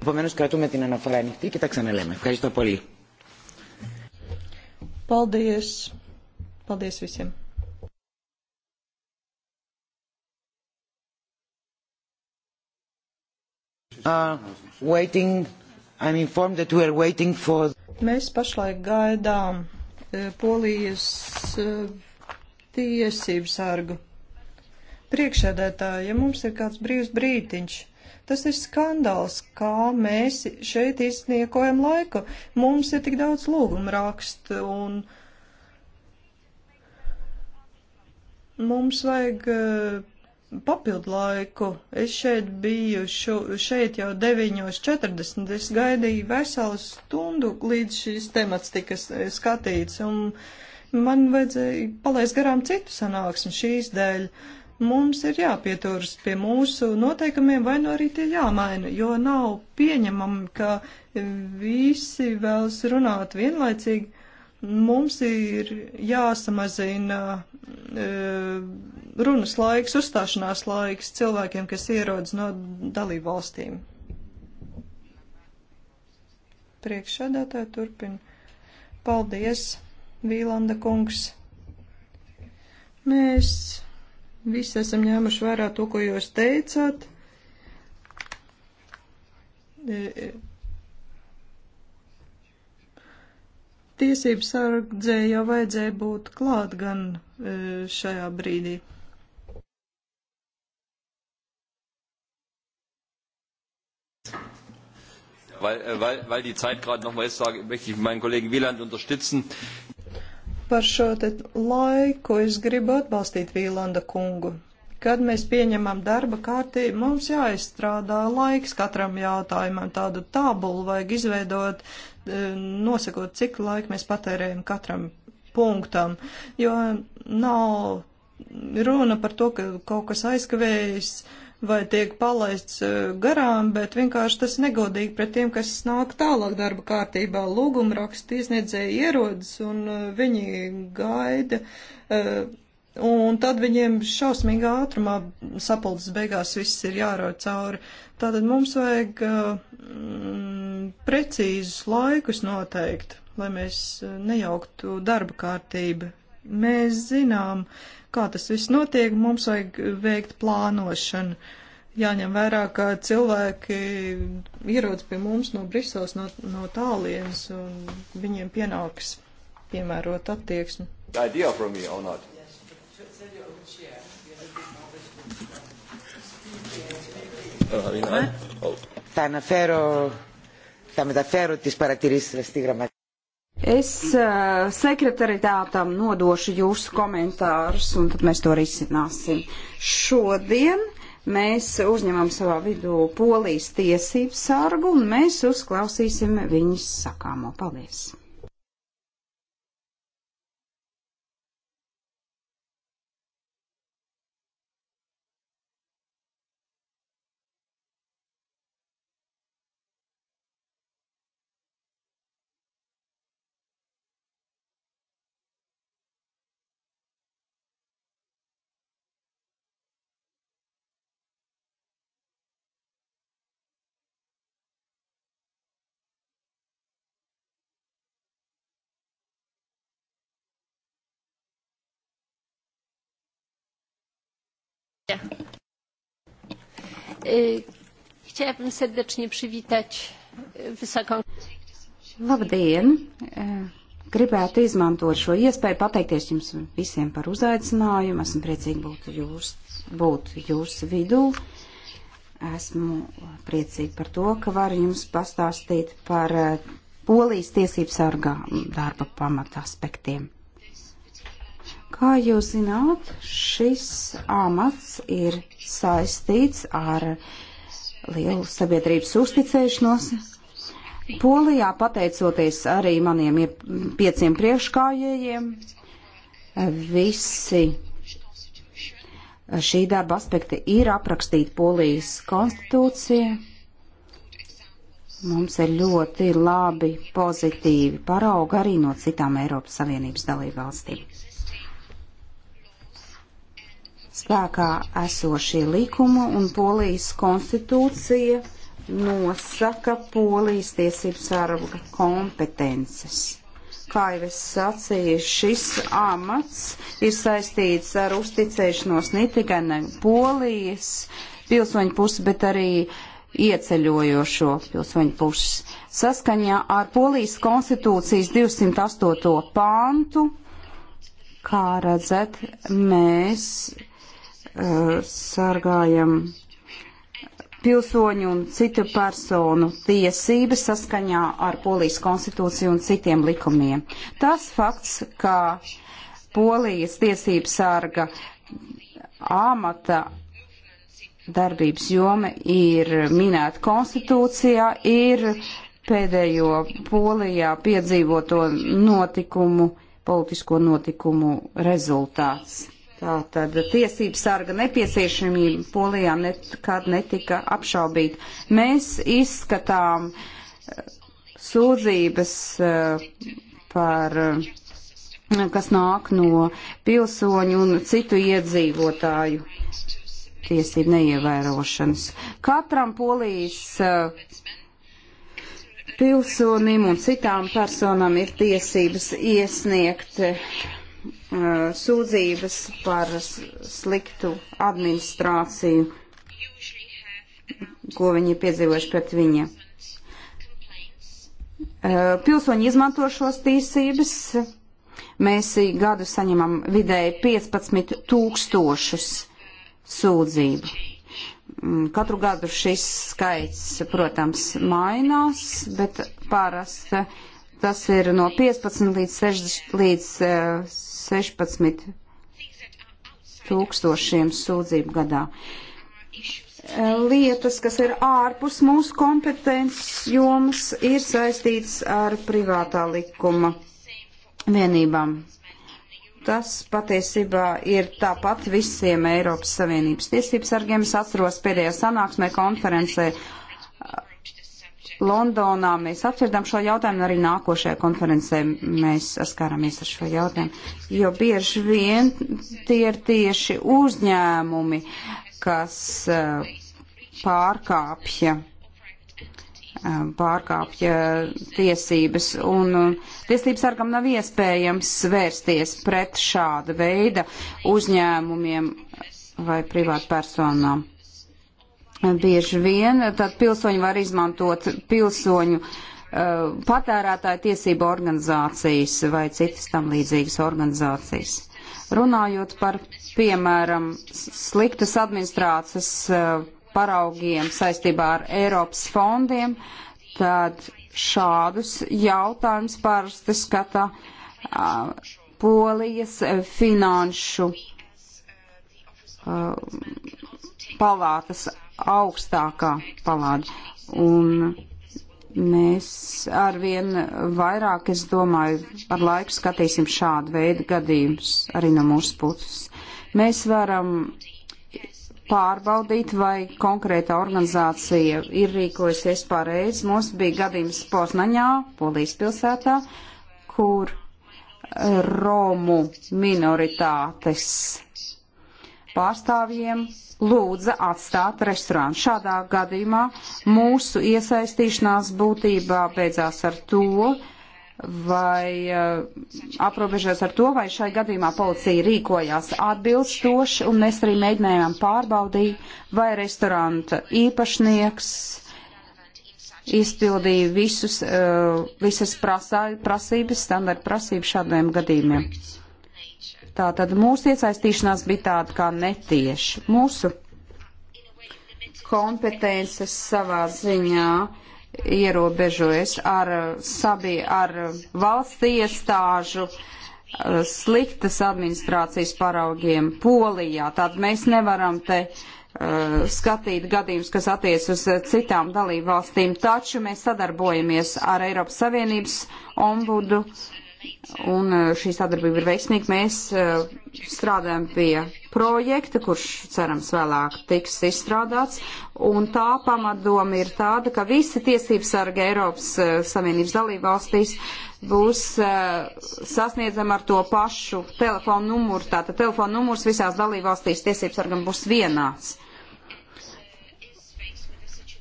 Επομένω, κρατούμε την αναφορά ανοιχτή και τα ξαναλέμε. Ευχαριστώ πολύ. Paldies! Paldies visiem! uh, waiting, I'm informed that we are waiting for. Mēs pašlaik gaidām uh, polijas uh, tiesību sargu. Priekšēdētāji, ja mums ir kāds brīvs brītiņš, tas ir skandāls, kā mēs šeit izniekojam laiku. Mums ir tik daudz lūgumu rakstu un mums vajag uh, papildu laiku. Es šeit biju šo, šeit jau 9.40. Es gaidīju veselu stundu, līdz šis temats tika skatīts, un man vajadzēja palaist garām citu sanāksmi šīs dēļ. Mums ir jāpieturas pie mūsu noteikumiem, vai nu arī tie jāmaina, jo nav pieņemami, ka visi vēlas runāt vienlaicīgi mums ir jāsamazina e, runas laiks, uzstāšanās laiks cilvēkiem, kas ierodas no dalību valstīm. Priekšsēdētāji turpina. Paldies, Vīlanda kungs. Mēs visi esam ņēmuši vērā to, ko jūs teicāt. E, e, tiesības sardzē jau vajadzēja būt klāt gan e, šajā brīdī. Weil, äh, weil, weil die Zeit gerade nochmal ist, sage, möchte ich meinen Kollegen Wieland unterstützen. Par šo laiku es gribu atbalstīt Vīlanda kungu. Kad mēs pieņemam darba kārtību, mums jāizstrādā laiks katram jautājumam, tādu tabulu vajag izveidot, e, nosakot, cik laika mēs patērējam katram punktam, jo nav runa par to, ka kaut kas aizkavējas. Uh, vai tiek palaists eh, garām, bet vienkārši tas negodīgi pret tiem, kas nāk tālāk darba kārtībā. Lūgumrakstu izniedzēji ierodas un eh, viņi gaida, eh, un tad viņiem šausmīgā ātrumā sapulces beigās viss ir jāro cauri. Tātad mums vajag mm, precīzus laikus noteikt, lai mēs nejauktu darba kārtību. Mēs zinām, uh, kā tas viss notiek, mums vajag veikt plānošanu. Jāņem vērā, ka cilvēki ierodas pie mums no Briseles, no, no tālienes, un viņiem pienāks piemērot attieksmi. Idea from me or not? Uh, oh. Θα αναφέρω, θα μεταφέρω τις παρατηρήσεις στη γραμματική. Es uh, eh, sekretaritātam nodošu jūsu komentārus, un tad mēs to risināsim. Šodien mēs uzņemam savā vidū polijas tiesību sargu, un mēs uzklausīsim viņas sakāmo. Paldies! Chciałabym serdecznie przywitać wysoką. Labdien! Gribētu izmantot šo iespēju pateikties jums visiem par uzaicinājumu. Esmu priecīgi būt jūs, būt jūs vidū. Esmu priecīgi par to, ka varu jums pastāstīt par uh, polijas tiesību sargā darba pamata aspektiem. Kā jūs zināt, šis amats ir saistīts ar lielu sabiedrības uzticēšanos. Polijā, pateicoties arī maniem pieciem priekškājējiem, visi šī darba aspekti ir aprakstīti Polijas konstitūcija. Mums ir ļoti labi, pozitīvi paraugi arī no citām Eiropas Savienības dalībvalstīm spēkā esošie likumi un polijas konstitūcija nosaka polijas tiesību sarga kompetences. Kā jau es sacīju, šis amats ir saistīts ar uzticēšanos ne tikai polijas pilsoņu pusi, bet arī ieceļojošo pilsoņu pusi. Saskaņā ar polijas konstitūcijas 208. pantu, kā redzat, mēs Eh, sargājam pilsoņu un citu personu tiesības saskaņā ar Polijas konstitūciju un citiem likumiem. Tas fakts, ka Polijas tiesības sarga āmata darbības joma ir minēta konstitūcijā, ir pēdējo Polijā piedzīvoto notikumu, politisko notikumu rezultāts. Tā tad tiesības sarga nepieciešamība Polijā nekad netika apšaubīta. Mēs izskatām eh, sūdzības eh, par eh, kas nāk no pilsoņu un citu iedzīvotāju tiesību neievērošanas. Katram polijas pilsonim un citām personām ir tiesības iesniegt Uh, sūdzības par sliktu administrāciju, ko viņi ir piedzīvojuši pret viņiem. Uh, pilsoņi izmanto šos tīsības. Mēs gadu saņemam vidēji 15 tūkstošus sūdzību. Mm, katru gadu šis skaits, protams, mainās, bet parasti tas ir no 15 līdz 60 līdz uh, 16 tūkstošiem sūdzību gadā. Lietas, kas ir ārpus mūsu kompetences jomas, ir saistītas ar privātā likuma vienībām. Tas patiesībā ir tāpat visiem Eiropas Savienības tiesības sargiem. Es atceros pēdējā sanāksmē konferencē Londonā mēs apsvērtām šo jautājumu, arī nākošajā konferencē mēs saskāramies ar šo jautājumu, jo bieži vien tie ir tieši uzņēmumi, kas eh, pārkāpja eh, pārkāpja tiesības, un eh, tiesības sargam nav iespējams vērsties pret šāda veida uzņēmumiem vai privātpersonām bieži vien, eh, tad pilsoņi var izmantot pilsoņu uh, patērētāju tiesību organizācijas vai citas tam līdzīgas organizācijas. Runājot par, piemēram, sliktas administrācijas uh, paraugiem saistībā ar Eiropas fondiem, tad šādus jautājumus parasti skata uh, Polijas finanšu palātas augstākā palāda. Un mēs arvien vairāk, es domāju, ar laiku skatīsim šādu veidu gadījumus arī no mūsu puses. Mēs varam pārbaudīt, vai konkrēta organizācija ir rīkojusies pareizi. Mums bija gadījums Poznaņā, Polijas pilsētā, kur Romu minoritātes pārstāvjiem lūdza atstāt restorānu. Šādā gadījumā mūsu iesaistīšanās būtībā beidzās ar to, vai eh, aprobežos ar to, vai šai gadījumā policija rīkojās atbilstoši, un mēs arī mēģinājām pārbaudīt, vai restorāna īpašnieks izpildīja visus, eh, visas prasā, prasības, standarta prasības šādiem gadījumiem. Tātad mūsu iesaistīšanās bija tāda kā netieša. Mūsu kompetences savā ziņā ierobežojas ar, sabi, ar valsts iestāžu eh, sliktas administrācijas paraugiem Polijā. Tātad mēs nevaram te uh, skatīt gadījumus, kas attiec uz citām dalību valstīm, taču mēs sadarbojamies ar Eiropas Savienības ombudu uh, Un eh, šī sadarbība ir veiksmīga. Mēs eh, strādājam pie projekta, kurš cerams vēlāk tiks izstrādāts. Un tā pamatdoma ir tāda, ka visi tiesības sarga Eiropas eh, Savienības dalībvalstīs būs sasniedzama ar to pašu telefonu numuru. Tātad telefonu numurs visās dalībvalstīs tiesības sargam būs vienāds.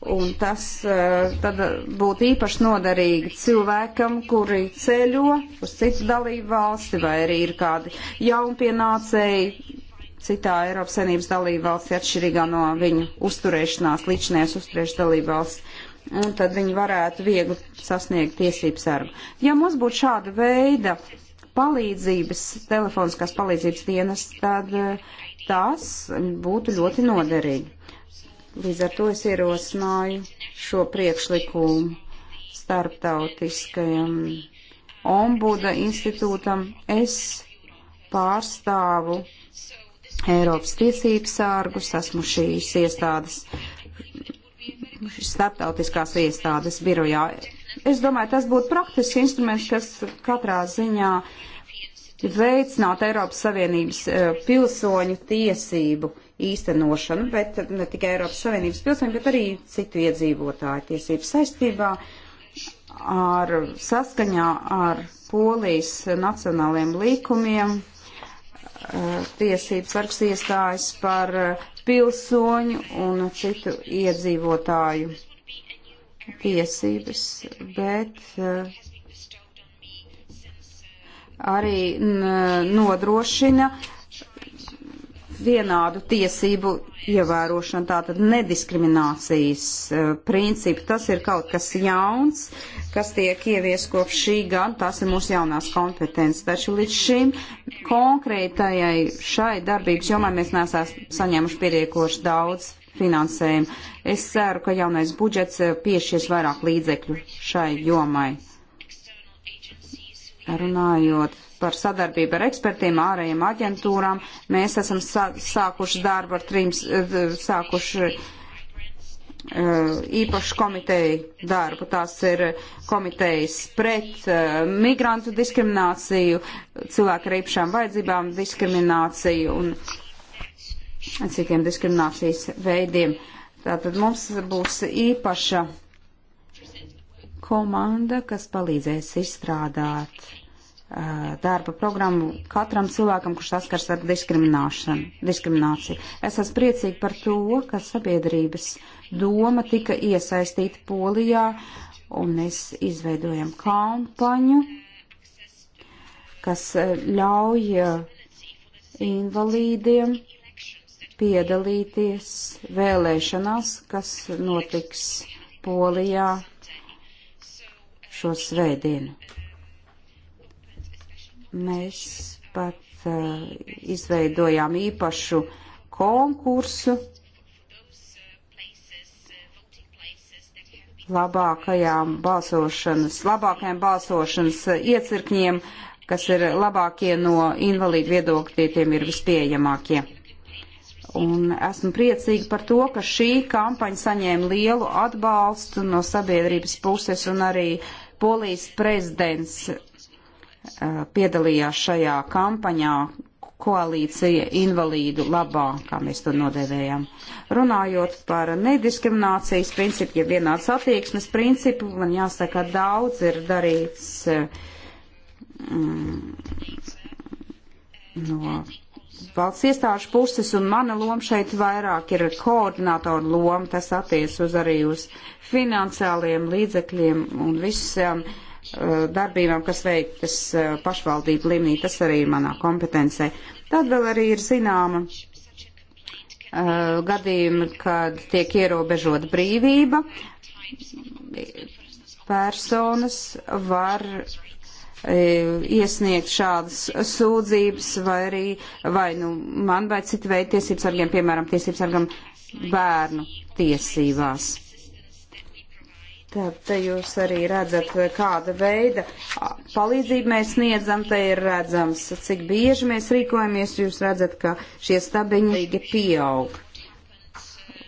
Un tas eh, tad būtu īpaši noderīgi cilvēkam, kuri ceļo uz citu dalību valsti vai arī ir kādi jaunpienācēji citā Eiropas Savienības dalību valsti atšķirīgā no viņu uzturēšanās, līdzinājās uzturēšanās dalību valsts. Un tad viņi varētu viegli sasniegt tiesību sargu. Ja mums būtu šāda veida palīdzības, telefoniskās palīdzības dienas, tad eh, tas būtu ļoti noderīgi. Līdz ar to es ierosināju šo priekšlikumu starptautiskajam ombuda institūtam. Es pārstāvu Eiropas tiesības sārgus, esmu šīs iestādes, šīs starptautiskās iestādes birojā. Es domāju, tas būtu praktisks instruments, kas katrā ziņā veicinātu Eiropas Savienības eh, pilsoņu tiesību īstenošanu, bet ne tikai Eiropas Savienības pilsoņu, bet arī citu iedzīvotāju tiesību saistībā ar saskaņā ar Polijas nacionāliem līkumiem. Eh, tiesības sargs iestājas par eh, pilsoņu un citu iedzīvotāju tiesības, bet eh, arī nodrošina uh, vienādu tiesību ievērošana, tātad nediskriminācijas e, principu. Tas ir kaut kas jauns, kas tiek ievies kopš šī gada, tās ir mūsu jaunās kompetences. Taču līdz šim konkrētajai šai darbības jomai mēs nesam saņēmuši pietiekoši daudz finansējumu. Es ceru, ka jaunais budžets e, piešies vairāk līdzekļu šai jomai. Runājot par sadarbību ar ekspertiem, ārējiem aģentūrām. Mēs esam sākuši darbu ar trim, eh, sākuši eh, īpašu komiteju darbu. Tās ir komitejas pret eh, migrantu diskrimināciju, cilvēku ar īpašām vajadzībām diskrimināciju un citiem diskriminācijas veidiem. Tātad mums būs īpaša komanda, kas palīdzēs izstrādāt darba programmu katram cilvēkam, kurš saskars ar diskrimināciju. Es esmu priecīgi par to, ka sabiedrības doma tika iesaistīta Polijā, un mēs izveidojam kampaņu, kas ļauj invalīdiem piedalīties vēlēšanās, kas notiks Polijā šo svētdienu. Mēs pat uh, izveidojām īpašu konkursu labākajām balsošanas, labākajām balsošanas iecirkņiem, kas ir labākie no invalīdu viedokļa, tie tiem ir vispieejamākie. Un esmu priecīga par to, ka šī kampaņa saņēma lielu atbalstu no sabiedrības puses un arī polijas prezidents piedalījās šajā kampaņā koalīcija invalīdu labā, kā mēs to nodēvējam. Runājot par nediskriminācijas principu, ja vienāds attieksmes principu, man jāsaka, daudz ir darīts mm, no valsts iestāžu puses, un mana loma šeit vairāk ir koordinātora loma, tas attiec uz arī uz finansiāliem līdzekļiem un visam. Um, Eh, darbībām, kas veiktas eh, pašvaldību līmenī. Tas arī ir manā kompetencē. Tad vēl arī ir zināma eh, gadījumi, kad tiek ierobežota brīvība. Personas var iesniegt šādas sūdzības vai arī vai nu man vai citu veidu tiesības sargiem, piemēram, tiesības sargam bērnu tiesībās. Tad te jūs arī redzat, kāda veida palīdzību mēs sniedzam, te ir redzams, cik bieži mēs rīkojamies, jūs redzat, ka šie stabiņi pieaug.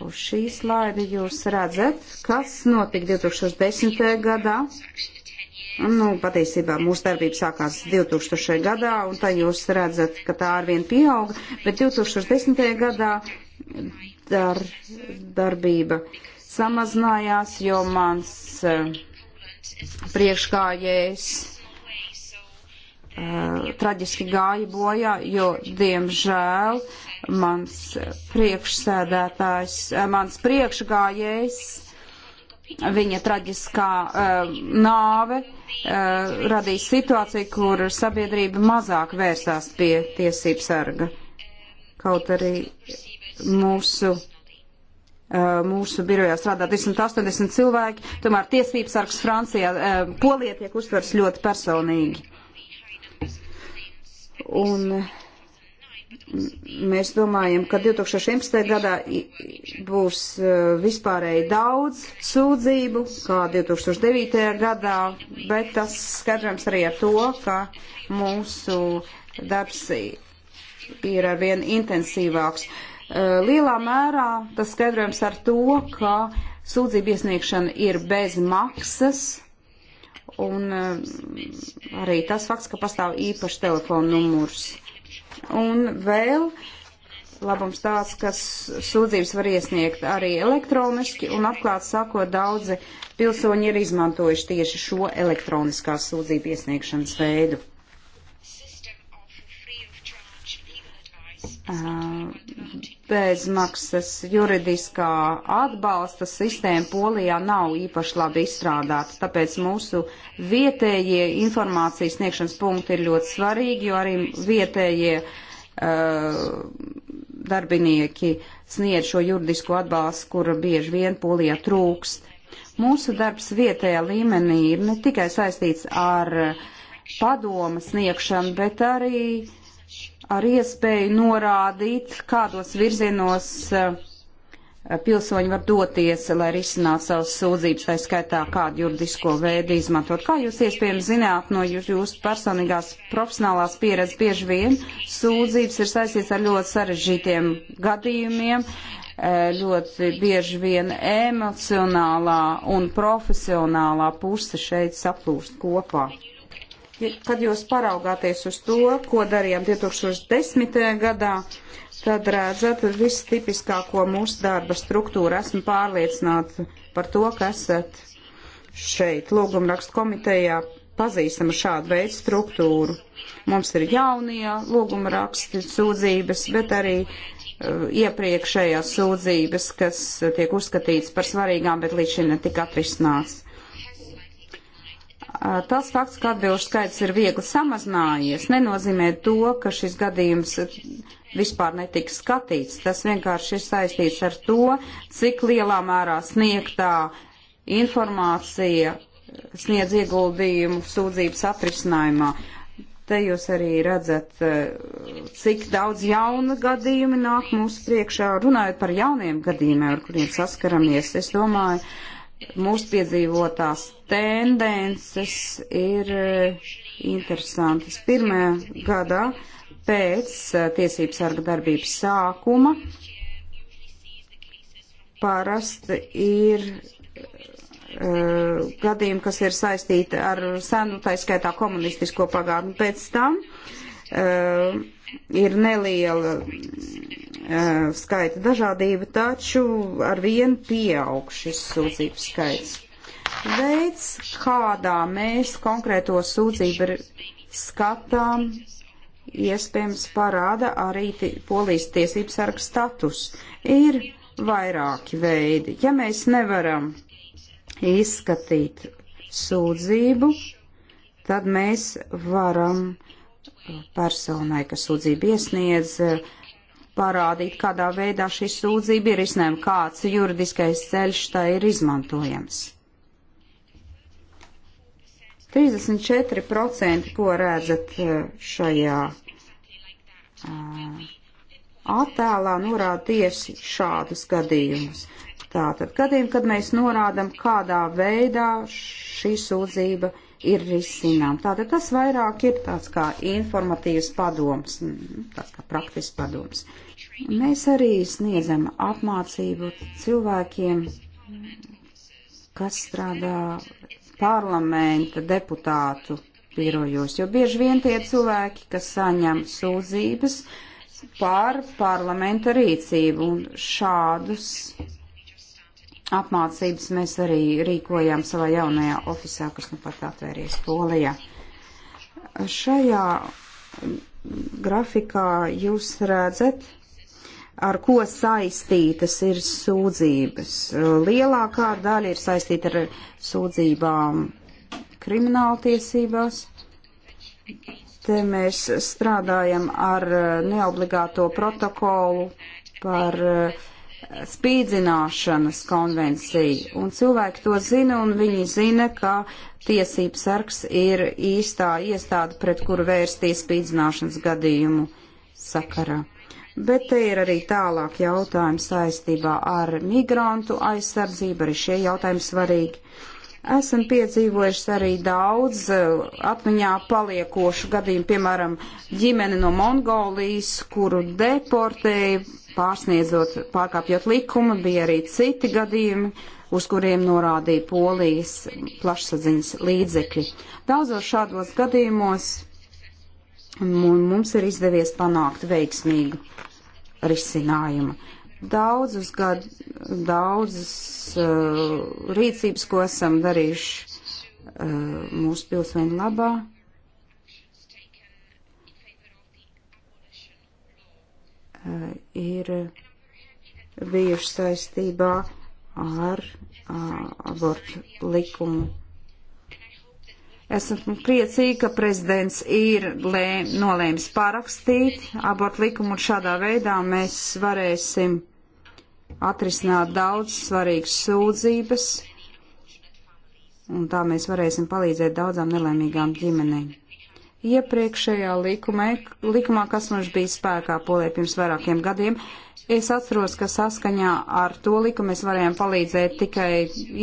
Uz šī slaida jūs redzat, kas notika 2010. gadā. Nu, patiesībā mūsu darbība sākās 2000. gadā, un tā jūs redzat, ka tā arvien pieauga, bet 2010. gadā dar, darbība. Uh, samazinājās, jo mans eh, priekškājējs eh, traģiski gāja bojā, jo, diemžēl, mans priekšsēdētājs, eh, mans priekšgājējs, viņa traģiskā uh, nāve uh, radīja situāciju, kur sabiedrība mazāk vērsās pie tiesības sarga. Kaut arī mūsu Eh, mūsu birojā strādā 280 cilvēki, tomēr tiesības sargs Francijā, eh, Polijā tiek uztvers ļoti personīgi. Un mēs domājam, ka 2011. gadā būs eh, vispārēji daudz sūdzību, kā 2009. gadā, bet tas skatrams arī ar to, ka mūsu darbs ir arvien intensīvāks. Uh, Eh, lielā mērā tas skaidrojams ar to, ka sūdzību iesniegšana ir bez maksas, un eh, arī tas fakts, ka pastāv īpašs telefona numurs. Un vēl labums tāds, ka sūdzības var iesniegt arī elektroniski, un atklāt sakot, daudzi pilsoņi ir izmantojuši tieši šo elektroniskās sūdzību iesniegšanas veidu. bezmaksas juridiskā atbalsta sistēma Polijā nav īpaši labi izstrādāta, tāpēc mūsu vietējie informācijas sniegšanas punkti ir ļoti svarīgi, jo arī vietējie uh, darbinieki sniedz šo juridisko atbalstu, kura bieži vien Polijā trūkst. Mūsu darbs vietējā līmenī ir ne tikai saistīts ar padomu sniegšanu, bet arī uh, ar iespēju norādīt, kādos virzienos eh, pilsoņi var doties, lai risinātu savas sūdzības, vai skaitā kādu juridisko veidu izmantot. Kā jūs iespējams zināt no jūsu personīgās profesionālās pieredzes, bieži vien sūdzības ir saistīts ar ļoti sarežģītiem gadījumiem, eh, ļoti bieži vien emocionālā un profesionālā puse šeit saplūst kopā. Kad jūs paraugāties uz to, ko darījām 2010. gadā, tad redzat vistipiskāko mūsu darba struktūru. Esmu pārliecināta par to, ka esat šeit lūgumrakstu komitejā pazīstama šādu veidu struktūru. Mums ir jaunie lūgumraksti, sūdzības, bet arī uh, iepriekšējās sūdzības, kas tiek uzskatītas par svarīgām, bet līdz šim netika atrisināts tas fakts, ka atbilžu skaits ir viegli samazinājies, nenozīmē to, ka šis gadījums vispār netiks skatīts. Tas vienkārši ir saistīts ar to, cik lielā mērā sniegtā informācija sniedz ieguldījumu sūdzības atrisinājumā. Te jūs arī redzat, cik daudz jaunu gadījumu nāk mūsu priekšā. Runājot par jauniem gadījumiem, ar kuriem saskaramies, es domāju, uh, mūsu piedzīvotās tendences ir e, interesantas. Pirmajā gadā pēc e, tiesības sarga darbības sākuma parasti ir uh, gadījumi, kas ir saistīti ar senu, tā skaitā komunistisko pagātni. Pēc tam uh, ir neliela uh, skaita dažādība, taču ar vienu pieaug šis sūdzību skaits. Veids, kādā mēs konkrēto sūdzību skatām, iespējams parāda arī polijas tiesības sarga status. Ir vairāki veidi. Ja mēs nevaram izskatīt sūdzību, tad mēs varam personai, kas sūdzību iesniedz, parādīt, kādā veidā šī sūdzība ir iznēma, kāds juridiskais ceļš tā ir izmantojams. 34%, ko redzat eh, šajā eh, attēlā, norāda tieši šādus gadījumus. Tātad gadījumi, kad mēs norādam, kādā veidā šī sūdzība ir ir risinām. Tātad tas vairāk ir tāds kā informatīvs padoms, mm, tāds kā praktisks padoms. Mēs arī sniedzam apmācību cilvēkiem, kas strādā parlamenta deputātu birojos, jo bieži vien tie cilvēki, kas saņem sūdzības par parlamenta rīcību un šādus apmācības mēs arī rīkojām savā jaunajā ofisā, kas nu pat atvērties Polijā. Šajā grafikā jūs redzat, ar ko saistītas ir sūdzības. Lielākā daļa ir saistīta ar sūdzībām krimināltiesībās. Te mēs strādājam ar neobligāto protokolu par uh, spīdzināšanas konvenciju, un cilvēki to zina, un viņi zina, ka tiesības sargs ir īstā iestāde, pret kuru vērsties spīdzināšanas gadījumu sakarā. Bet te ir arī tālāk jautājumi saistībā ar migrantu aizsardzību, arī šie jautājumi svarīgi. Esam piedzīvojuši arī daudz eh, atmiņā paliekošu gadījumu, piemēram, ģimene no Mongolijas, kuru deportēja pārsniedzot, pārkāpjot likumu, bija arī citi gadījumi, uz kuriem norādīja polijas plašsaziņas līdzekļi. Daudzos šādos gadījumos mums ir izdevies panākt veiksmīgu risinājumu. Daudzus gad, daudzas uh, rīcības, ko esam darījuši uh, mūsu pilsēņu labā, Eh, ir bijuši saistībā ar eh, abortu likumu. Esmu priecīga, ka prezidents ir lē, nolēmis parakstīt abortu likumu un šādā veidā mēs varēsim atrisināt daudz svarīgas sūdzības un tā mēs varēsim palīdzēt daudzām nelēmīgām ģimenēm iepriekšējā likumē, likumā, kas mums bija spēkā polē pirms vairākiem gadiem. Es atceros, ka saskaņā ar to likumu mēs varējām palīdzēt tikai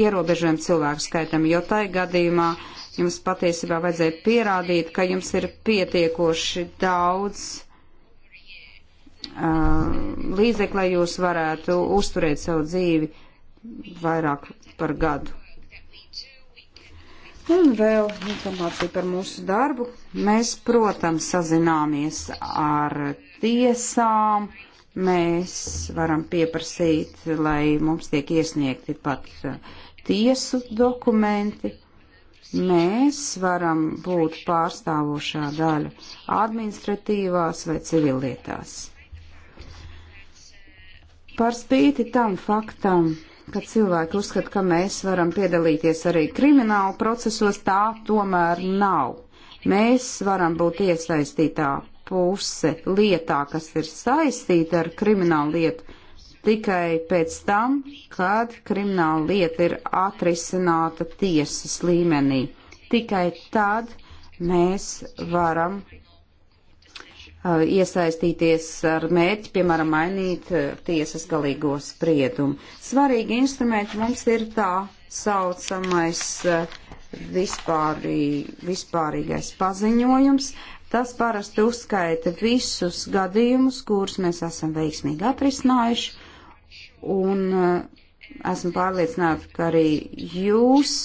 ierobežojumu cilvēku skaitam, jo tai gadījumā jums patiesībā vajadzēja pierādīt, ka jums ir pietiekoši daudz uh, līdzekļu, lai jūs varētu uzturēt savu dzīvi vairāk par gadu. Un vēl informācija par mūsu darbu. Mēs, protams, sazināmies ar tiesām. Mēs varam pieprasīt, lai mums tiek iesniegti pat eh, tiesu dokumenti. Mēs varam būt pārstāvošā daļa administratīvās vai civillietās. Par spīti tam faktam, ka cilvēki uzskata, ka mēs varam piedalīties arī krimināla procesos, tā tomēr nav. Mēs varam būt iesaistītā puse lietā, kas ir saistīta ar kriminālu lietu, tikai pēc tam, kad krimināla lieta ir atrisināta tiesas līmenī. Tikai tad mēs varam Uh, iesaistīties ar mērķi, piemēram, mainīt uh, tiesas galīgo spriedumu. Svarīgi instrumenti mums ir tā saucamais uh, vispārī, vispārīgais paziņojums. Tas parasti uzskaita visus gadījumus, kurus mēs esam veiksmīgi atrisinājuši, un esmu pārliecināta, ka arī jūs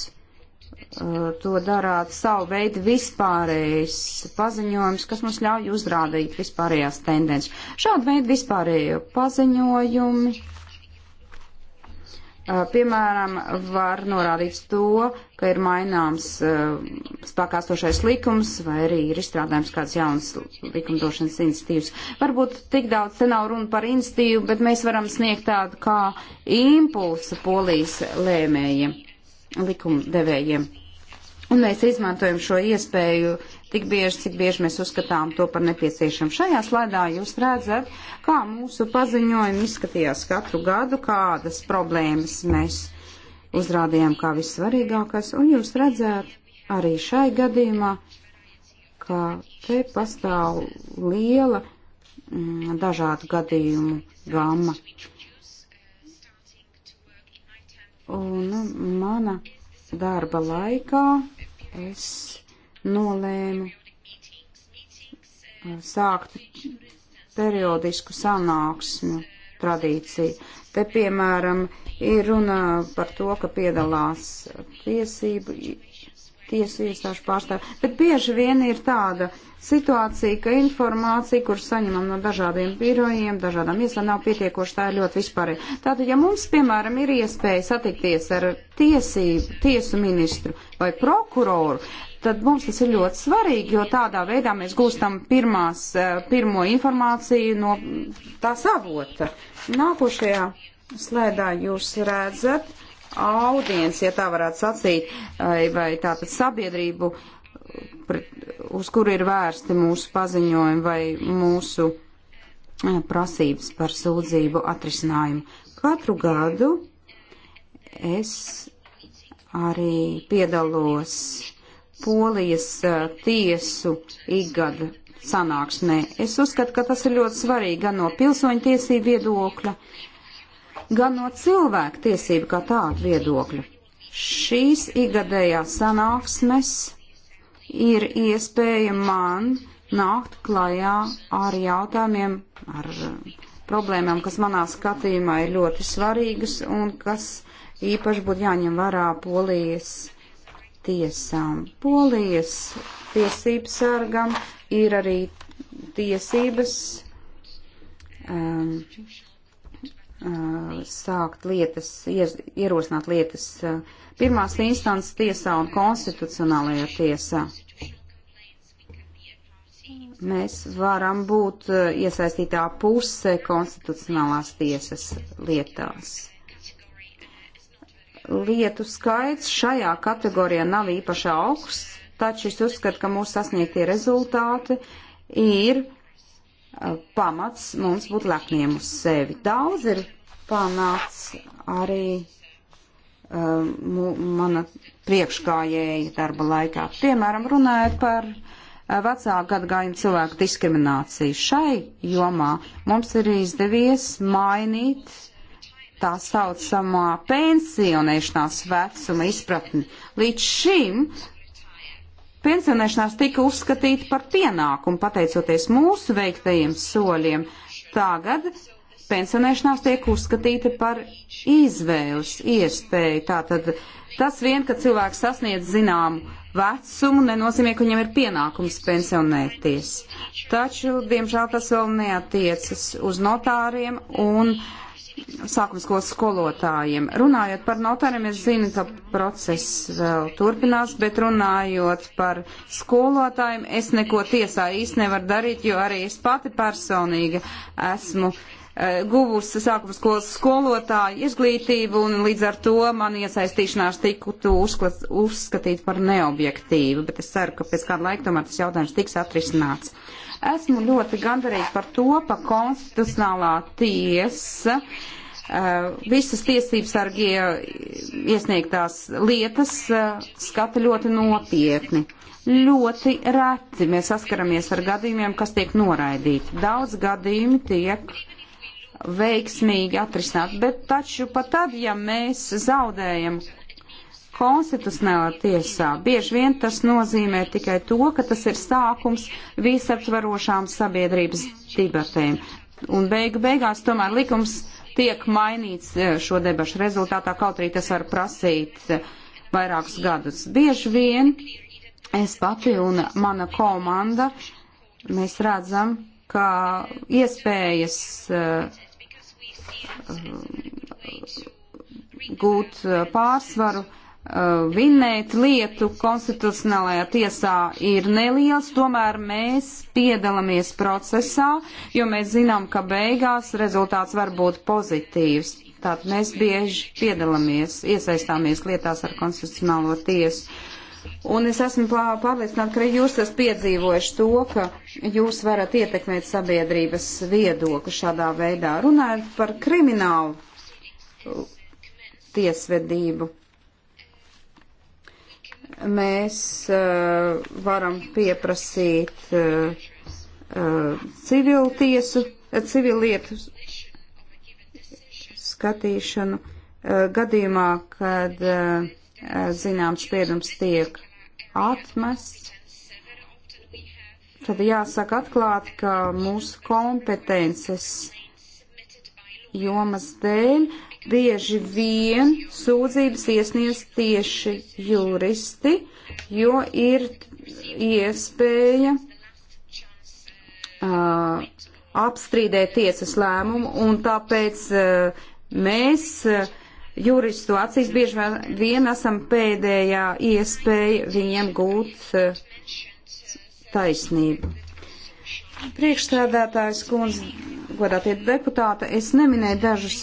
Uh, to darāt savu veidu vispārējais paziņojums, kas mums ļauj uzrādīt vispārējās tendences. Šādu veidu vispārējo paziņojumi, uh, piemēram, var norādīt to, ka ir maināms uh, spēkāstošais likums vai arī ir izstrādājums kāds jauns likumdošanas institīvs. Varbūt tik daudz te nav runa par institīvu, bet mēs varam sniegt tādu kā impulsu polijas lēmējiem likumdevējiem. Un mēs izmantojam šo iespēju tik bieži, cik bieži mēs uzskatām to par nepieciešamu. Šajā slaidā jūs redzat, kā mūsu paziņojumi izskatījās katru gadu, kādas problēmas mēs uzrādījām kā vissvarīgākās, un jūs redzat arī šai gadījumā, ka te pastāv liela m, mm, dažādu gadījumu gama. Un nu, mana darba laikā es nolēmu uh, sākt periodisku sanāksmu tradīciju. Te, piemēram, ir runa par to, ka piedalās tiesību tiesu iestāžu pārstāvi. Bet bieži vien ir tāda situācija, ka informācija, kur saņemam no dažādiem birojiem, dažādām iestādēm, nav pietiekoši, tā ir ļoti vispārīga. Tātad, ja mums, piemēram, ir iespēja satikties ar tiesību, tiesu ministru vai prokuroru, tad mums tas ir ļoti svarīgi, jo tādā veidā mēs gūstam pirmās, eh, pirmo informāciju no tā savota. Nākošajā slēdā jūs redzat audienci, ja tā varētu sacīt, vai tātad sabiedrību, uz kuru ir vērsti mūsu paziņojumi vai mūsu eh, prasības par sūdzību atrisinājumu. Katru gadu es arī piedalos Polijas eh, tiesu ikgada sanāksmē. Es uzskatu, ka tas ir ļoti svarīgi gan no pilsoņu tiesību viedokļa, gan no cilvēku tiesību kā tādu viedokļu. Šīs igadējās sanāksmes ir iespēja man nākt klajā ar jautājumiem, ar eh, problēmām, kas manā skatījumā ir ļoti svarīgas un kas īpaši būtu jāņem vērā polijas tiesām. Polijas tiesības sargam ir arī tiesības um, Uh, sākt lietas, ierosināt lietas uh, pirmās instances tiesā un konstitucionālajā tiesā. Mēs varam būt uh, iesaistītā puse konstitucionālās tiesas lietās. Lietu skaits šajā kategorijā nav īpaši augsts, taču es uzskatu, ka mūsu sasniegtie rezultāti ir uh, Eh, pamats mums būt lepniem uz sevi. Daudz ir panāts arī eh, mana priekšgājēja darba laikā. Piemēram, runājot par eh, vecāku gadagājumu cilvēku diskrimināciju. Šai jomā mums ir izdevies mainīt tā saucamā pensionēšanās vecuma izpratni. Līdz šim pensionēšanās tika uzskatīta par pienākumu, pateicoties mūsu veiktajiem soļiem. Tagad pensionēšanās tiek uzskatīta par izvēles iespēju. Tātad tas vien, ka cilvēks sasniedz zināmu vecumu, nenozīmē, ka viņam ir pienākums pensionēties. Taču, diemžēl, tas vēl neatiecas uz notāriem un uh, sākumskolas skolotājiem. Runājot par notāriem, es zinu, ka process vēl turpinās, bet runājot par skolotājiem, es neko tiesā īsti nevaru darīt, jo arī es pati personīgi esmu e, guvusi sākumskolas skolotāju izglītību un līdz ar to man iesaistīšanās tiktu uzskatīt par neobjektīvu, bet es ceru, ka pēc kāda laika tomēr tas jautājums tiks atrisināts. Esmu ļoti gandarīta par to, pa konstitucionālā tiesa eh, visas tiesības sargie iesniegtās lietas eh, skata ļoti nopietni. Ļoti reti mēs saskaramies ar gadījumiem, kas tiek noraidīti. Daudz gadījumi tiek veiksmīgi atrisināt, bet taču pat tad, ja mēs zaudējam konstitucionālā tiesā. Bieži vien tas nozīmē tikai to, ka tas ir sākums visaptvarošām sabiedrības debatēm. Un beigu beigās tomēr likums tiek mainīts eh, šo debašu rezultātā, kaut arī tas var prasīt eh, vairākus gadus. Bieži vien es pati un mana komanda, mēs redzam, ka iespējas eh, gūt pārsvaru uh, Uh, vinēt lietu konstitucionālajā tiesā ir neliels, tomēr mēs piedalāmies procesā, jo mēs zinām, ka beigās rezultāts var būt pozitīvs. Tātad mēs bieži piedalāmies, iesaistāmies lietās ar konstitucionālo tiesu. Un es esmu pārliecināta, ka jūs esat piedzīvojuši to, ka jūs varat ietekmēt sabiedrības viedokli šādā veidā, runājot par kriminālu tiesvedību mēs uh, varam pieprasīt uh, eh, uh, eh, civiltiesu, uh, civilietu skatīšanu uh, gadījumā, kad uh, zināms spriedums tiek atmests. Tad jāsaka atklāti, ka mūsu kompetences jomas dēļ bieži vien sūdzības iesniedz tieši juristi, jo ir iespēja uh, apstrīdēt tiesas lēmumu, un tāpēc uh, mēs uh, juristu acīs bieži vien esam pēdējā iespēja viņiem gūt uh, taisnību. Priekšstādātājs kundze, godātie deputāti, es neminēju dažus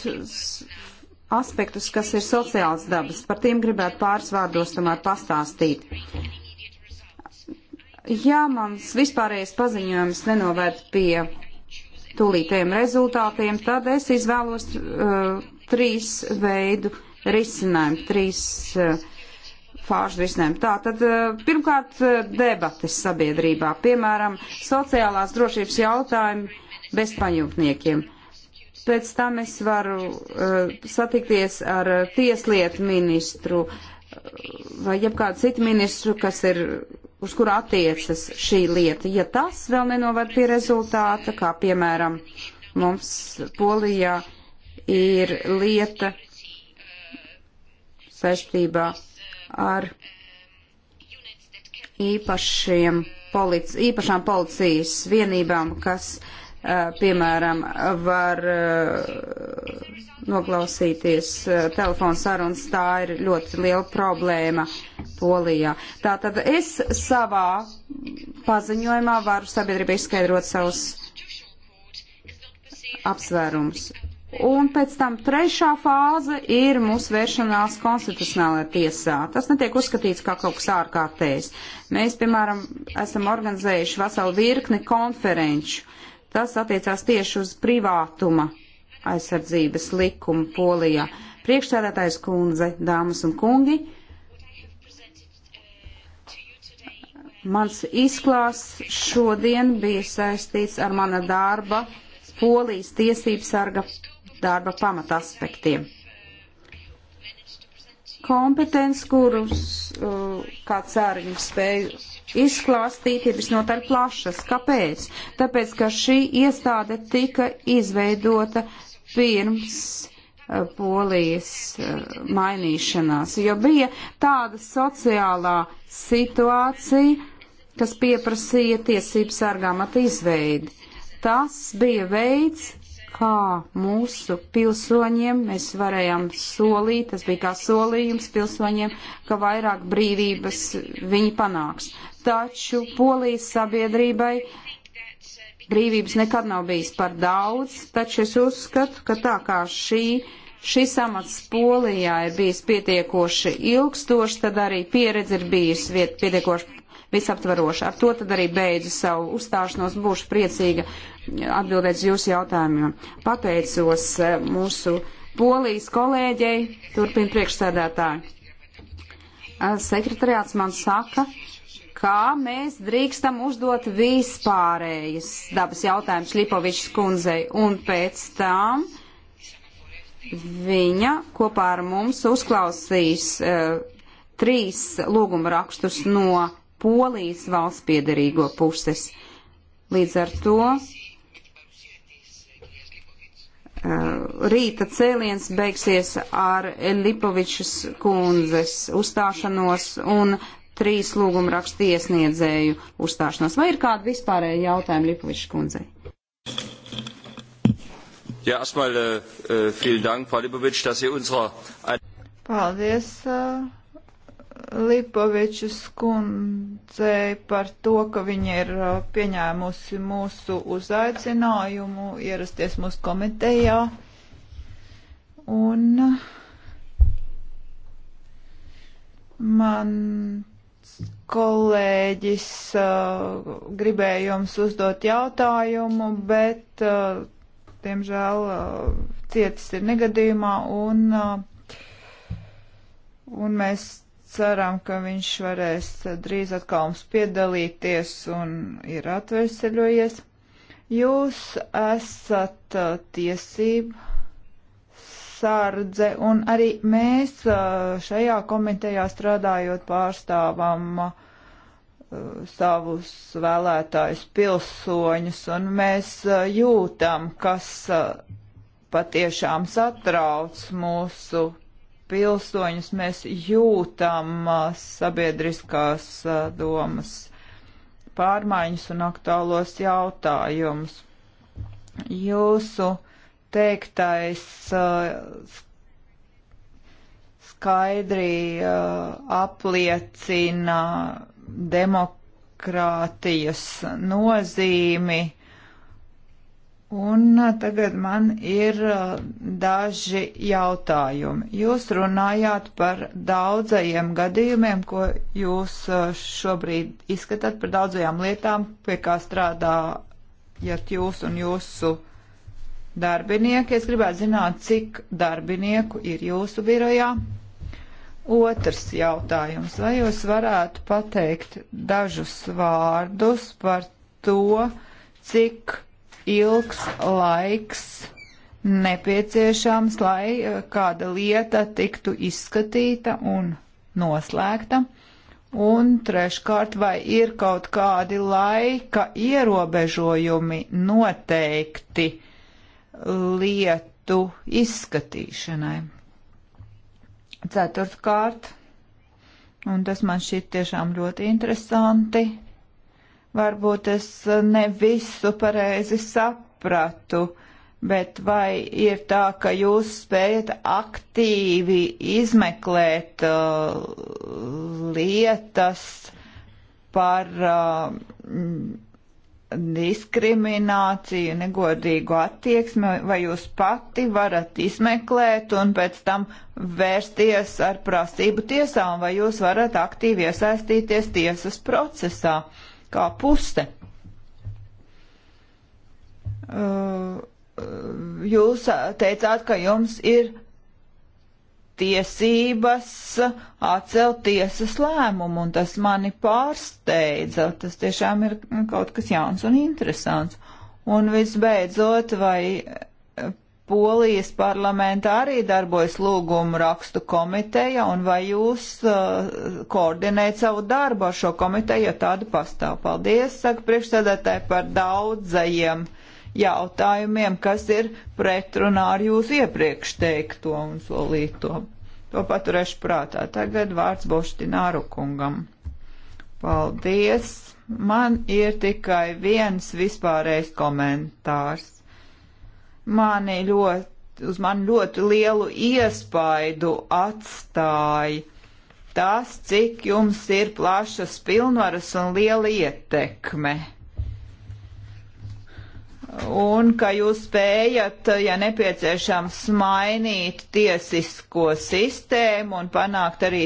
aspektus, kas ir sociāls dabas. Par tiem gribētu pāris vārdos tomēr pastāstīt. Ja mans vispārējais paziņojums nenovērt pie tūlītējiem rezultātiem, tad es izvēlos uh, trīs veidu risinājumu, trīs uh, fāžu risinājumu. Tā tad uh, pirmkārt uh, debates sabiedrībā, piemēram, sociālās drošības jautājumi bezpaņūtniekiem. Uh, Pēc tam es varu uh, satikties ar eh, tieslietu ministru eh, vai jebkādu citu ministru, kas ir, uz kuru attiecas šī lieta. Ja tas vēl nenovad pie rezultāta, kā piemēram mums Polijā ir lieta saistībā ar īpašiem polic, īpašām policijas vienībām, kas uh, Eh, piemēram, var eh, noklausīties eh, telefonu sarunas, tā ir ļoti liela problēma Polijā. Tātad es savā paziņojumā varu sabiedrībai izskaidrot savus apsvērumus. Un pēc tam trešā fāze ir mūsu vēršanās konstitucionālajā tiesā. Tas netiek uzskatīts kā kaut kas ārkārtējs. Mēs, piemēram, esam organizējuši veselu virkni konferenču. Uh, Tas attiecās tieši uz privātuma aizsardzības likumu Polijā. Priekšstādātājs kundze, dāmas un kungi, mans izklāsts šodien bija saistīts ar mana darba Polijas tiesības sarga darba pamata aspektiem. Kompetence, kurus, uh, kā ceru, jums spēju izklāstīti visnotaļ plašas. Kāpēc? Tāpēc, ka šī iestāde tika izveidota pirms uh, polijas uh, mainīšanās, jo bija tāda sociālā situācija, kas pieprasīja tiesību sargāmatu izveidi. Tas bija veids, kā mūsu pilsoņiem mēs varējām solīt, tas bija kā solījums pilsoņiem, ka vairāk brīvības viņi panāks. Taču polijas sabiedrībai brīvības nekad nav bijis par daudz, taču es uzskatu, ka tā kā šī. Šis amats Polijā ir bijis pietiekoši ilgstošs, tad arī pieredze ir bijusi pietiekoši visaptvaroša. Ar to tad arī beidzu savu uzstāšanos, būšu priecīga atbildēt uz jūsu jautājumiem. Pateicos eh, mūsu polijas kolēģei, turpina priekšsēdētāji. Eh, sekretariāts man saka, kā mēs drīkstam uzdot vispārējas dabas jautājumus Lipovičs kundzei, un pēc tam viņa kopā ar mums uzklausīs uh, trīs lūguma rakstus no Polijas valsts piedarīgo puses. Līdz ar to uh, rīta cēliens beigsies ar Lipovičs kundzes uzstāšanos un trīs lūguma rakstu iesniedzēju uzstāšanos. Vai ir kādi vispārēji jautājumi Lipovičs kundzei? Ja, erstmal äh, äh, vielen Dank, Frau Lipovic, dass Sie unserer. Paldies, äh, Lipovičs kundzei par to, ka viņa ir uh, pieņēmusi mūsu uzaicinājumu ierasties mūsu komitejā. Un uh, mans kolēģis uh, gribēja jums uzdot jautājumu, bet, uh, diemžēl, uh, cietis ir negadījumā un, uh, un mēs ceram, ka viņš varēs drīz atkal mums piedalīties un ir atveseļojies. Jūs esat uh, tiesība sārdze un arī mēs uh, šajā komitejā strādājot pārstāvam uh, savus vēlētājus pilsoņus un mēs jūtam, kas patiešām satrauc mūsu pilsoņus mēs jūtam uh, sabiedriskās uh, domas pārmaiņas un aktuālos jautājumus. Jūsu teiktais uh, skaidri apliecina demokrātijas nozīmi Un uh, tagad man ir uh, daži jautājumi. Jūs runājāt par daudzajiem gadījumiem, ko jūs uh, šobrīd izskatāt, par daudzajām lietām, pie kā strādājat jūs un jūsu darbinieki. Es gribētu zināt, cik darbinieku ir jūsu birojā. Otrs jautājums. Vai jūs varētu pateikt dažus vārdus par to, cik ilgs laiks nepieciešams, lai eh, kāda lieta tiktu izskatīta un noslēgta. Un treškārt, vai ir kaut kādi laika ierobežojumi noteikti lietu izskatīšanai? Ceturtkārt, un tas man šķiet tiešām ļoti interesanti, Varbūt es eh, ne visu pareizi sapratu, bet vai ir tā, ka jūs spējat aktīvi izmeklēt uh, lietas par uh, diskrimināciju, negodīgu attieksmi, vai jūs pati varat izmeklēt un pēc tam vērsties ar prasību tiesām, vai jūs varat aktīvi iesaistīties tiesas procesā. Uh, kā puste. Uh, jūs teicāt, ka jums ir tiesības atcelt tiesas lēmumu, un tas mani pārsteidza. Tas tiešām ir kaut kas jauns un interesants. Un visbeidzot, vai Polijas parlamentā arī darbojas lūguma rakstu komiteja, un vai jūs uh, koordinējat savu darbu ar šo komiteju, ja tāda pastāv? Paldies, saka priekšsēdētāji, par daudzajiem jautājumiem, kas ir pretrunā ar jūsu iepriekš teikto un solīto. To paturēšu prātā. Tagad vārds Boštināru kungam. Paldies! Man ir tikai viens vispārējs komentārs mani ļoti, uz mani ļoti lielu iespaidu atstāja tas, cik jums ir plašas pilnvaras un liela ietekme. Un ka jūs spējat, ja nepieciešams, mainīt tiesisko sistēmu un panākt arī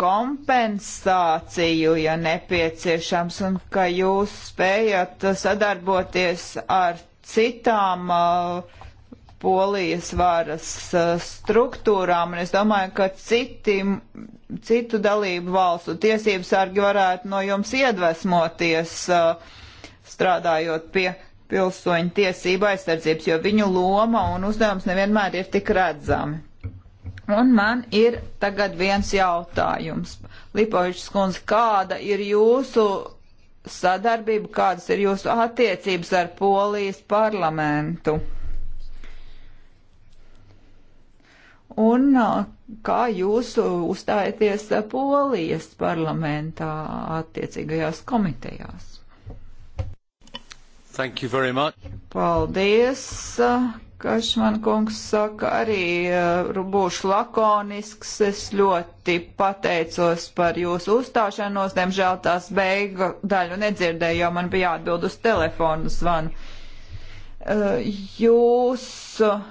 kompensāciju, ja nepieciešams, un ka jūs spējat sadarboties ar citām uh, polijas varas uh, struktūrām, un es domāju, ka citi, citu dalību valstu tiesības sargi varētu no jums iedvesmoties uh, strādājot pie pilsoņu tiesību aizsardzības, jo viņu loma un uzdevums nevienmēr ir tik redzami. Un man ir tagad viens jautājums. Lipovičs kundze, kāda ir jūsu sadarbība, kādas ir jūsu attiecības ar Polijas parlamentu? Un kā jūs uzstājaties Polijas parlamentā attiecīgajās komitejās? Thank you very much. Paldies Kašman kungs saka, arī uh, būšu lakonisks. Es ļoti pateicos par jūsu uzstāšanos. Diemžēl tās beigu daļu nedzirdēju, jo man bija jāatbild uz telefonu zvanu. Uh, jūs eh,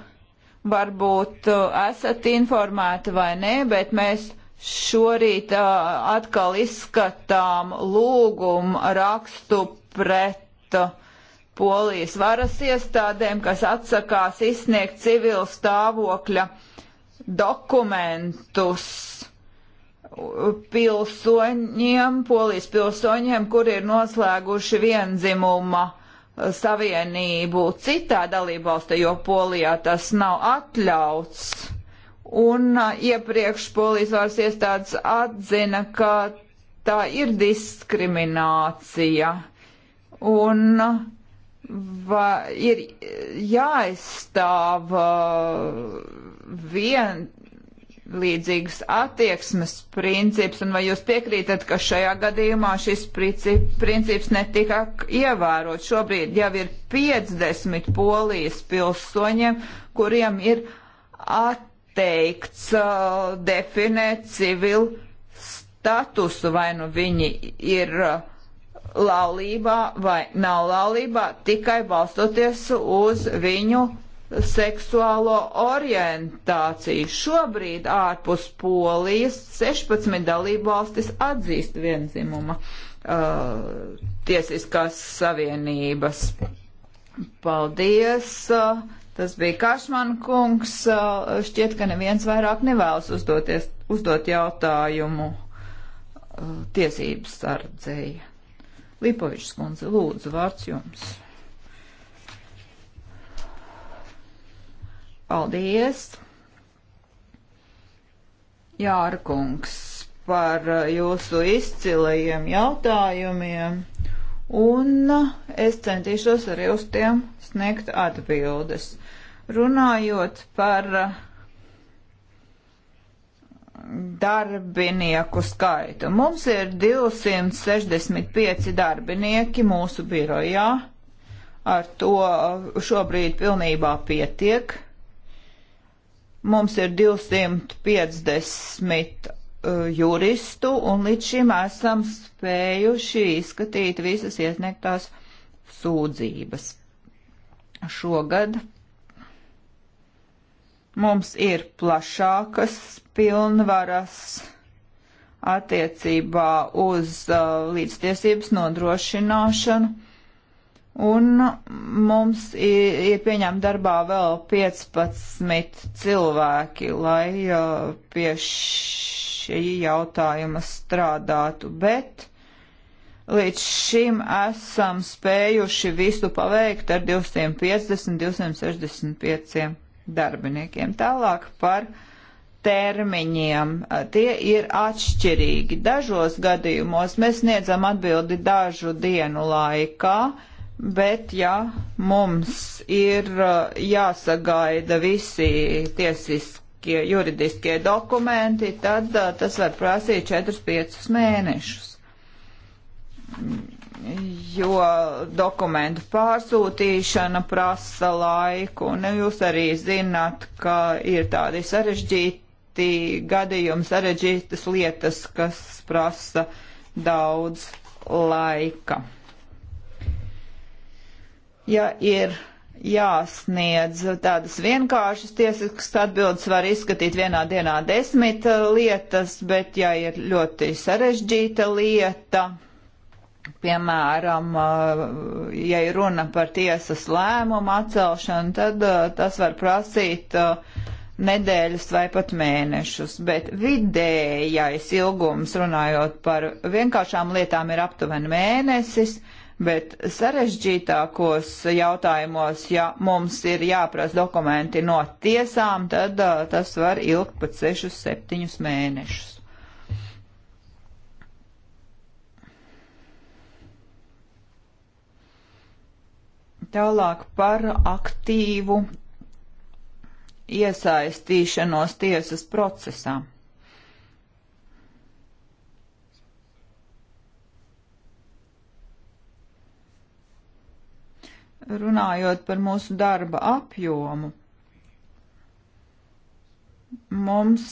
varbūt esat informēti vai nē, bet mēs šorīt uh, atkal izskatām lūgumu rakstu pret uh, polijas varas iestādēm, kas atsakās izsniegt civila stāvokļa dokumentus pilsoņiem, polijas pilsoņiem, kuri ir noslēguši vienzimuma savienību citā dalībvalstī, jo polijā tas nav atļauts. Un iepriekš polijas varas iestādes atzina, ka tā ir diskriminācija. Un uh, va, ir jāizstāv uh, vien līdzīgas attieksmes princips, un vai jūs piekrītat, ka šajā gadījumā šis princips netika ievērot? Šobrīd jau ir 50 polijas pilsoņiem, kuriem ir atteikts uh, definēt civilu statusu, vai nu viņi ir uh, laulībā vai nav laulībā tikai balstoties uz viņu seksuālo orientāciju. Šobrīd ārpus Polijas 16 dalībvalstis atzīst vienzimuma uh, tiesiskās savienības. Paldies! Uh, tas bija Kašman kungs. Uh, šķiet, ka neviens vairāk nevēlas uzdoties, uzdot jautājumu uh, tiesības sardzēja. Lipovičs kundze, lūdzu, vārds jums. Paldies, Jārkungs, par uh, jūsu izcilajiem jautājumiem, un uh, es centīšos arī uz tiem sniegt atbildes. Runājot par uh, darbinieku skaitu. Mums ir 265 darbinieki mūsu birojā. Ar to uh, šobrīd pilnībā pietiek. Mums ir 250 uh, juristu, un līdz šim esam spējuši izskatīt visas iesniegtās sūdzības. Šogad Mums ir plašākas pilnvaras attiecībā uz uh, līdztiesības nodrošināšanu. Un mums ir, ir pieņemta darbā vēl 15 cilvēki, lai uh, pie šī jautājuma strādātu, bet līdz šim esam spējuši visu paveikt ar 250, 265 darbiniekiem. Tālāk par termiņiem. Tie ir atšķirīgi. Dažos gadījumos mēs sniedzam atbildi dažu dienu laikā, bet ja mums ir uh, jāsagaida visi tiesiskie juridiskie dokumenti, tad uh, tas var prasīt 4-5 mēnešus jo dokumentu pārsūtīšana prasa laiku, un jūs arī zināt, ka ir tādi sarežģīti gadījumi, sarežģītas lietas, kas prasa daudz laika. Ja ir jāsniedz tādas vienkāršas tiesiskas atbildes, var izskatīt vienā dienā desmit lietas, bet ja ir ļoti sarežģīta lieta, Piemēram, eh, ja ir runa par tiesas lēmumu atcelšanu, tad eh, tas var prasīt eh, nedēļas vai pat mēnešus, bet vidējais ilgums, runājot par vienkāršām lietām, ir aptuveni mēnesis, bet sarežģītākos jautājumos, ja mums ir jāprasa dokumenti no tiesām, tad uh, tas var ilgt pat 6-7 mēnešus. Tālāk par aktīvu iesaistīšanos tiesas procesā. Runājot par mūsu darba apjomu, mums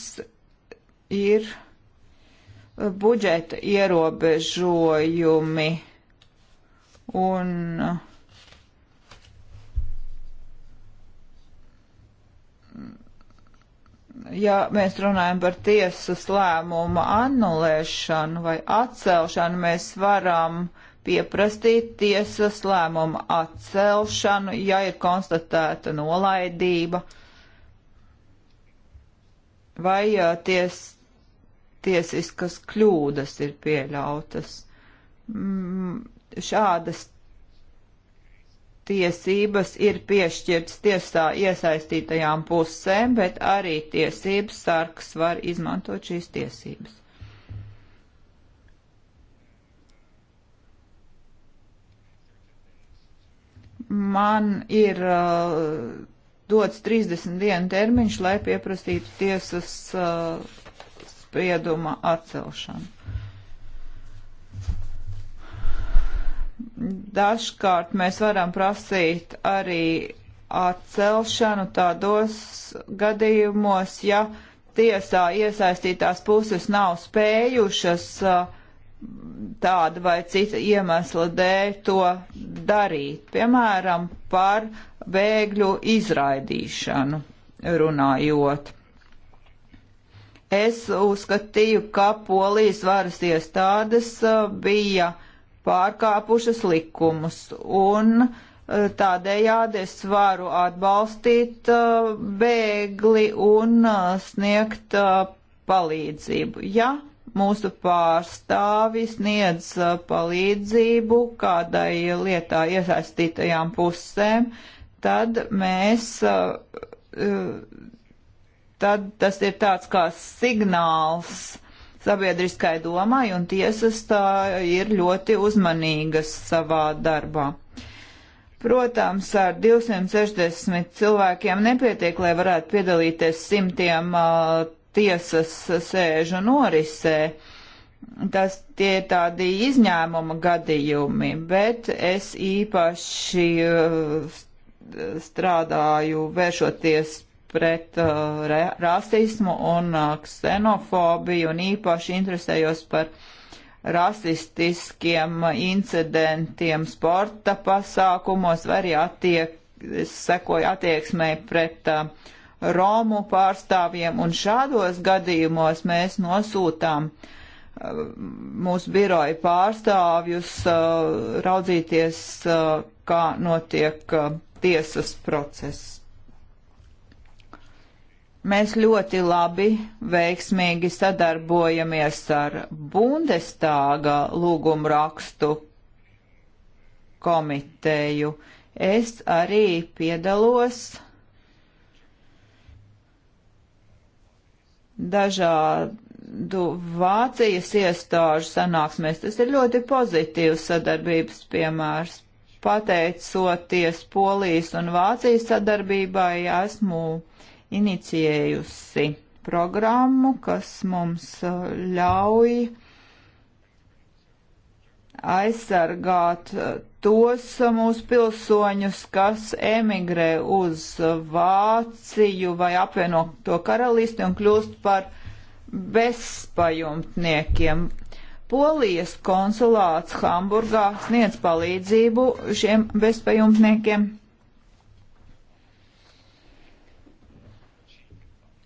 ir budžeta ierobežojumi un uh, ja mēs runājam par tiesas lēmumu anulēšanu vai atcelšanu, mēs varam pieprastīt tiesas lēmumu atcelšanu, ja ir konstatēta nolaidība vai ja ties, tiesiskas kļūdas ir pieļautas. Mm, šādas tiesības ir piešķirtas tiesā iesaistītajām pusēm, bet arī tiesības sargs var izmantot šīs tiesības. Man ir uh, dots 30 dienu termiņš, lai pieprasītu tiesas uh, sprieduma atcelšanu. Dažkārt mēs varam prasīt arī atcelšanu tādos gadījumos, ja tiesā iesaistītās puses nav spējušas tāda vai cita iemesla dēļ to darīt, piemēram, par bēgļu izraidīšanu runājot. Es uzskatīju, ka polijas varas iestādes bija uh, pārkāpušas likumus. Un eh, tādējādi es varu atbalstīt eh, bēgli un eh, sniegt palīdzību. Ja mūsu pārstāvi sniedz palīdzību kādai lietā iesaistītajām pusēm, tad mēs tad tas ir tāds kā signāls sabiedriskai domai, un tiesas tā ir ļoti uzmanīgas savā darbā. Protams, ar 260 cilvēkiem nepietiek, lai varētu piedalīties simtiem uh, tiesas sēžu norisē. Tas tie ir tādi izņēmuma gadījumi, bet es īpaši uh, strādāju vēršoties pret uh, rasismu un uh, ksenofobiju un īpaši interesējos par rasistiskiem incidentiem sporta pasākumos vai arī attiek, sekoja attieksmē pret uh, Romu pārstāvjiem un šādos gadījumos mēs nosūtām uh, mūsu biroja pārstāvjus uh, raudzīties, uh, kā notiek uh, tiesas process. Mēs ļoti labi, veiksmīgi sadarbojamies ar Bundestāga lūgumu rakstu komiteju. Es arī piedalos dažādu Vācijas iestāžu sanāksmēs. Tas ir ļoti pozitīvs sadarbības piemērs. Pateicoties Polijas un Vācijas sadarbībai, esmu inicijējusi programmu, kas mums uh, ļauj aizsargāt uh, tos uh, mūsu pilsoņus, kas emigrē uz Vāciju vai apvieno to karalisti un kļūst par bezpajumtniekiem. Polijas konsulāts Hamburgā sniedz palīdzību šiem bezpajumtniekiem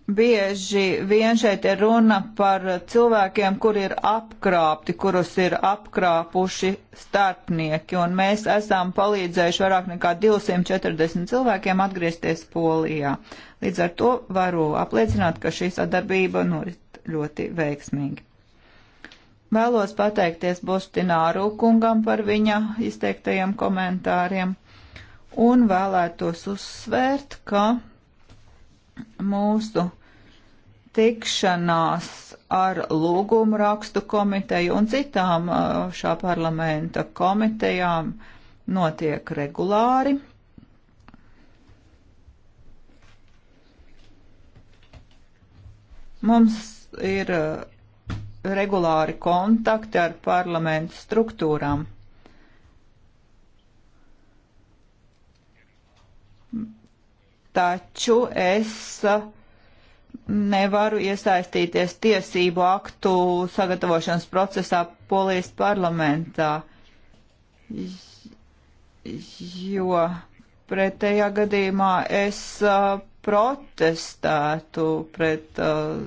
Bieži vien šeit ir runa par cilvēkiem, kur ir apkrāpti, kurus ir apkrāpuši starpnieki, un mēs esam palīdzējuši vairāk nekā 240 cilvēkiem atgriezties Polijā. Līdz ar to varu apliecināt, ka šī sadarbība norit ļoti veiksmīgi. Vēlos pateikties Bostināru kungam par viņa izteiktajiem komentāriem un vēlētos uzsvērt, ka mūsu tikšanās ar lūgumu rakstu komiteju un citām uh, šā parlamenta komitejām notiek regulāri. Mums ir uh, regulāri kontakti ar parlamentu struktūrām. taču es uh, nevaru iesaistīties tiesību aktu sagatavošanas procesā Polijas parlamentā, jo pretējā gadījumā es uh, protestētu pret uh,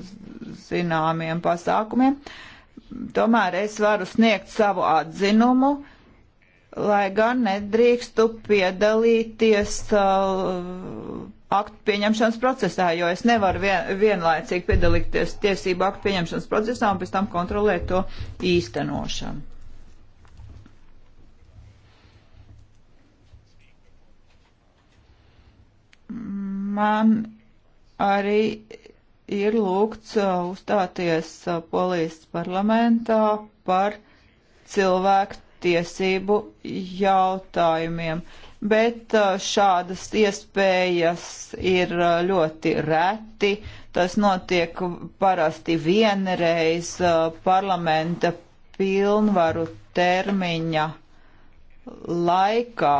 zināmiem pasākumiem. Tomēr es varu sniegt savu atzinumu, lai gan nedrīkstu piedalīties uh, aktu pieņemšanas procesā, jo es nevaru vien, vienlaicīgi piedalīties tiesību aktu pieņemšanas procesā un pēc tam kontrolēt to īstenošanu. Man arī ir lūgts uh, uzstāties uh, polijas parlamentā par cilvēku tiesību jautājumiem. Uh, bet uh, šādas iespējas ir uh, ļoti reti. Tas notiek parasti vienreiz uh, parlamenta pilnvaru termiņa laikā.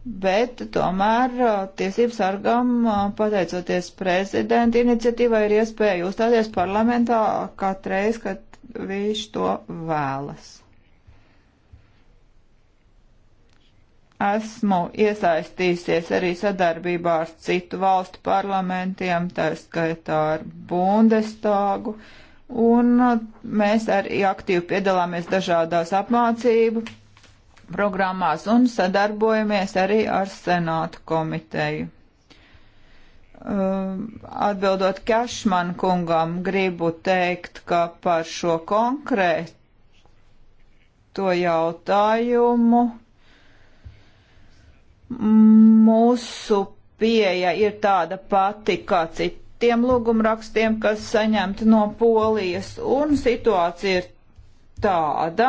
Bet tomēr tiesību sargam, pateicoties prezidenta iniciatīvai, ir iespēja uzstāties parlamentā katreiz, kad viņš to vēlas. Esmu iesaistījusies arī sadarbībā ar citu valstu parlamentiem, tā skaitā ar Bundestāgu, un mēs arī aktīvi piedalāmies dažādās apmācību programmās un sadarbojamies arī ar Senātu komiteju. Um, atbildot Kešman kungam, gribu teikt, ka par šo konkrēto jautājumu mūsu pieeja ir tāda pati kā citiem lūgumrakstiem, kas saņemti no Polijas, un situācija ir tāda,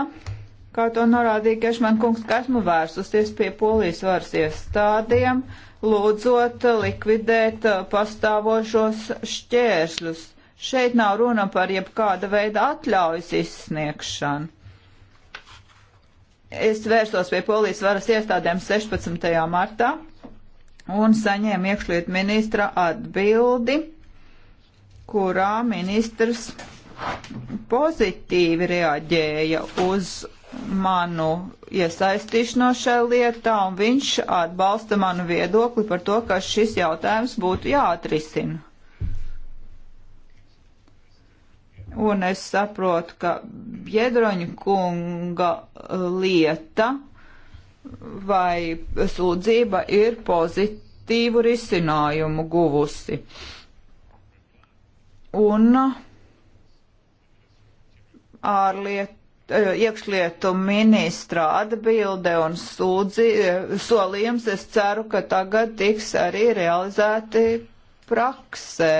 kā to norādīja Kešman kungs, ka esmu vērsusies pie Polijas varas iestādiem, lūdzot likvidēt pastāvošos šķēršļus. Šeit nav runa par jebkāda veida atļaujas izsniegšanu Es vērsos pie polijas varas iestādēm 16. martā un saņēmu iekšlietu ministra atbildi, kurā ministrs pozitīvi reaģēja uz manu iesaistīšanos šajā lietā, un viņš atbalsta manu viedokli par to, ka šis jautājums būtu jāatrisina. Un es saprotu, ka Biedroņa kunga uh, lieta vai sūdzība ir pozitīvu risinājumu guvusi. Un uh, ārliet, uh, iekšlietu ministra atbilde un sūdzi, solījums, es ceru, ka tagad tiks arī realizēti praksē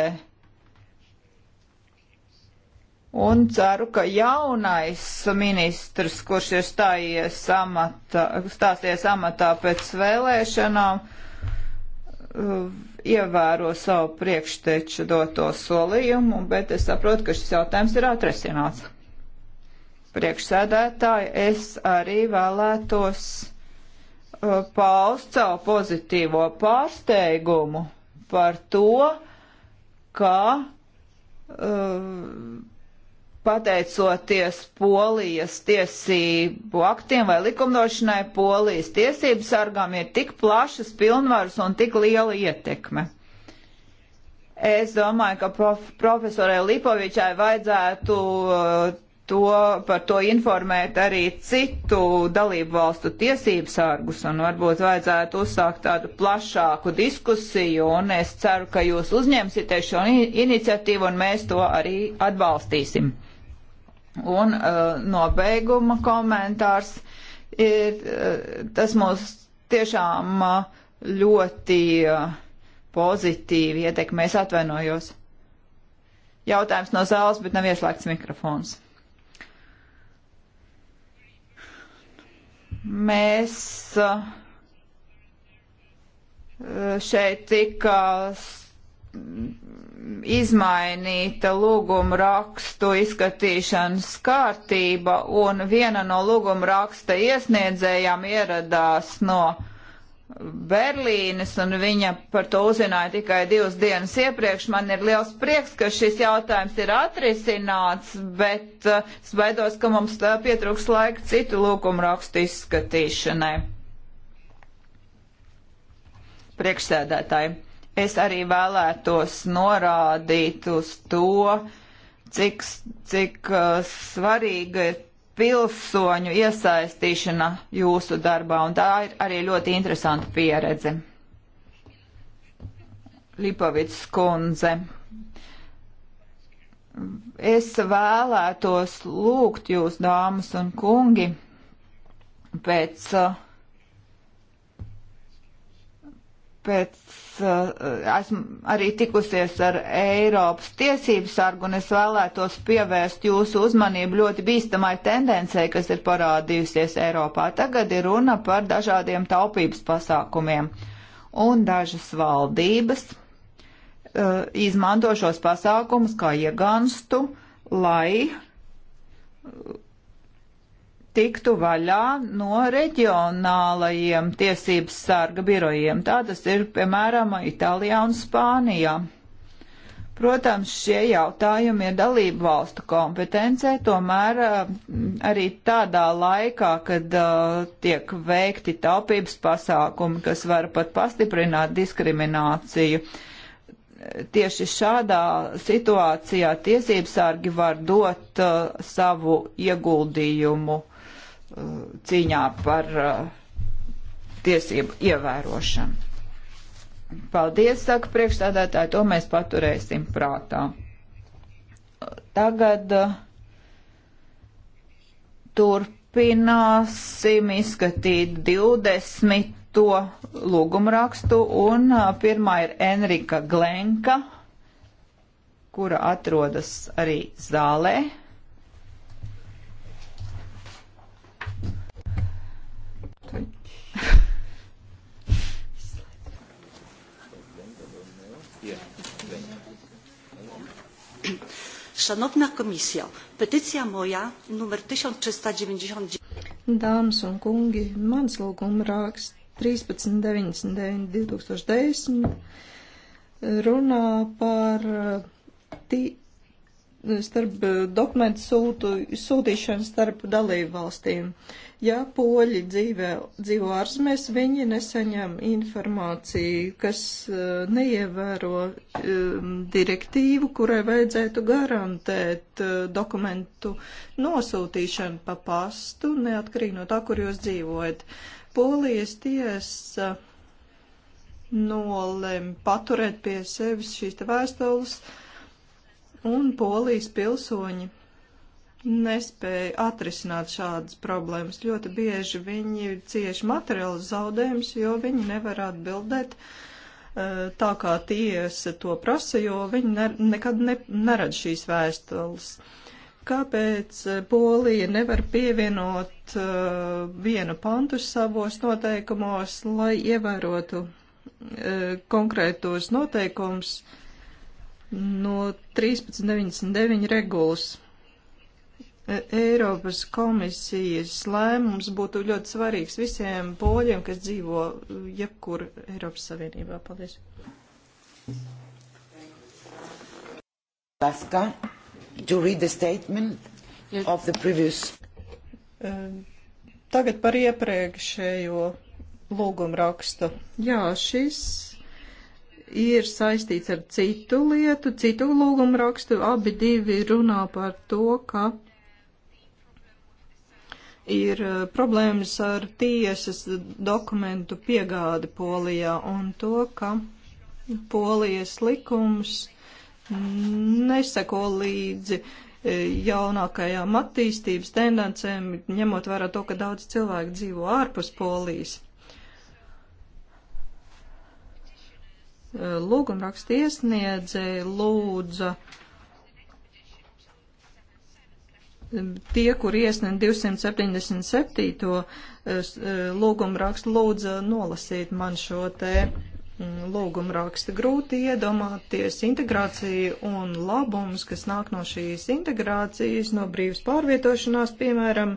Un ceru, ka jaunais ministrs, kurš ir stājies amatā, stāsies amatā pēc vēlēšanām, uh, ievēro savu priekšteču doto solījumu, bet es saprotu, ka šis jautājums ir atresināts. Priekšsēdētāji, es arī vēlētos uh, paust savu pozitīvo pārsteigumu par to, ka uh, pateicoties polijas tiesību aktiem vai likumdošanai, polijas tiesību sargām ir tik plašas pilnvaras un tik liela ietekme. Es domāju, ka prof, profesorai Lipovičai vajadzētu uh, to, par to informēt arī citu dalību valstu tiesību sargus, un varbūt vajadzētu uzsākt tādu plašāku diskusiju, un es ceru, ka jūs uzņemsieties šo iniciatīvu, un mēs to arī atbalstīsim. Un uh, nobeiguma komentārs ir, uh, tas mūs tiešām uh, ļoti uh, pozitīvi ietekmē. Es atvainojos. Jautājums no zāles, bet nav ieslēgts mikrofons. Mēs uh, šeit tik uh, izmainīta lūguma rakstu izskatīšanas kārtība, un viena no lūguma raksta iesniedzējām ieradās no Berlīnes, un viņa par to uzzināja tikai divas dienas iepriekš. Man ir liels prieks, ka šis jautājums ir atrisināts, bet uh, es baidos, ka mums eh, pietrūks laika citu lūguma rakstu izskatīšanai. Priekšsēdētāji. Es arī vēlētos norādīt uz to, cik, cik uh, svarīga ir pilsoņu iesaistīšana jūsu darbā, un tā ir arī ļoti interesanta pieredze. Lipovits kundze. Es vēlētos lūgt jūs, dāmas un kungi, pēc, uh, pēc Eh, esmu arī tikusies ar Eiropas tiesību sargu un es vēlētos pievērst jūsu uzmanību ļoti bīstamai tendencei, kas ir parādījusies Eiropā. Tagad ir runa par dažādiem taupības pasākumiem un dažas valdības eh, izmanto šos pasākumus kā iegānstu, lai tiktu vaļā no reģionālajiem tiesības sarga birojiem. Tā tas ir, piemēram, Itālijā un Spānijā. Protams, šie jautājumi ir dalību valstu kompetencē, tomēr eh, arī tādā laikā, kad uh, tiek veikti taupības pasākumi, kas var pat pastiprināt diskrimināciju, tieši šādā situācijā tiesības sārgi var dot uh, savu ieguldījumu cīņā par uh, tiesību ievērošanu. Paldies, saka priekšstādātāji, to mēs paturēsim prātā. Tagad uh, turpināsim izskatīt 20 to lūgumrakstu, un uh, pirmā ir Enrika Glenka, kura atrodas arī zālē. Szanowna Komisjo, petycja moja numer 1399. Dāmas un kungi, mans lūguma raksts 1399 2010 runā par eh, tī, starp eh, dokumentu sūtu, sūtīšanu starp dalību valstīm. Ja poļi dzīvē, dzīvo ārzemēs, viņi nesaņem informāciju, kas eh, neievēro eh, direktīvu, kurai vajadzētu garantēt dokumentu nosūtīšanu pa pastu, neatkarīgi no tā, kur jūs dzīvojat. Polijas tiesa nolēma paturēt pie sevis šīs te vēstules. Uh, un polijas pilsoņi nespēja atrisināt šādas problēmas. Ļoti bieži viņi cieši materiālus zaudējumus, jo viņi nevar atbildēt eh, tā, kā tiesa to prasa, jo viņi ne, nekad ne, nerad šīs vēstules. Kāpēc eh, Polija nevar pievienot eh, vienu pantu savos noteikumos, lai ievērotu konkrētos noteikumus? no 1399 regulas. E, Eiropas komisijas lēmums būtu ļoti svarīgs visiem poļiem, kas dzīvo jebkur Eiropas Savienībā. Paldies. Laska, to read the statement of the previous. E, tagad par iepriekšējo lūgumu rakstu. Jā, šis ir saistīts ar citu lietu, citu lūgumu rakstu. Abi divi runā par to, ka ir uh, problēmas ar tiesas dokumentu piegādi Polijā un to, ka Polijas likums neseko līdzi uh, jaunākajām attīstības tendencēm, ņemot vērā to, ka daudz cilvēku dzīvo ārpus Polijas. lūgumrakstu iesniedzēji lūdza tie, kur iesniedz 277. Eh, eh, lūgumrakstu, lūdza nolasīt man šo te Mm, lūguma raksta. Grūti iedomāties integrāciju un labums, kas nāk no šīs integrācijas, no brīvas pārvietošanās, piemēram,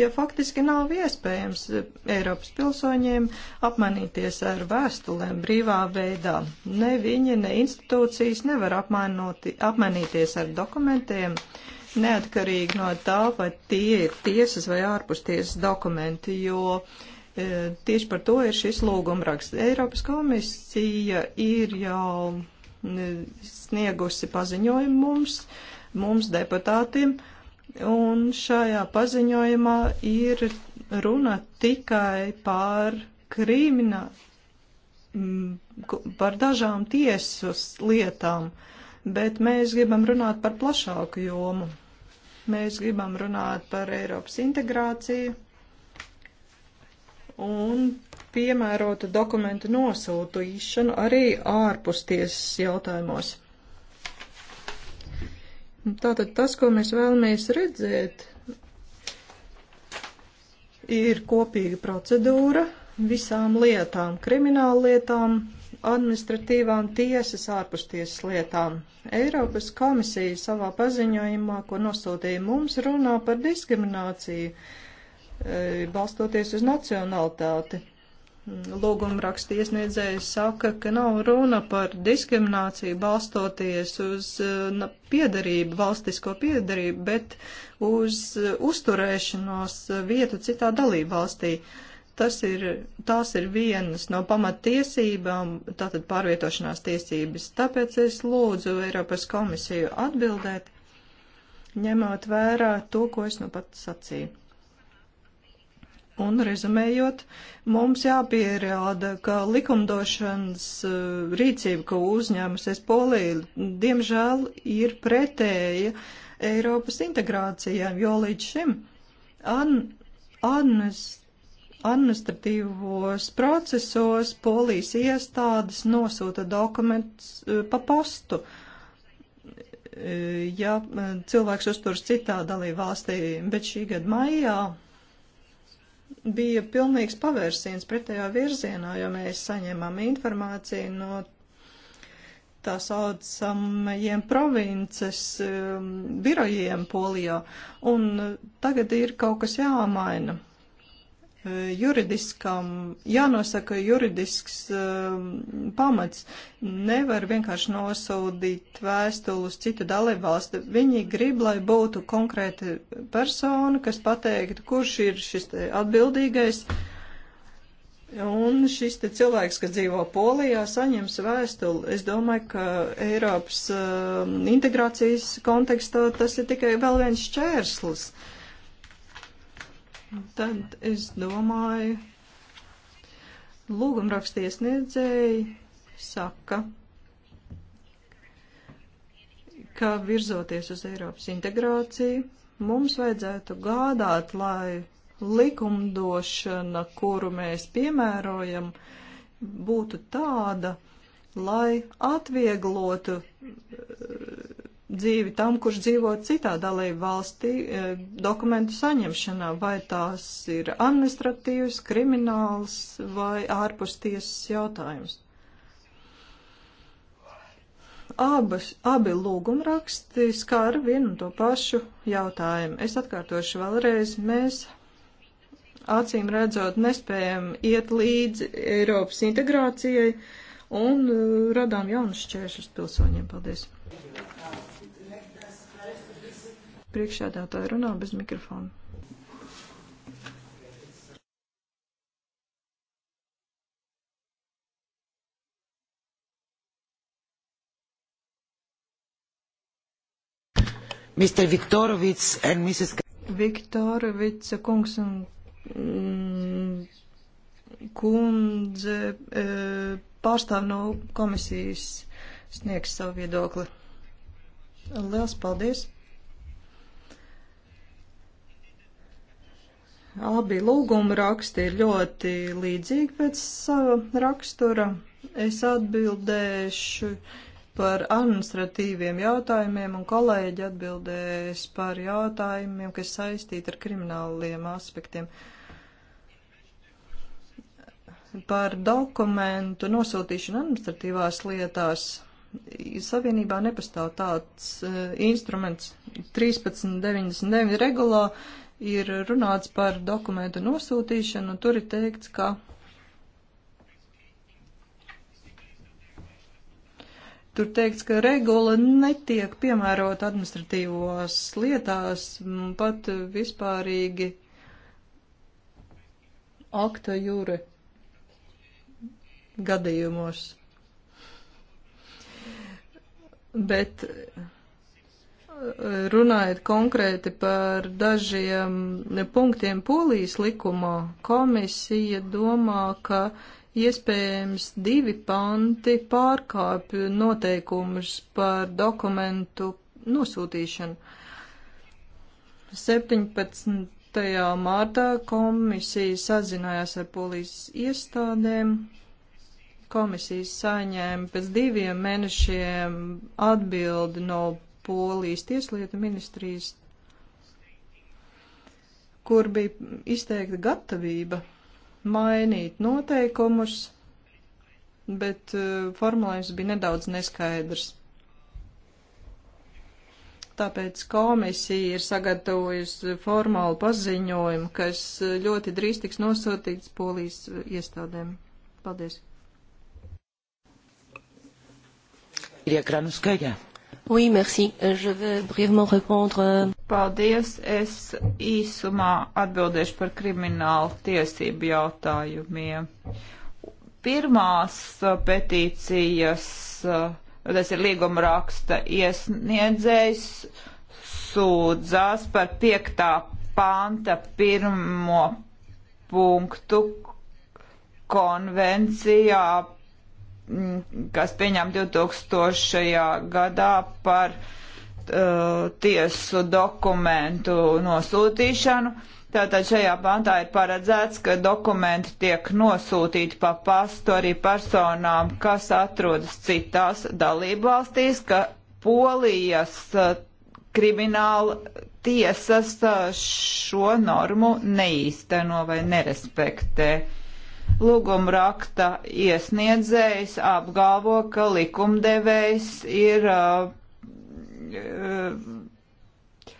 ja faktiski nav iespējams Eiropas pilsoņiem apmainīties ar vēstulēm brīvā veidā. Ne viņi, ne institūcijas nevar apmainoti, apmainīties ar dokumentiem. Neatkarīgi no tā, vai tie ir tiesas vai ārpus tiesas dokumenti, jo uh, E, tieši par to ir šis lūgumraksts. Eiropas komisija ir jau mm, sniegusi paziņojumu mums, mums deputātiem, un šajā paziņojumā ir runa tikai par krimina, mm, par dažām tiesas lietām, bet mēs gribam runāt par plašāku jomu. Mēs gribam runāt par Eiropas integrāciju un piemērotu dokumentu nosūtīšanu arī ārpus tiesas jautājumos. Tātad tas, ko mēs vēlamies redzēt, ir kopīga procedūra visām lietām, krimināla lietām, administratīvām tiesas ārpus tiesas lietām. Eiropas komisija savā paziņojumā, ko nosūtīja mums, runā par diskrimināciju Eh, balstoties uz nacionalitāti. Lūguma raksta iesniedzējs saka, ka nav runa par diskrimināciju balstoties uz eh, piedarību, valstisko piedarību, bet uz eh, uzturēšanos vietu citā dalību valstī. Tas ir, tās ir vienas no pamatiesībām, tātad pārvietošanās tiesības. Tāpēc es lūdzu Eiropas komisiju atbildēt, ņemot vērā to, ko es nu pat sacīju. Un rezumējot, mums jāpierāda, ka likumdošanas eh, rīcība, ko uzņēmusies Polija, diemžēl ir pretēja Eiropas integrācijai, jo līdz šim an, administ, administratīvos procesos polijas iestādes nosūta dokumentus eh, pa postu. Eh, ja cilvēks uzturas citā dalībvalstī, bet šī gada maijā bija pilnīgs pavērsiens pretējā virzienā, jo mēs saņēmām informāciju no tā saucamajiem provinces um, birojiem Polijā, un tagad ir kaut kas jāmaina juridiskam, jānosaka juridisks um, pamats. Nevar vienkārši nosūdīt vēstuli uz citu dalībvalsti. Viņi grib, lai būtu konkrēta persona, kas pateiktu, kurš ir šis atbildīgais. Un šis te cilvēks, kas dzīvo Polijā, saņems vēstuli. Es domāju, ka Eiropas uh, integrācijas kontekstā tas ir tikai vēl viens šķērslis. Uh, tad es domāju, lūgumrakstiesniedzēji saka, ka virzoties uz Eiropas integrāciju, mums vajadzētu gādāt, lai likumdošana, kuru mēs piemērojam, būtu tāda, lai atvieglotu dzīvi tam, kurš dzīvo citā dalību valstī, e, dokumentu saņemšanā, vai tās ir administratīvs, krimināls vai ārpus tiesas jautājums. Abas, abi lūgumraksti skar vienu un to pašu jautājumu. Es atkārtošu vēlreiz, mēs acīm redzot nespējam iet līdzi Eiropas integrācijai un e, radām jaunus šķēršļus pilsoņiem. Paldies! Thank you. Priekšsēdētāji runā bez mikrofona. Mr. Viktorovits and Mrs. Viktorovits kungs un mm, kundze e, pārstāv no komisijas sniegs savu viedokli. Liels paldies! Abi lūguma raksti ir ļoti līdzīgi pēc sava rakstura. Es atbildēšu par administratīviem jautājumiem, un kolēģi atbildēs par jautājumiem, kas saistīti ar krimināliem aspektiem. Par dokumentu nosūtīšanu administratīvās lietās Savienībā nepastāv tāds uh, instruments 1399 regulā. Uh, ir runāts par dokumentu nosūtīšanu, un tur ir teikts, ka Tur teikts, ka regula netiek piemērota administratīvos lietās, pat vispārīgi akta jūre gadījumos. Bet runājot konkrēti par dažiem punktiem polijas likumā, komisija domā, ka iespējams divi panti pārkāpj noteikumus par dokumentu nosūtīšanu. 17. martā komisija sazinājās ar polijas iestādēm. Komisija saņēma pēc diviem mēnešiem atbildi no Polijas tieslietu ministrijas, kur bija izteikta gatavība mainīt noteikumus, bet uh, formulējums bija nedaudz neskaidrs. Tāpēc komisija ir sagatavojusi formālu paziņojumu, kas ļoti drīz tiks nosūtīts polijas iestādēm. Paldies! Ir iekranu skaļā. Oui, merci. Euh, je vais brièvement répondre. Euh, Paldies. Es īsumā atbildēšu par kriminālu tiesību jautājumiem. Pirmās uh, petīcijas, uh, tas ir līguma raksta iesniedzējs, sūdzās par piektā panta pirmo punktu konvencijā Mm, kas pieņem 2000. gadā par uh, tiesu dokumentu nosūtīšanu. Tātad šajā pantā ir paredzēts, ka dokumenti tiek nosūtīti pa pastu arī personām, kas atrodas citās dalībvalstīs, ka Polijas uh, krimināla tiesas uh, šo normu neīsteno vai nerespektē. Lūguma raksta iesniedzējs apgalvo, ka likumdevējs ir uh, uh,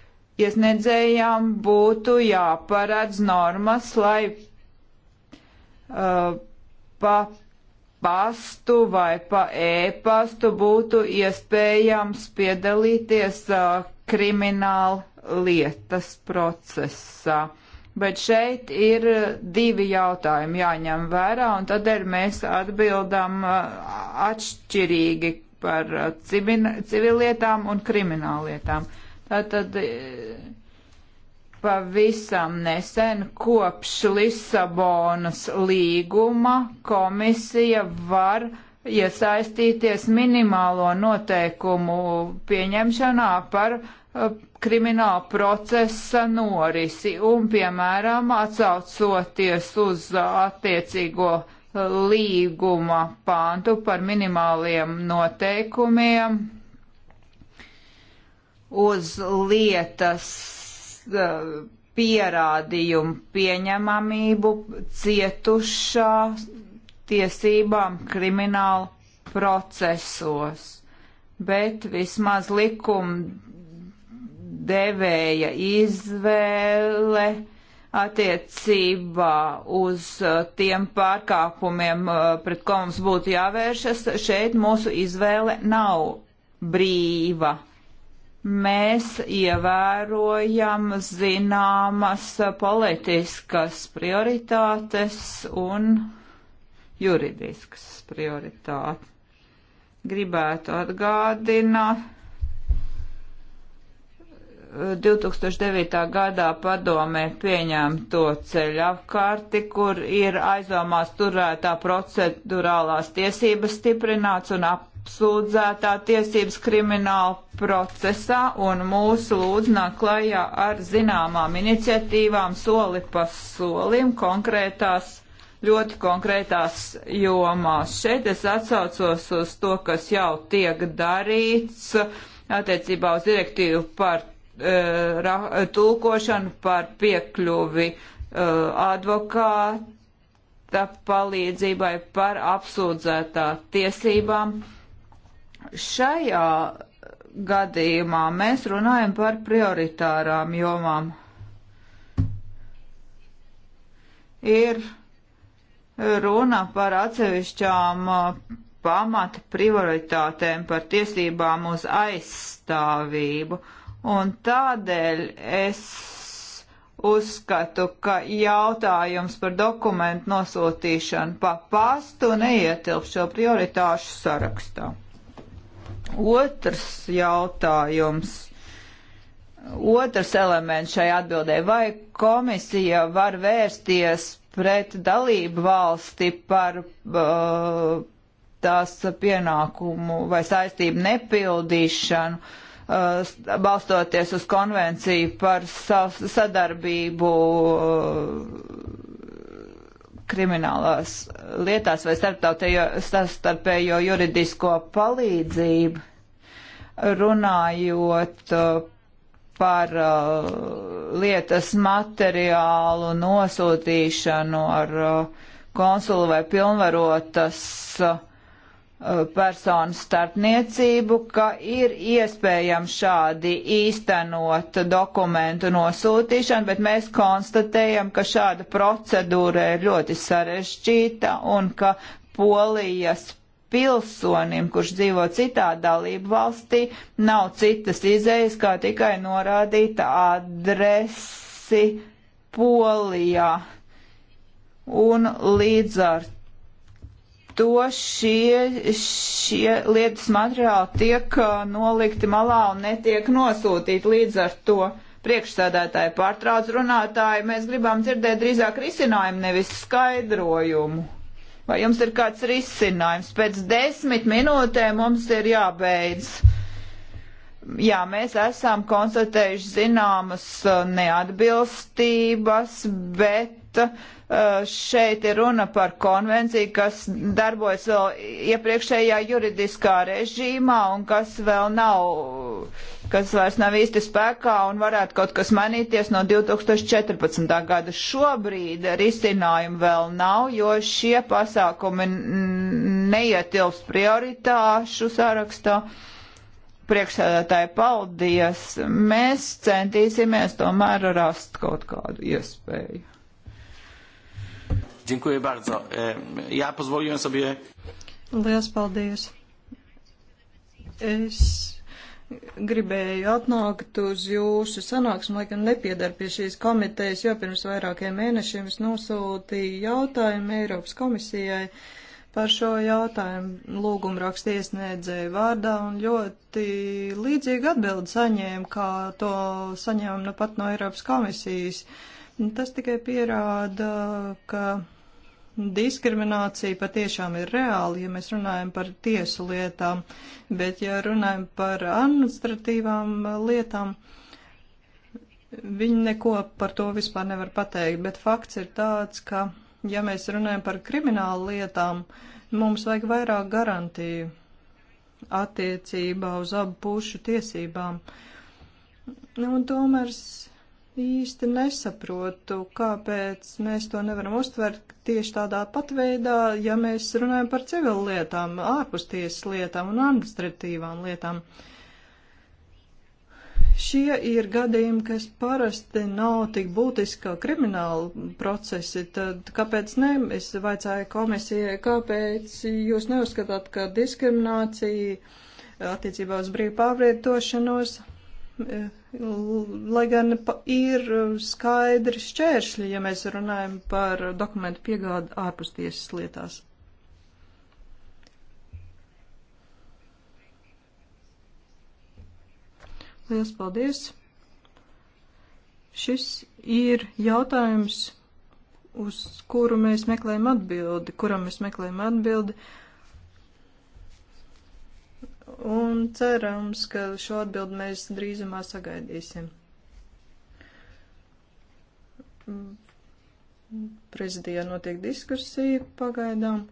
iesniedzējām būtu jāparedz normas, lai uh, pa pastu vai pa ēpastu e būtu iespējams piedalīties uh, krimināla lietas procesā. Uh, Bet šeit ir eh, divi jautājumi jāņem vērā, un tādēļ mēs atbildam eh, atšķirīgi par eh, civilietām un krimināllietām. Tātad pavisam nesen kopš Lisabonas līguma komisija var iesaistīties minimālo noteikumu pieņemšanā par uh, Eh, krimināla procesa norisi un, piemēram, atsaucoties uz eh, attiecīgo eh, līguma pāntu par minimāliem noteikumiem uz lietas pierādījumu pieņemamību cietušā tiesībām krimināla procesos. Bet vismaz likuma devēja izvēle attiecībā uz uh, tiem pārkāpumiem, uh, pret ko mums būtu jāvēršas, šeit mūsu izvēle nav brīva. Mēs ievērojam zināmas politiskas prioritātes un juridiskas prioritātes. Gribētu atgādināt 2009. gadā padomē pieņemto ceļu apkārti, kur ir aizdomās turētā procedurālās tiesības stiprināts un apsūdzētā tiesības krimināla procesā un mūsu lūdznā klajā ar zināmām iniciatīvām soli pa solim konkrētās ļoti konkrētās jomās. Šeit es atsaucos uz to, kas jau tiek darīts attiecībā uz direktīvu par Eh, tulkošanu, par piekļuvi eh, advokāta palīdzībai, par apsūdzētā tiesībām. Šajā gadījumā mēs runājam par prioritārām jomām. Ir runa par atsevišķām eh, pamata prioritātēm, par tiesībām uz aizstāvību. Uh, Un tādēļ es uzskatu, ka jautājums par dokumentu nosūtīšanu pa pastu neietilp šo prioritāšu sarakstā. Otrs jautājums. Otrs elements šai atbildē - vai komisija var vērsties pret dalību valsti par uh, tās pienākumu vai saistību nepildīšanu, Uh, balstoties uz konvenciju par sadarbību uh, kriminālās lietās vai starptautējo juridisko palīdzību, runājot uh, par lietas materiālu nosūtīšanu ar konsulu vai pilnvarotas uh, Uh, personu starpniecību, ka ir iespējams šādi īstenot dokumentu nosūtīšanu, bet mēs konstatējam, ka šāda procedūra ir ļoti sarežģīta un ka polijas pilsonim, kurš dzīvo citā dalību valstī, nav citas izējas, kā tikai norādīta adresi Polijā. Un līdz ar to šie, šie lietas materiāli tiek uh, nolikti malā un netiek nosūtīti līdz ar to. Priekšsēdētāji pārtrauc runātāji, mēs gribam dzirdēt drīzāk risinājumu, nevis skaidrojumu. Vai jums ir kāds risinājums? Pēc desmit minūtēm mums ir jābeidz. Jā, mēs esam konstatējuši zināmas uh, neatbilstības, bet uh, Eh, šeit ir runa par konvenciju, kas darbojas vēl iepriekšējā juridiskā režīmā un kas vēl nav, kas vairs nav īsti spēkā un varētu kaut kas mainīties no 2014. gada. Šobrīd risinājumu vēl nav, jo šie pasākumi neietilps prioritāšu sarakstā. Priekšsēdētāji, paldies! Mēs centīsimies tomēr rast kaut kādu iespēju. Dziękuję bardzo. E, ja pozwoliłem sobie. Lielas paldies. Es gribēju atnākt uz jūsu sanāksmu, lai gan nepiedar pie šīs komitejas, jo pirms vairākiem mēnešiem es nosūtīju jautājumu Eiropas komisijai par šo jautājumu lūgumu rakstu iesniedzēju vārdā un ļoti līdzīgu atbildi saņēmu, kā to saņēmu nu pat no Eiropas komisijas. Tas tikai pierāda, ka diskriminācija patiešām ir reāla, ja mēs runājam par tiesu lietām, bet ja runājam par administratīvām lietām, viņi neko par to vispār nevar pateikt. Bet fakts ir tāds, ka, ja mēs runājam par kriminālu lietām, mums vajag vairāk garantiju attiecībā uz abu pušu tiesībām. Nu, un tomēr īsti nesaprotu, kāpēc mēs to nevaram uztvert Tieši tādā pat veidā, ja mēs runājam par civilu lietām, ārpustiesas lietām un administratīvām lietām, šie ir gadījumi, kas parasti nav tik būtiski kā krimināli procesi, tad kāpēc ne? Es vaicāju komisijai, kāpēc jūs neuzskatāt, ka diskriminācija attiecībā uz brīvu pārvietošanos lai gan ir uh, skaidri šķēršļi, ja mēs runājam par dokumentu piegādi ārpus tiesas lietās. Lielas paldies! Šis ir jautājums, uz kuru mēs meklējam atbildi, kuram mēs meklējam atbildi. Uh, un cerams, ka šo atbildi mēs drīzumā sagaidīsim. Prezidijā notiek diskusija pagaidām.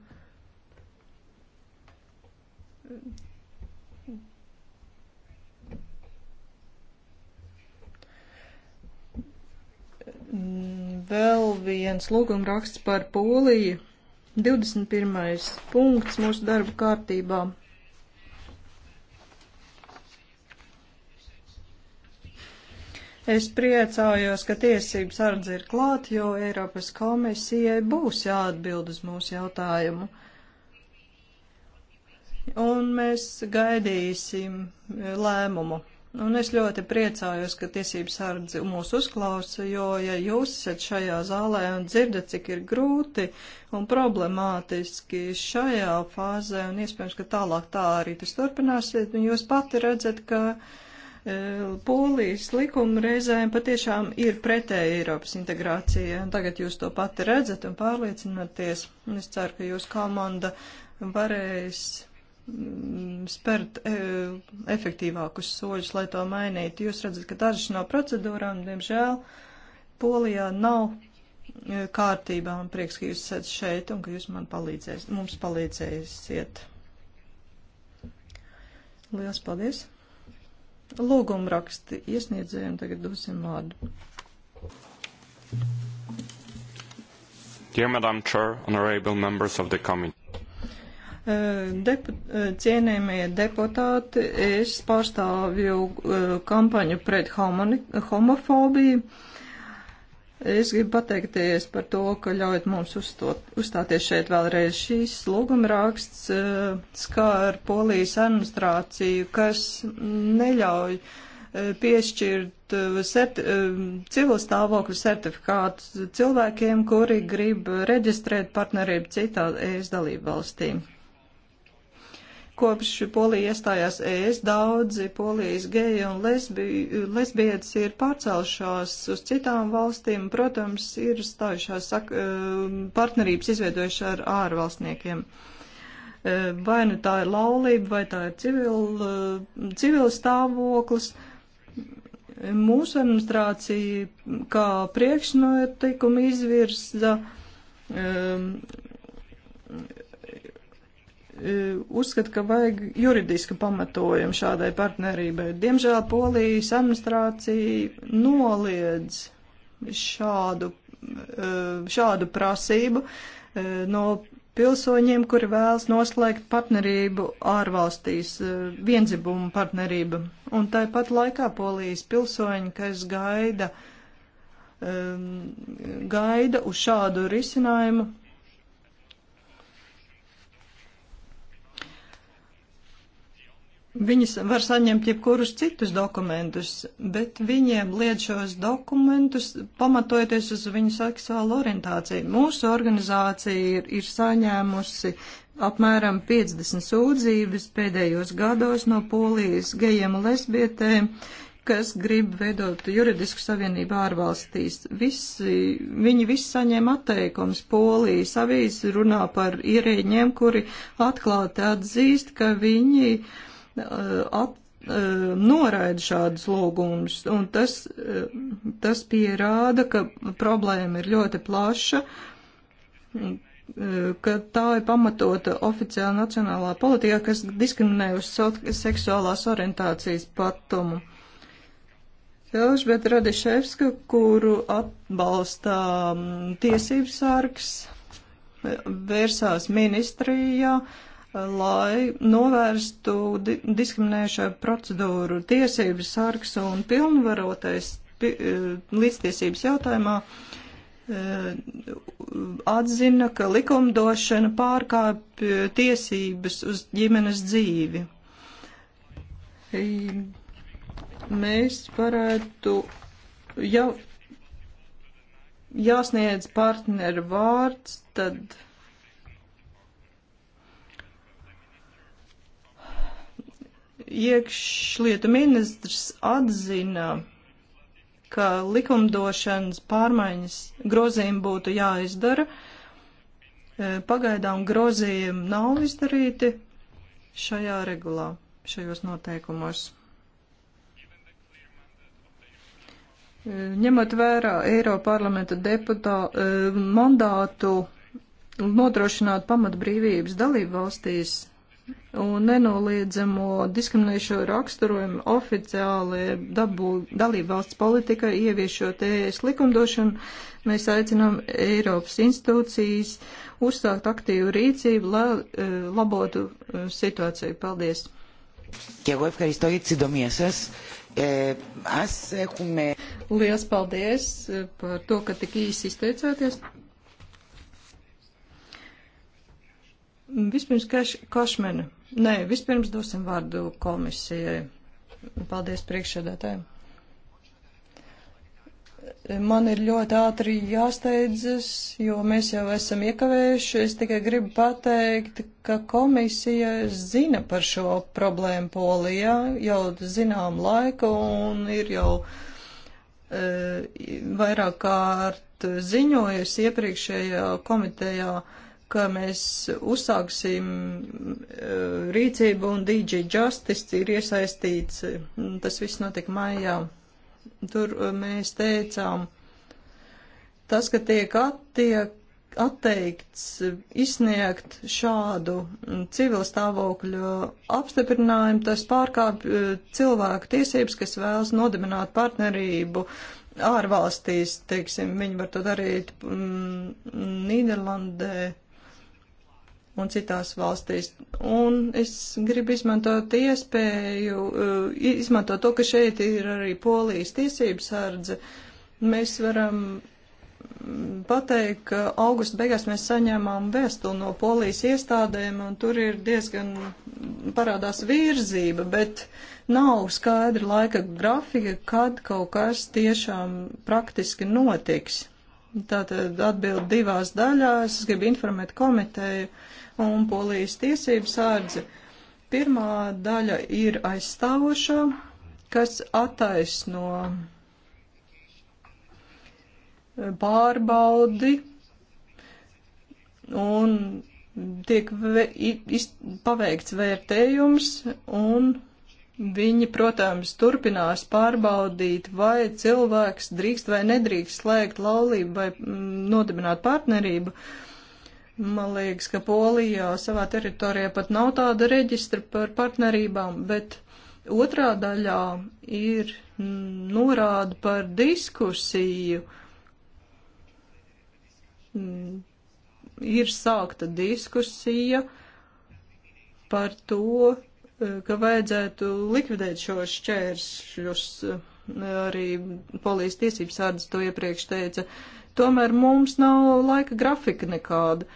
Vēl viens lūgumraksts par Poliju. 21. punkts mūsu darba kārtībā Es priecājos, ka tiesības sardze ir klāt, jo Eiropas komisijai būs jāatbild uz mūsu jautājumu. Un mēs gaidīsim eh, lēmumu. Un es ļoti priecājos, ka tiesības sardze mūs uzklausa, jo ja jūs esat šajā zālē un dzirdat, cik ir grūti un problemātiski šajā fāzē, un iespējams, ka tālāk tā arī tas turpināsiet, un nu, jūs pati redzat, ka. Uh, Eh, Polijas likuma reizēm patiešām ir pretēja Eiropas integrācija. Tagad jūs to pati redzat un pārliecināties. Es ceru, ka jūs komanda varēs mm, spērt e, efektīvākus soļus, lai to mainītu. Jūs redzat, ka dažas no procedūrām, diemžēl, Polijā nav eh, kārtībā. Man prieks, ka jūs esat šeit un ka jūs man palīdzēs, mums palīdzēsiet. Lielas paldies! lūgumu raksti iesniedzējiem tagad dosim vārdu. Dear Madam Chair, honorable members of the committee. Eh, Depu, eh, cienījamie deputāti, es pārstāvju eh, kampaņu pret homofobiju. Es gribu pateikties par to, ka ļaujat mums uzstot, uzstāties šeit vēlreiz. Šīs lūguma raksts uh, eh, skar polijas administrāciju, kas neļauj uh, piešķirt uh, eh, serti, uh, civil stāvokļu certifikātus cilvēkiem, kuri grib reģistrēt partnerību citā ES dalību valstīm. Kopš Polija iestājās ES, daudzi polijas geji un lesbi, lesbietes ir pārcelšās uz citām valstīm, protams, ir stājušās sak, um, partnerības izveidojuši ar ārvalstniekiem. Um, vai nu tā ir laulība, vai tā ir civil, um, civil stāvoklis mūsu administrācija kā priekšnoteikumu izvirza um, E, uzskata, ka vajag juridiski pamatojumu šādai partnerībai. Diemžēl Polijas administrācija noliedz šādu, e, šādu prasību e, no pilsoņiem, kuri vēlas noslēgt partnerību ārvalstīs, vienzibumu partnerību. Un tāpat laikā Polijas pilsoņi, kas gaida, gaida uz šādu risinājumu, Viņas var saņemt jebkurus citus dokumentus, bet viņiem lied šos dokumentus pamatojoties uz viņu seksuālu orientāciju. Mūsu organizācija ir, ir saņēmusi apmēram 50 sūdzības pēdējos gados no polijas gejiem un lesbietēm, kas grib veidot juridisku savienību ārvalstīs. Visi, viņi visi saņēma atteikums. Polijas avīzes runā par ierēģiem, kuri atklāti atzīst, ka viņi at, eh, noraida šādus lūgumus, un tas, eh, tas pierāda, ka problēma ir ļoti plaša, eh, ka tā ir pamatota oficiāla nacionālā politikā, kas diskriminē uz seksuālās orientācijas patumu. Elžbieta Radiševska, kuru atbalstā mm, tiesības sargs, vērsās ministrijā, uh, lai novērstu di diskriminējušo procedūru tiesības sargs un pilnvarotais pi eh, līdztiesības jautājumā eh, atzina, ka likumdošana pārkāpj tiesības uz ģimenes dzīvi. Mēs varētu jau jāsniedz partneru vārds, tad Iekšlietu ministrs atzina, ka likumdošanas pārmaiņas grozījumi būtu jāizdara. E, pagaidām grozījumi nav izdarīti šajā regulā, šajos noteikumos. E, ņemot vērā Eiropa parlamenta deputā e, mandātu nodrošināt pamatbrīvības dalību valstīs, un nenoliedzamo diskriminējušo raksturojumu oficiāli dabū dalību valsts politika, ieviešot ES likumdošanu, mēs aicinām Eiropas institūcijas uzsākt aktīvu rīcību, lai e, labotu e, situāciju. Paldies! Και εγώ ευχαριστώ για τη συντομία σας. Ε, ας έχουμε... Liels paldies e, par to, ka tik īsi izteicāties. Vispirms Kaš, Kašmena. Nē, vispirms dosim vārdu komisijai. Paldies priekšsēdētājiem. Man ir ļoti ātri jāsteidzas, jo mēs jau esam iekavējuši. Es tikai gribu pateikt, ka komisija zina par šo problēmu polijā jau zinām laiku un ir jau e, vairāk kārt ziņojusi iepriekšējā komitejā. E, ka mēs uzsāksim e, rīcību un DJ Justice ir iesaistīts. Tas viss notika maijā. Tur e, mēs teicām, tas, ka tiek attiek, atteikts izsniegt šādu civila stāvokļu apstiprinājumu, tas pārkāp e, cilvēku tiesības, kas vēlas nodibināt partnerību ārvalstīs, teiksim, viņi var to darīt mm, Nīderlandē, un citās valstīs. Un es gribu izmantot iespēju, uh, izmantot to, ka šeit ir arī polijas tiesības sardze. Mēs varam mm, pateikt, ka augusta beigās mēs saņēmām vēstuli no polijas iestādēm, un tur ir diezgan parādās virzība, bet nav skaidra laika grafika, kad kaut kas tiešām praktiski notiks. Tātad atbild divās daļās. Es gribu informēt komiteju un polijas tiesības sārdzi. Pirmā daļa ir aizstāvošā, kas attaisno pārbaudi un tiek ve, iz, paveikts vērtējums un Viņi, protams, turpinās pārbaudīt, vai cilvēks drīkst vai nedrīkst slēgt laulību vai mm, nodibināt partnerību. Man liekas, ka Polijā savā teritorijā pat nav tāda reģistra par partnerībām, bet otrā daļā ir mm, norāda par diskusiju. Mm, ir sākta diskusija par to, ka vajadzētu likvidēt šo šķēršļus, eh, arī polijas tiesības sārdas to iepriekš teica. Tomēr mums nav laika grafika nekāda.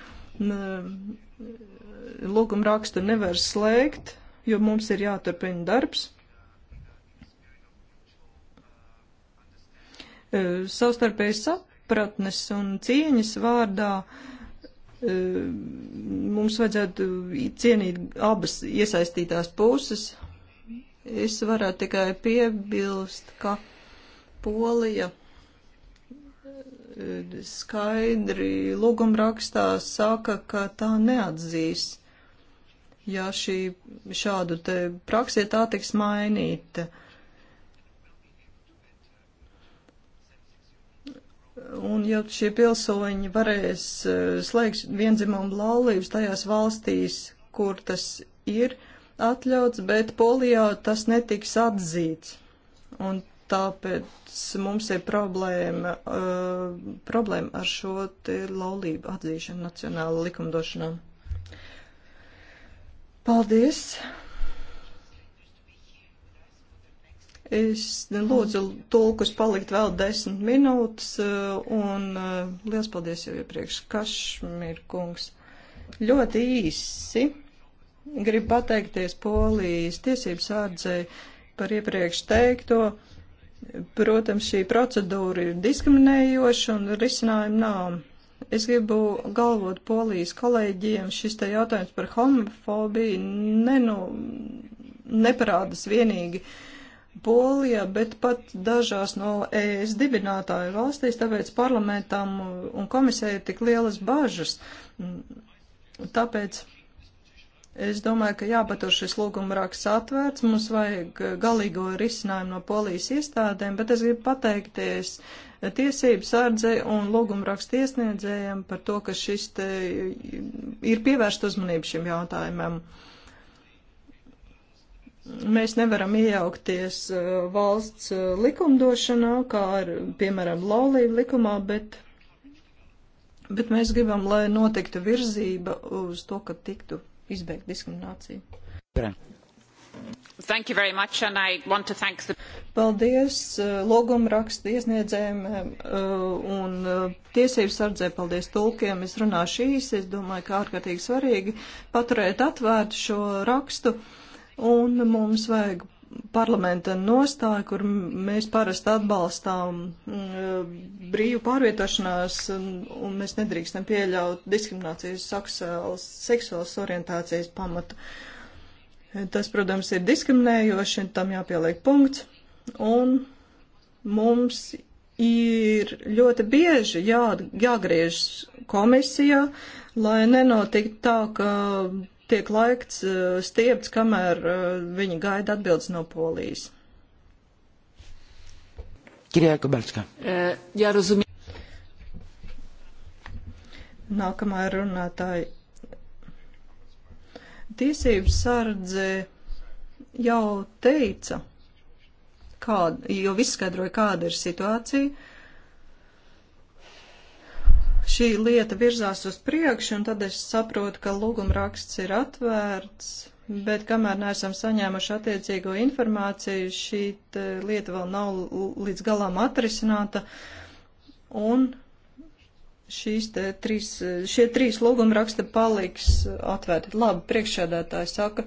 Eh, lūguma rakstu nevar slēgt, jo mums ir jāturpina darbs. Eh, Savstarpēji sapratnes un cieņas vārdā uh, Ehm, mums vajadzētu cienīt abas iesaistītās puses. Es varētu tikai piebilst, ka Polija ehm, skaidri lūgumrakstā saka, ka tā neatzīs, ja šī šādu te praksē tā tiks mainīta. Uh, Un ja šie pilsoņi varēs eh, slēgt vienzimumu laulības tajās valstīs, kur tas ir atļauts, bet polijā tas netiks atzīts. Un tāpēc mums ir problēma, uh, problēma ar šo laulību atzīšanu nacionāla likumdošanā. Paldies! Es lūdzu tulkus palikt vēl desmit minūtes, eh, un eh, liels paldies jau iepriekš, Kašmir kungs. Ļoti īsi gribu pateikties Polijas tiesības ārdzēji par iepriekš teikto. Protams, šī procedūra ir diskriminējoša un risinājuma nav. Es gribu galvot Polijas kolēģiem, šis te jautājums par homofobiju nenu, neparādas vienīgi uh, Polijā, bet pat dažās no ES dibinātāju valstīs, tāpēc parlamentam un komisēju tik lielas bažas. Tāpēc es domāju, ka jāpatur šis lūguma raksts atvērts, mums vajag galīgo risinājumu no polijas iestādēm, bet es gribu pateikties tiesības sārdzei un lūguma rakstu iesniedzējiem par to, ka šis te ir pievērst uzmanību šim jautājumam. Uh, Mēs nevaram iejaukties uh, valsts uh, likumdošanā, kā ar, piemēram, laulību likumā, bet, bet mēs gribam, lai notiktu virzība uz to, ka tiktu izbeigt diskrimināciju. Thank you very much and I want to thank the... Paldies uh, logumu rakstu iesniedzējiem un tiesību sardzē, paldies tulkiem. Es runāšu īsi, es domāju, ka ārkārtīgi svarīgi paturēt atvērtu šo rakstu. Uh, un mums vajag parlamenta nostāja, kur mēs parasti atbalstām e, brīvu pārvietošanās, un mēs nedrīkstam pieļaut diskriminācijas seksuālas, seksuālas orientācijas pamatu. Tas, protams, ir diskriminējoši, tam jāpieliek punkts, un mums ir ļoti bieži jā, jāgriežas komisijā, lai nenotiktu tā, ka tiek laikts eh, stiepts, kamēr eh, viņi gaida atbildes no polijas. Kirjā Kabalska. Eh, jā, rozumiem. Nākamā runātāja. Tiesības sardze jau teica, kāda, jo izskaidroja, kāda ir situācija šī lieta virzās uz priekšu, un tad es saprotu, ka lūgumraksts ir atvērts, bet kamēr neesam saņēmuši attiecīgo informāciju, šī eh, lieta vēl nav līdz galām atrisināta, un šīs te trīs, eh, šie trīs lūgumraksta paliks eh, atvērti. Labi, priekšsēdētāji saka.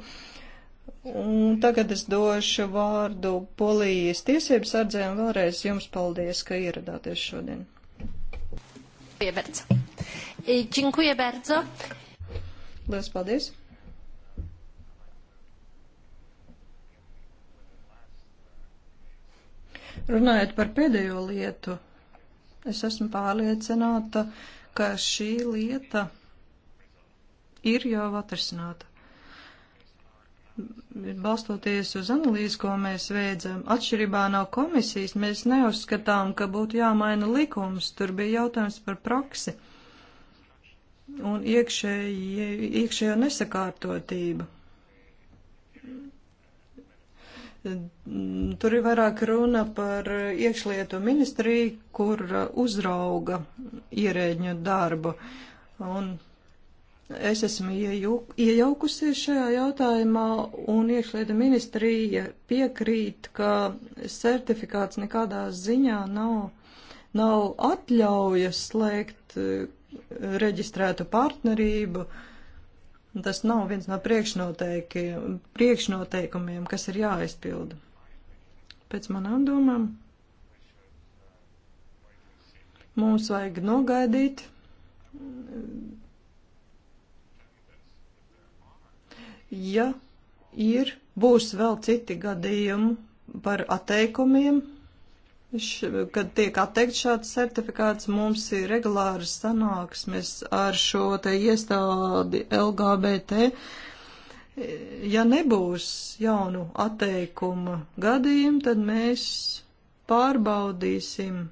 Un tagad es došu vārdu Polijas tiesības sardzēm vēlreiz jums paldies, ka ieradāties šodien. Dziękuję bardzo. Dziękuję bardzo. Lielas paldies. Runājot par pēdējo lietu, es esmu pārliecināta, ka šī lieta ir jau atrisināta balstoties uz analīzi, ko mēs veicam, atšķirībā no komisijas, mēs neuzskatām, ka būtu jāmaina likums. Tur bija jautājums par praksi un iekšēji, iekšējo nesakārtotību. Tur ir vairāk runa par iekšlietu ministriju, kur uzrauga ierēģņu darbu. Un Es esmu iejaukusies šajā jautājumā, un iekšlietu ministrija piekrīt, ka certifikāts nekādā ziņā nav, nav atļaujas slēgt eh, reģistrētu partnerību. Tas nav viens no priekšnoteikumiem, kas ir jāaizpilda. Pēc manām domām mums vajag nogaidīt Ja ir, būs vēl citi gadījumi par atteikumiem, kad tiek atteikt šāds certifikāts, mums ir regulāras sanāksmes ar šo te iestādi LGBT. Ja nebūs jaunu atteikuma gadījumu, tad mēs pārbaudīsim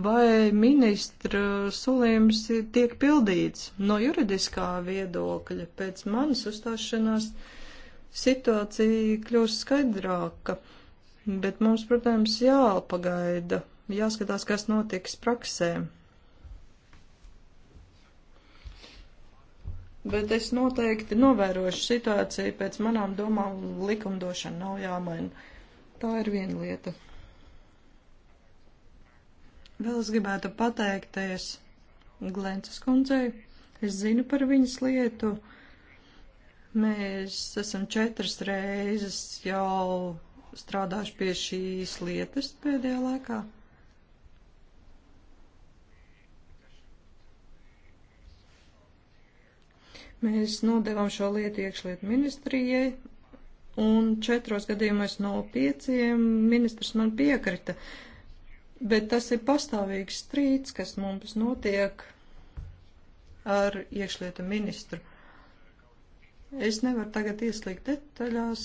vai ministra solījums tiek pildīts no juridiskā viedokļa. Pēc manas uzstāšanās situācija kļūst skaidrāka, bet mums, protams, jāpagaida, jāskatās, kas notiks praksē. Bet es noteikti novērošu situāciju pēc manām domām likumdošana nav jāmaina. Tā ir viena lieta. Vēl es gribētu pateikties Glencas kundzei. Es zinu par viņas lietu. Mēs esam četras reizes jau strādājuši pie šīs lietas pēdējā laikā. Mēs nodevām šo lietu iekšlietu ministrijai, un četros gadījumos no pieciem ministrs man piekrita. Uh, Bet tas ir pastāvīgs strīds, kas mums notiek ar iekšlietu ministru. Es nevaru tagad ieslīgt detaļās,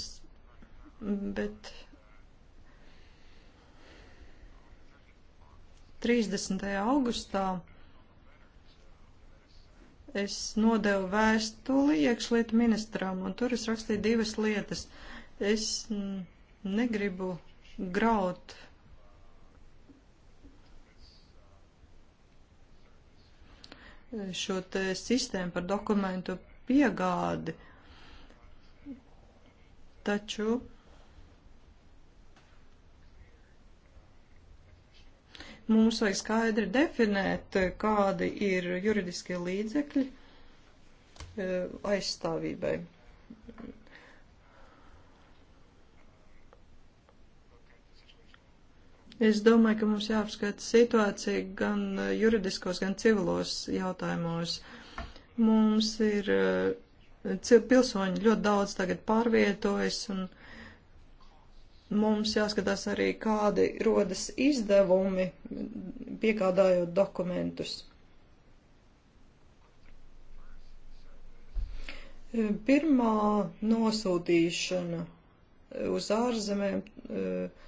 bet 30. augustā es nodevu vēstuli iekšlietu ministram, un tur es rakstīju divas lietas. Es negribu graut šo te sistēmu par dokumentu piegādi. Taču mums vajag skaidri definēt, kādi ir juridiskie līdzekļi eh, aizstāvībai. Es domāju, ka mums jāapskata situācija gan eh, juridiskos, gan civilos jautājumos. Mums ir eh, pilsoņi ļoti daudz tagad pārvietojas, un mums jāskatās arī, kādi rodas izdevumi piegādājot dokumentus. Eh, pirmā nosūtīšana uz ārzemēm. Uh,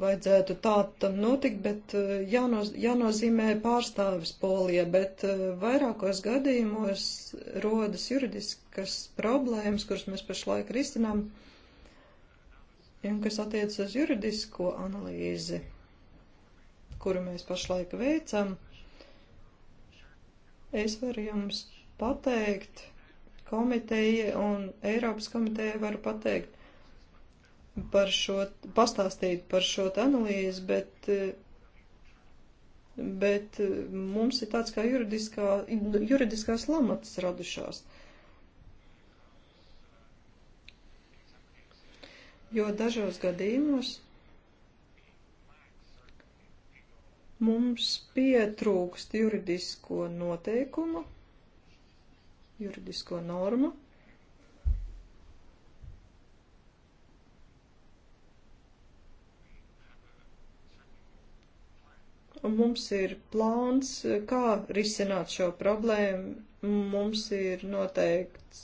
vajadzētu tā tam notikt, bet eh, jāno, jānozīmē pārstāvis polija, bet eh, vairākos gadījumos rodas juridiskas problēmas, kuras mēs pašlaik risinām, un kas attiecas uz juridisko analīzi, kuru mēs pašlaik veicam. Es varu jums pateikt, komiteja un Eiropas komiteja varu pateikt, par šo, pastāstīt par šo analīzi, bet, bet mums ir tāds kā juridiskā, juridiskās lamatas radušās. Jo dažos gadījumos mums pietrūkst juridisko noteikumu, juridisko normu. un mums ir plāns, kā risināt šo problēmu. Mums ir noteikts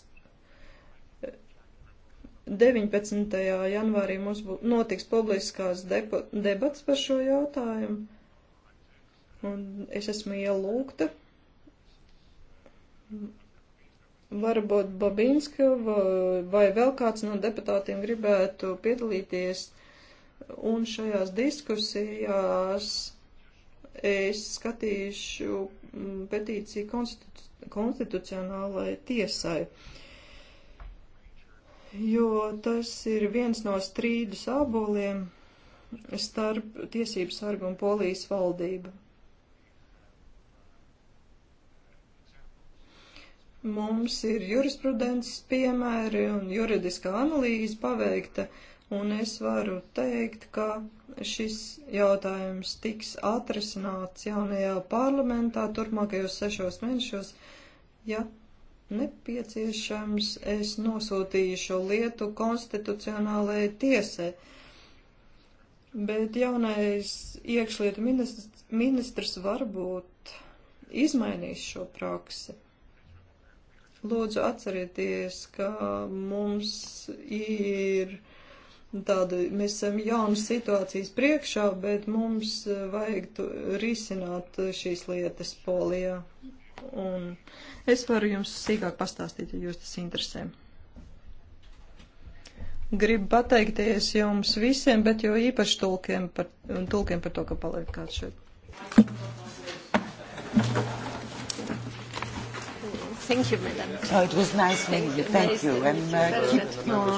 19. Eh, janvārī mums bū, notiks publiskās depo, debats par šo jautājumu. Un es esmu ielūgta. Varbūt Babinska vai vēl kāds no deputātiem gribētu piedalīties un šajās diskusijās es skatīšu mm, petīciju konstitu, konstitucionālajai tiesai, jo tas ir viens no strīdus aboliem starp tiesību sargu un polijas valdību. Mums ir jurisprudences piemēri un juridiskā analīze paveikta. Uh, un es varu teikt, ka šis jautājums tiks atrisināts jaunajā parlamentā turpmākajos sešos mēnešos. Ja nepieciešams, es nosūtīju šo lietu konstitucionālajai tiesai. Bet jaunais iekšlietu ministrs, ministrs varbūt izmainīs šo praksi. Lūdzu atcerieties, ka mums ir Nu, tāda mēs esam jaunas situācijas priekšā, bet mums eh, vajag tu, risināt eh, šīs lietas polijā. Un es varu jums sīkāk pastāstīt, ja jūs tas interesē. Gribu pateikties jums visiem, bet jo īpaši tulkiem par, tulkiem par to, ka paliek kāds šeit. Thank you, madam. Oh, it was nice meeting you. Thank you. And uh, keep.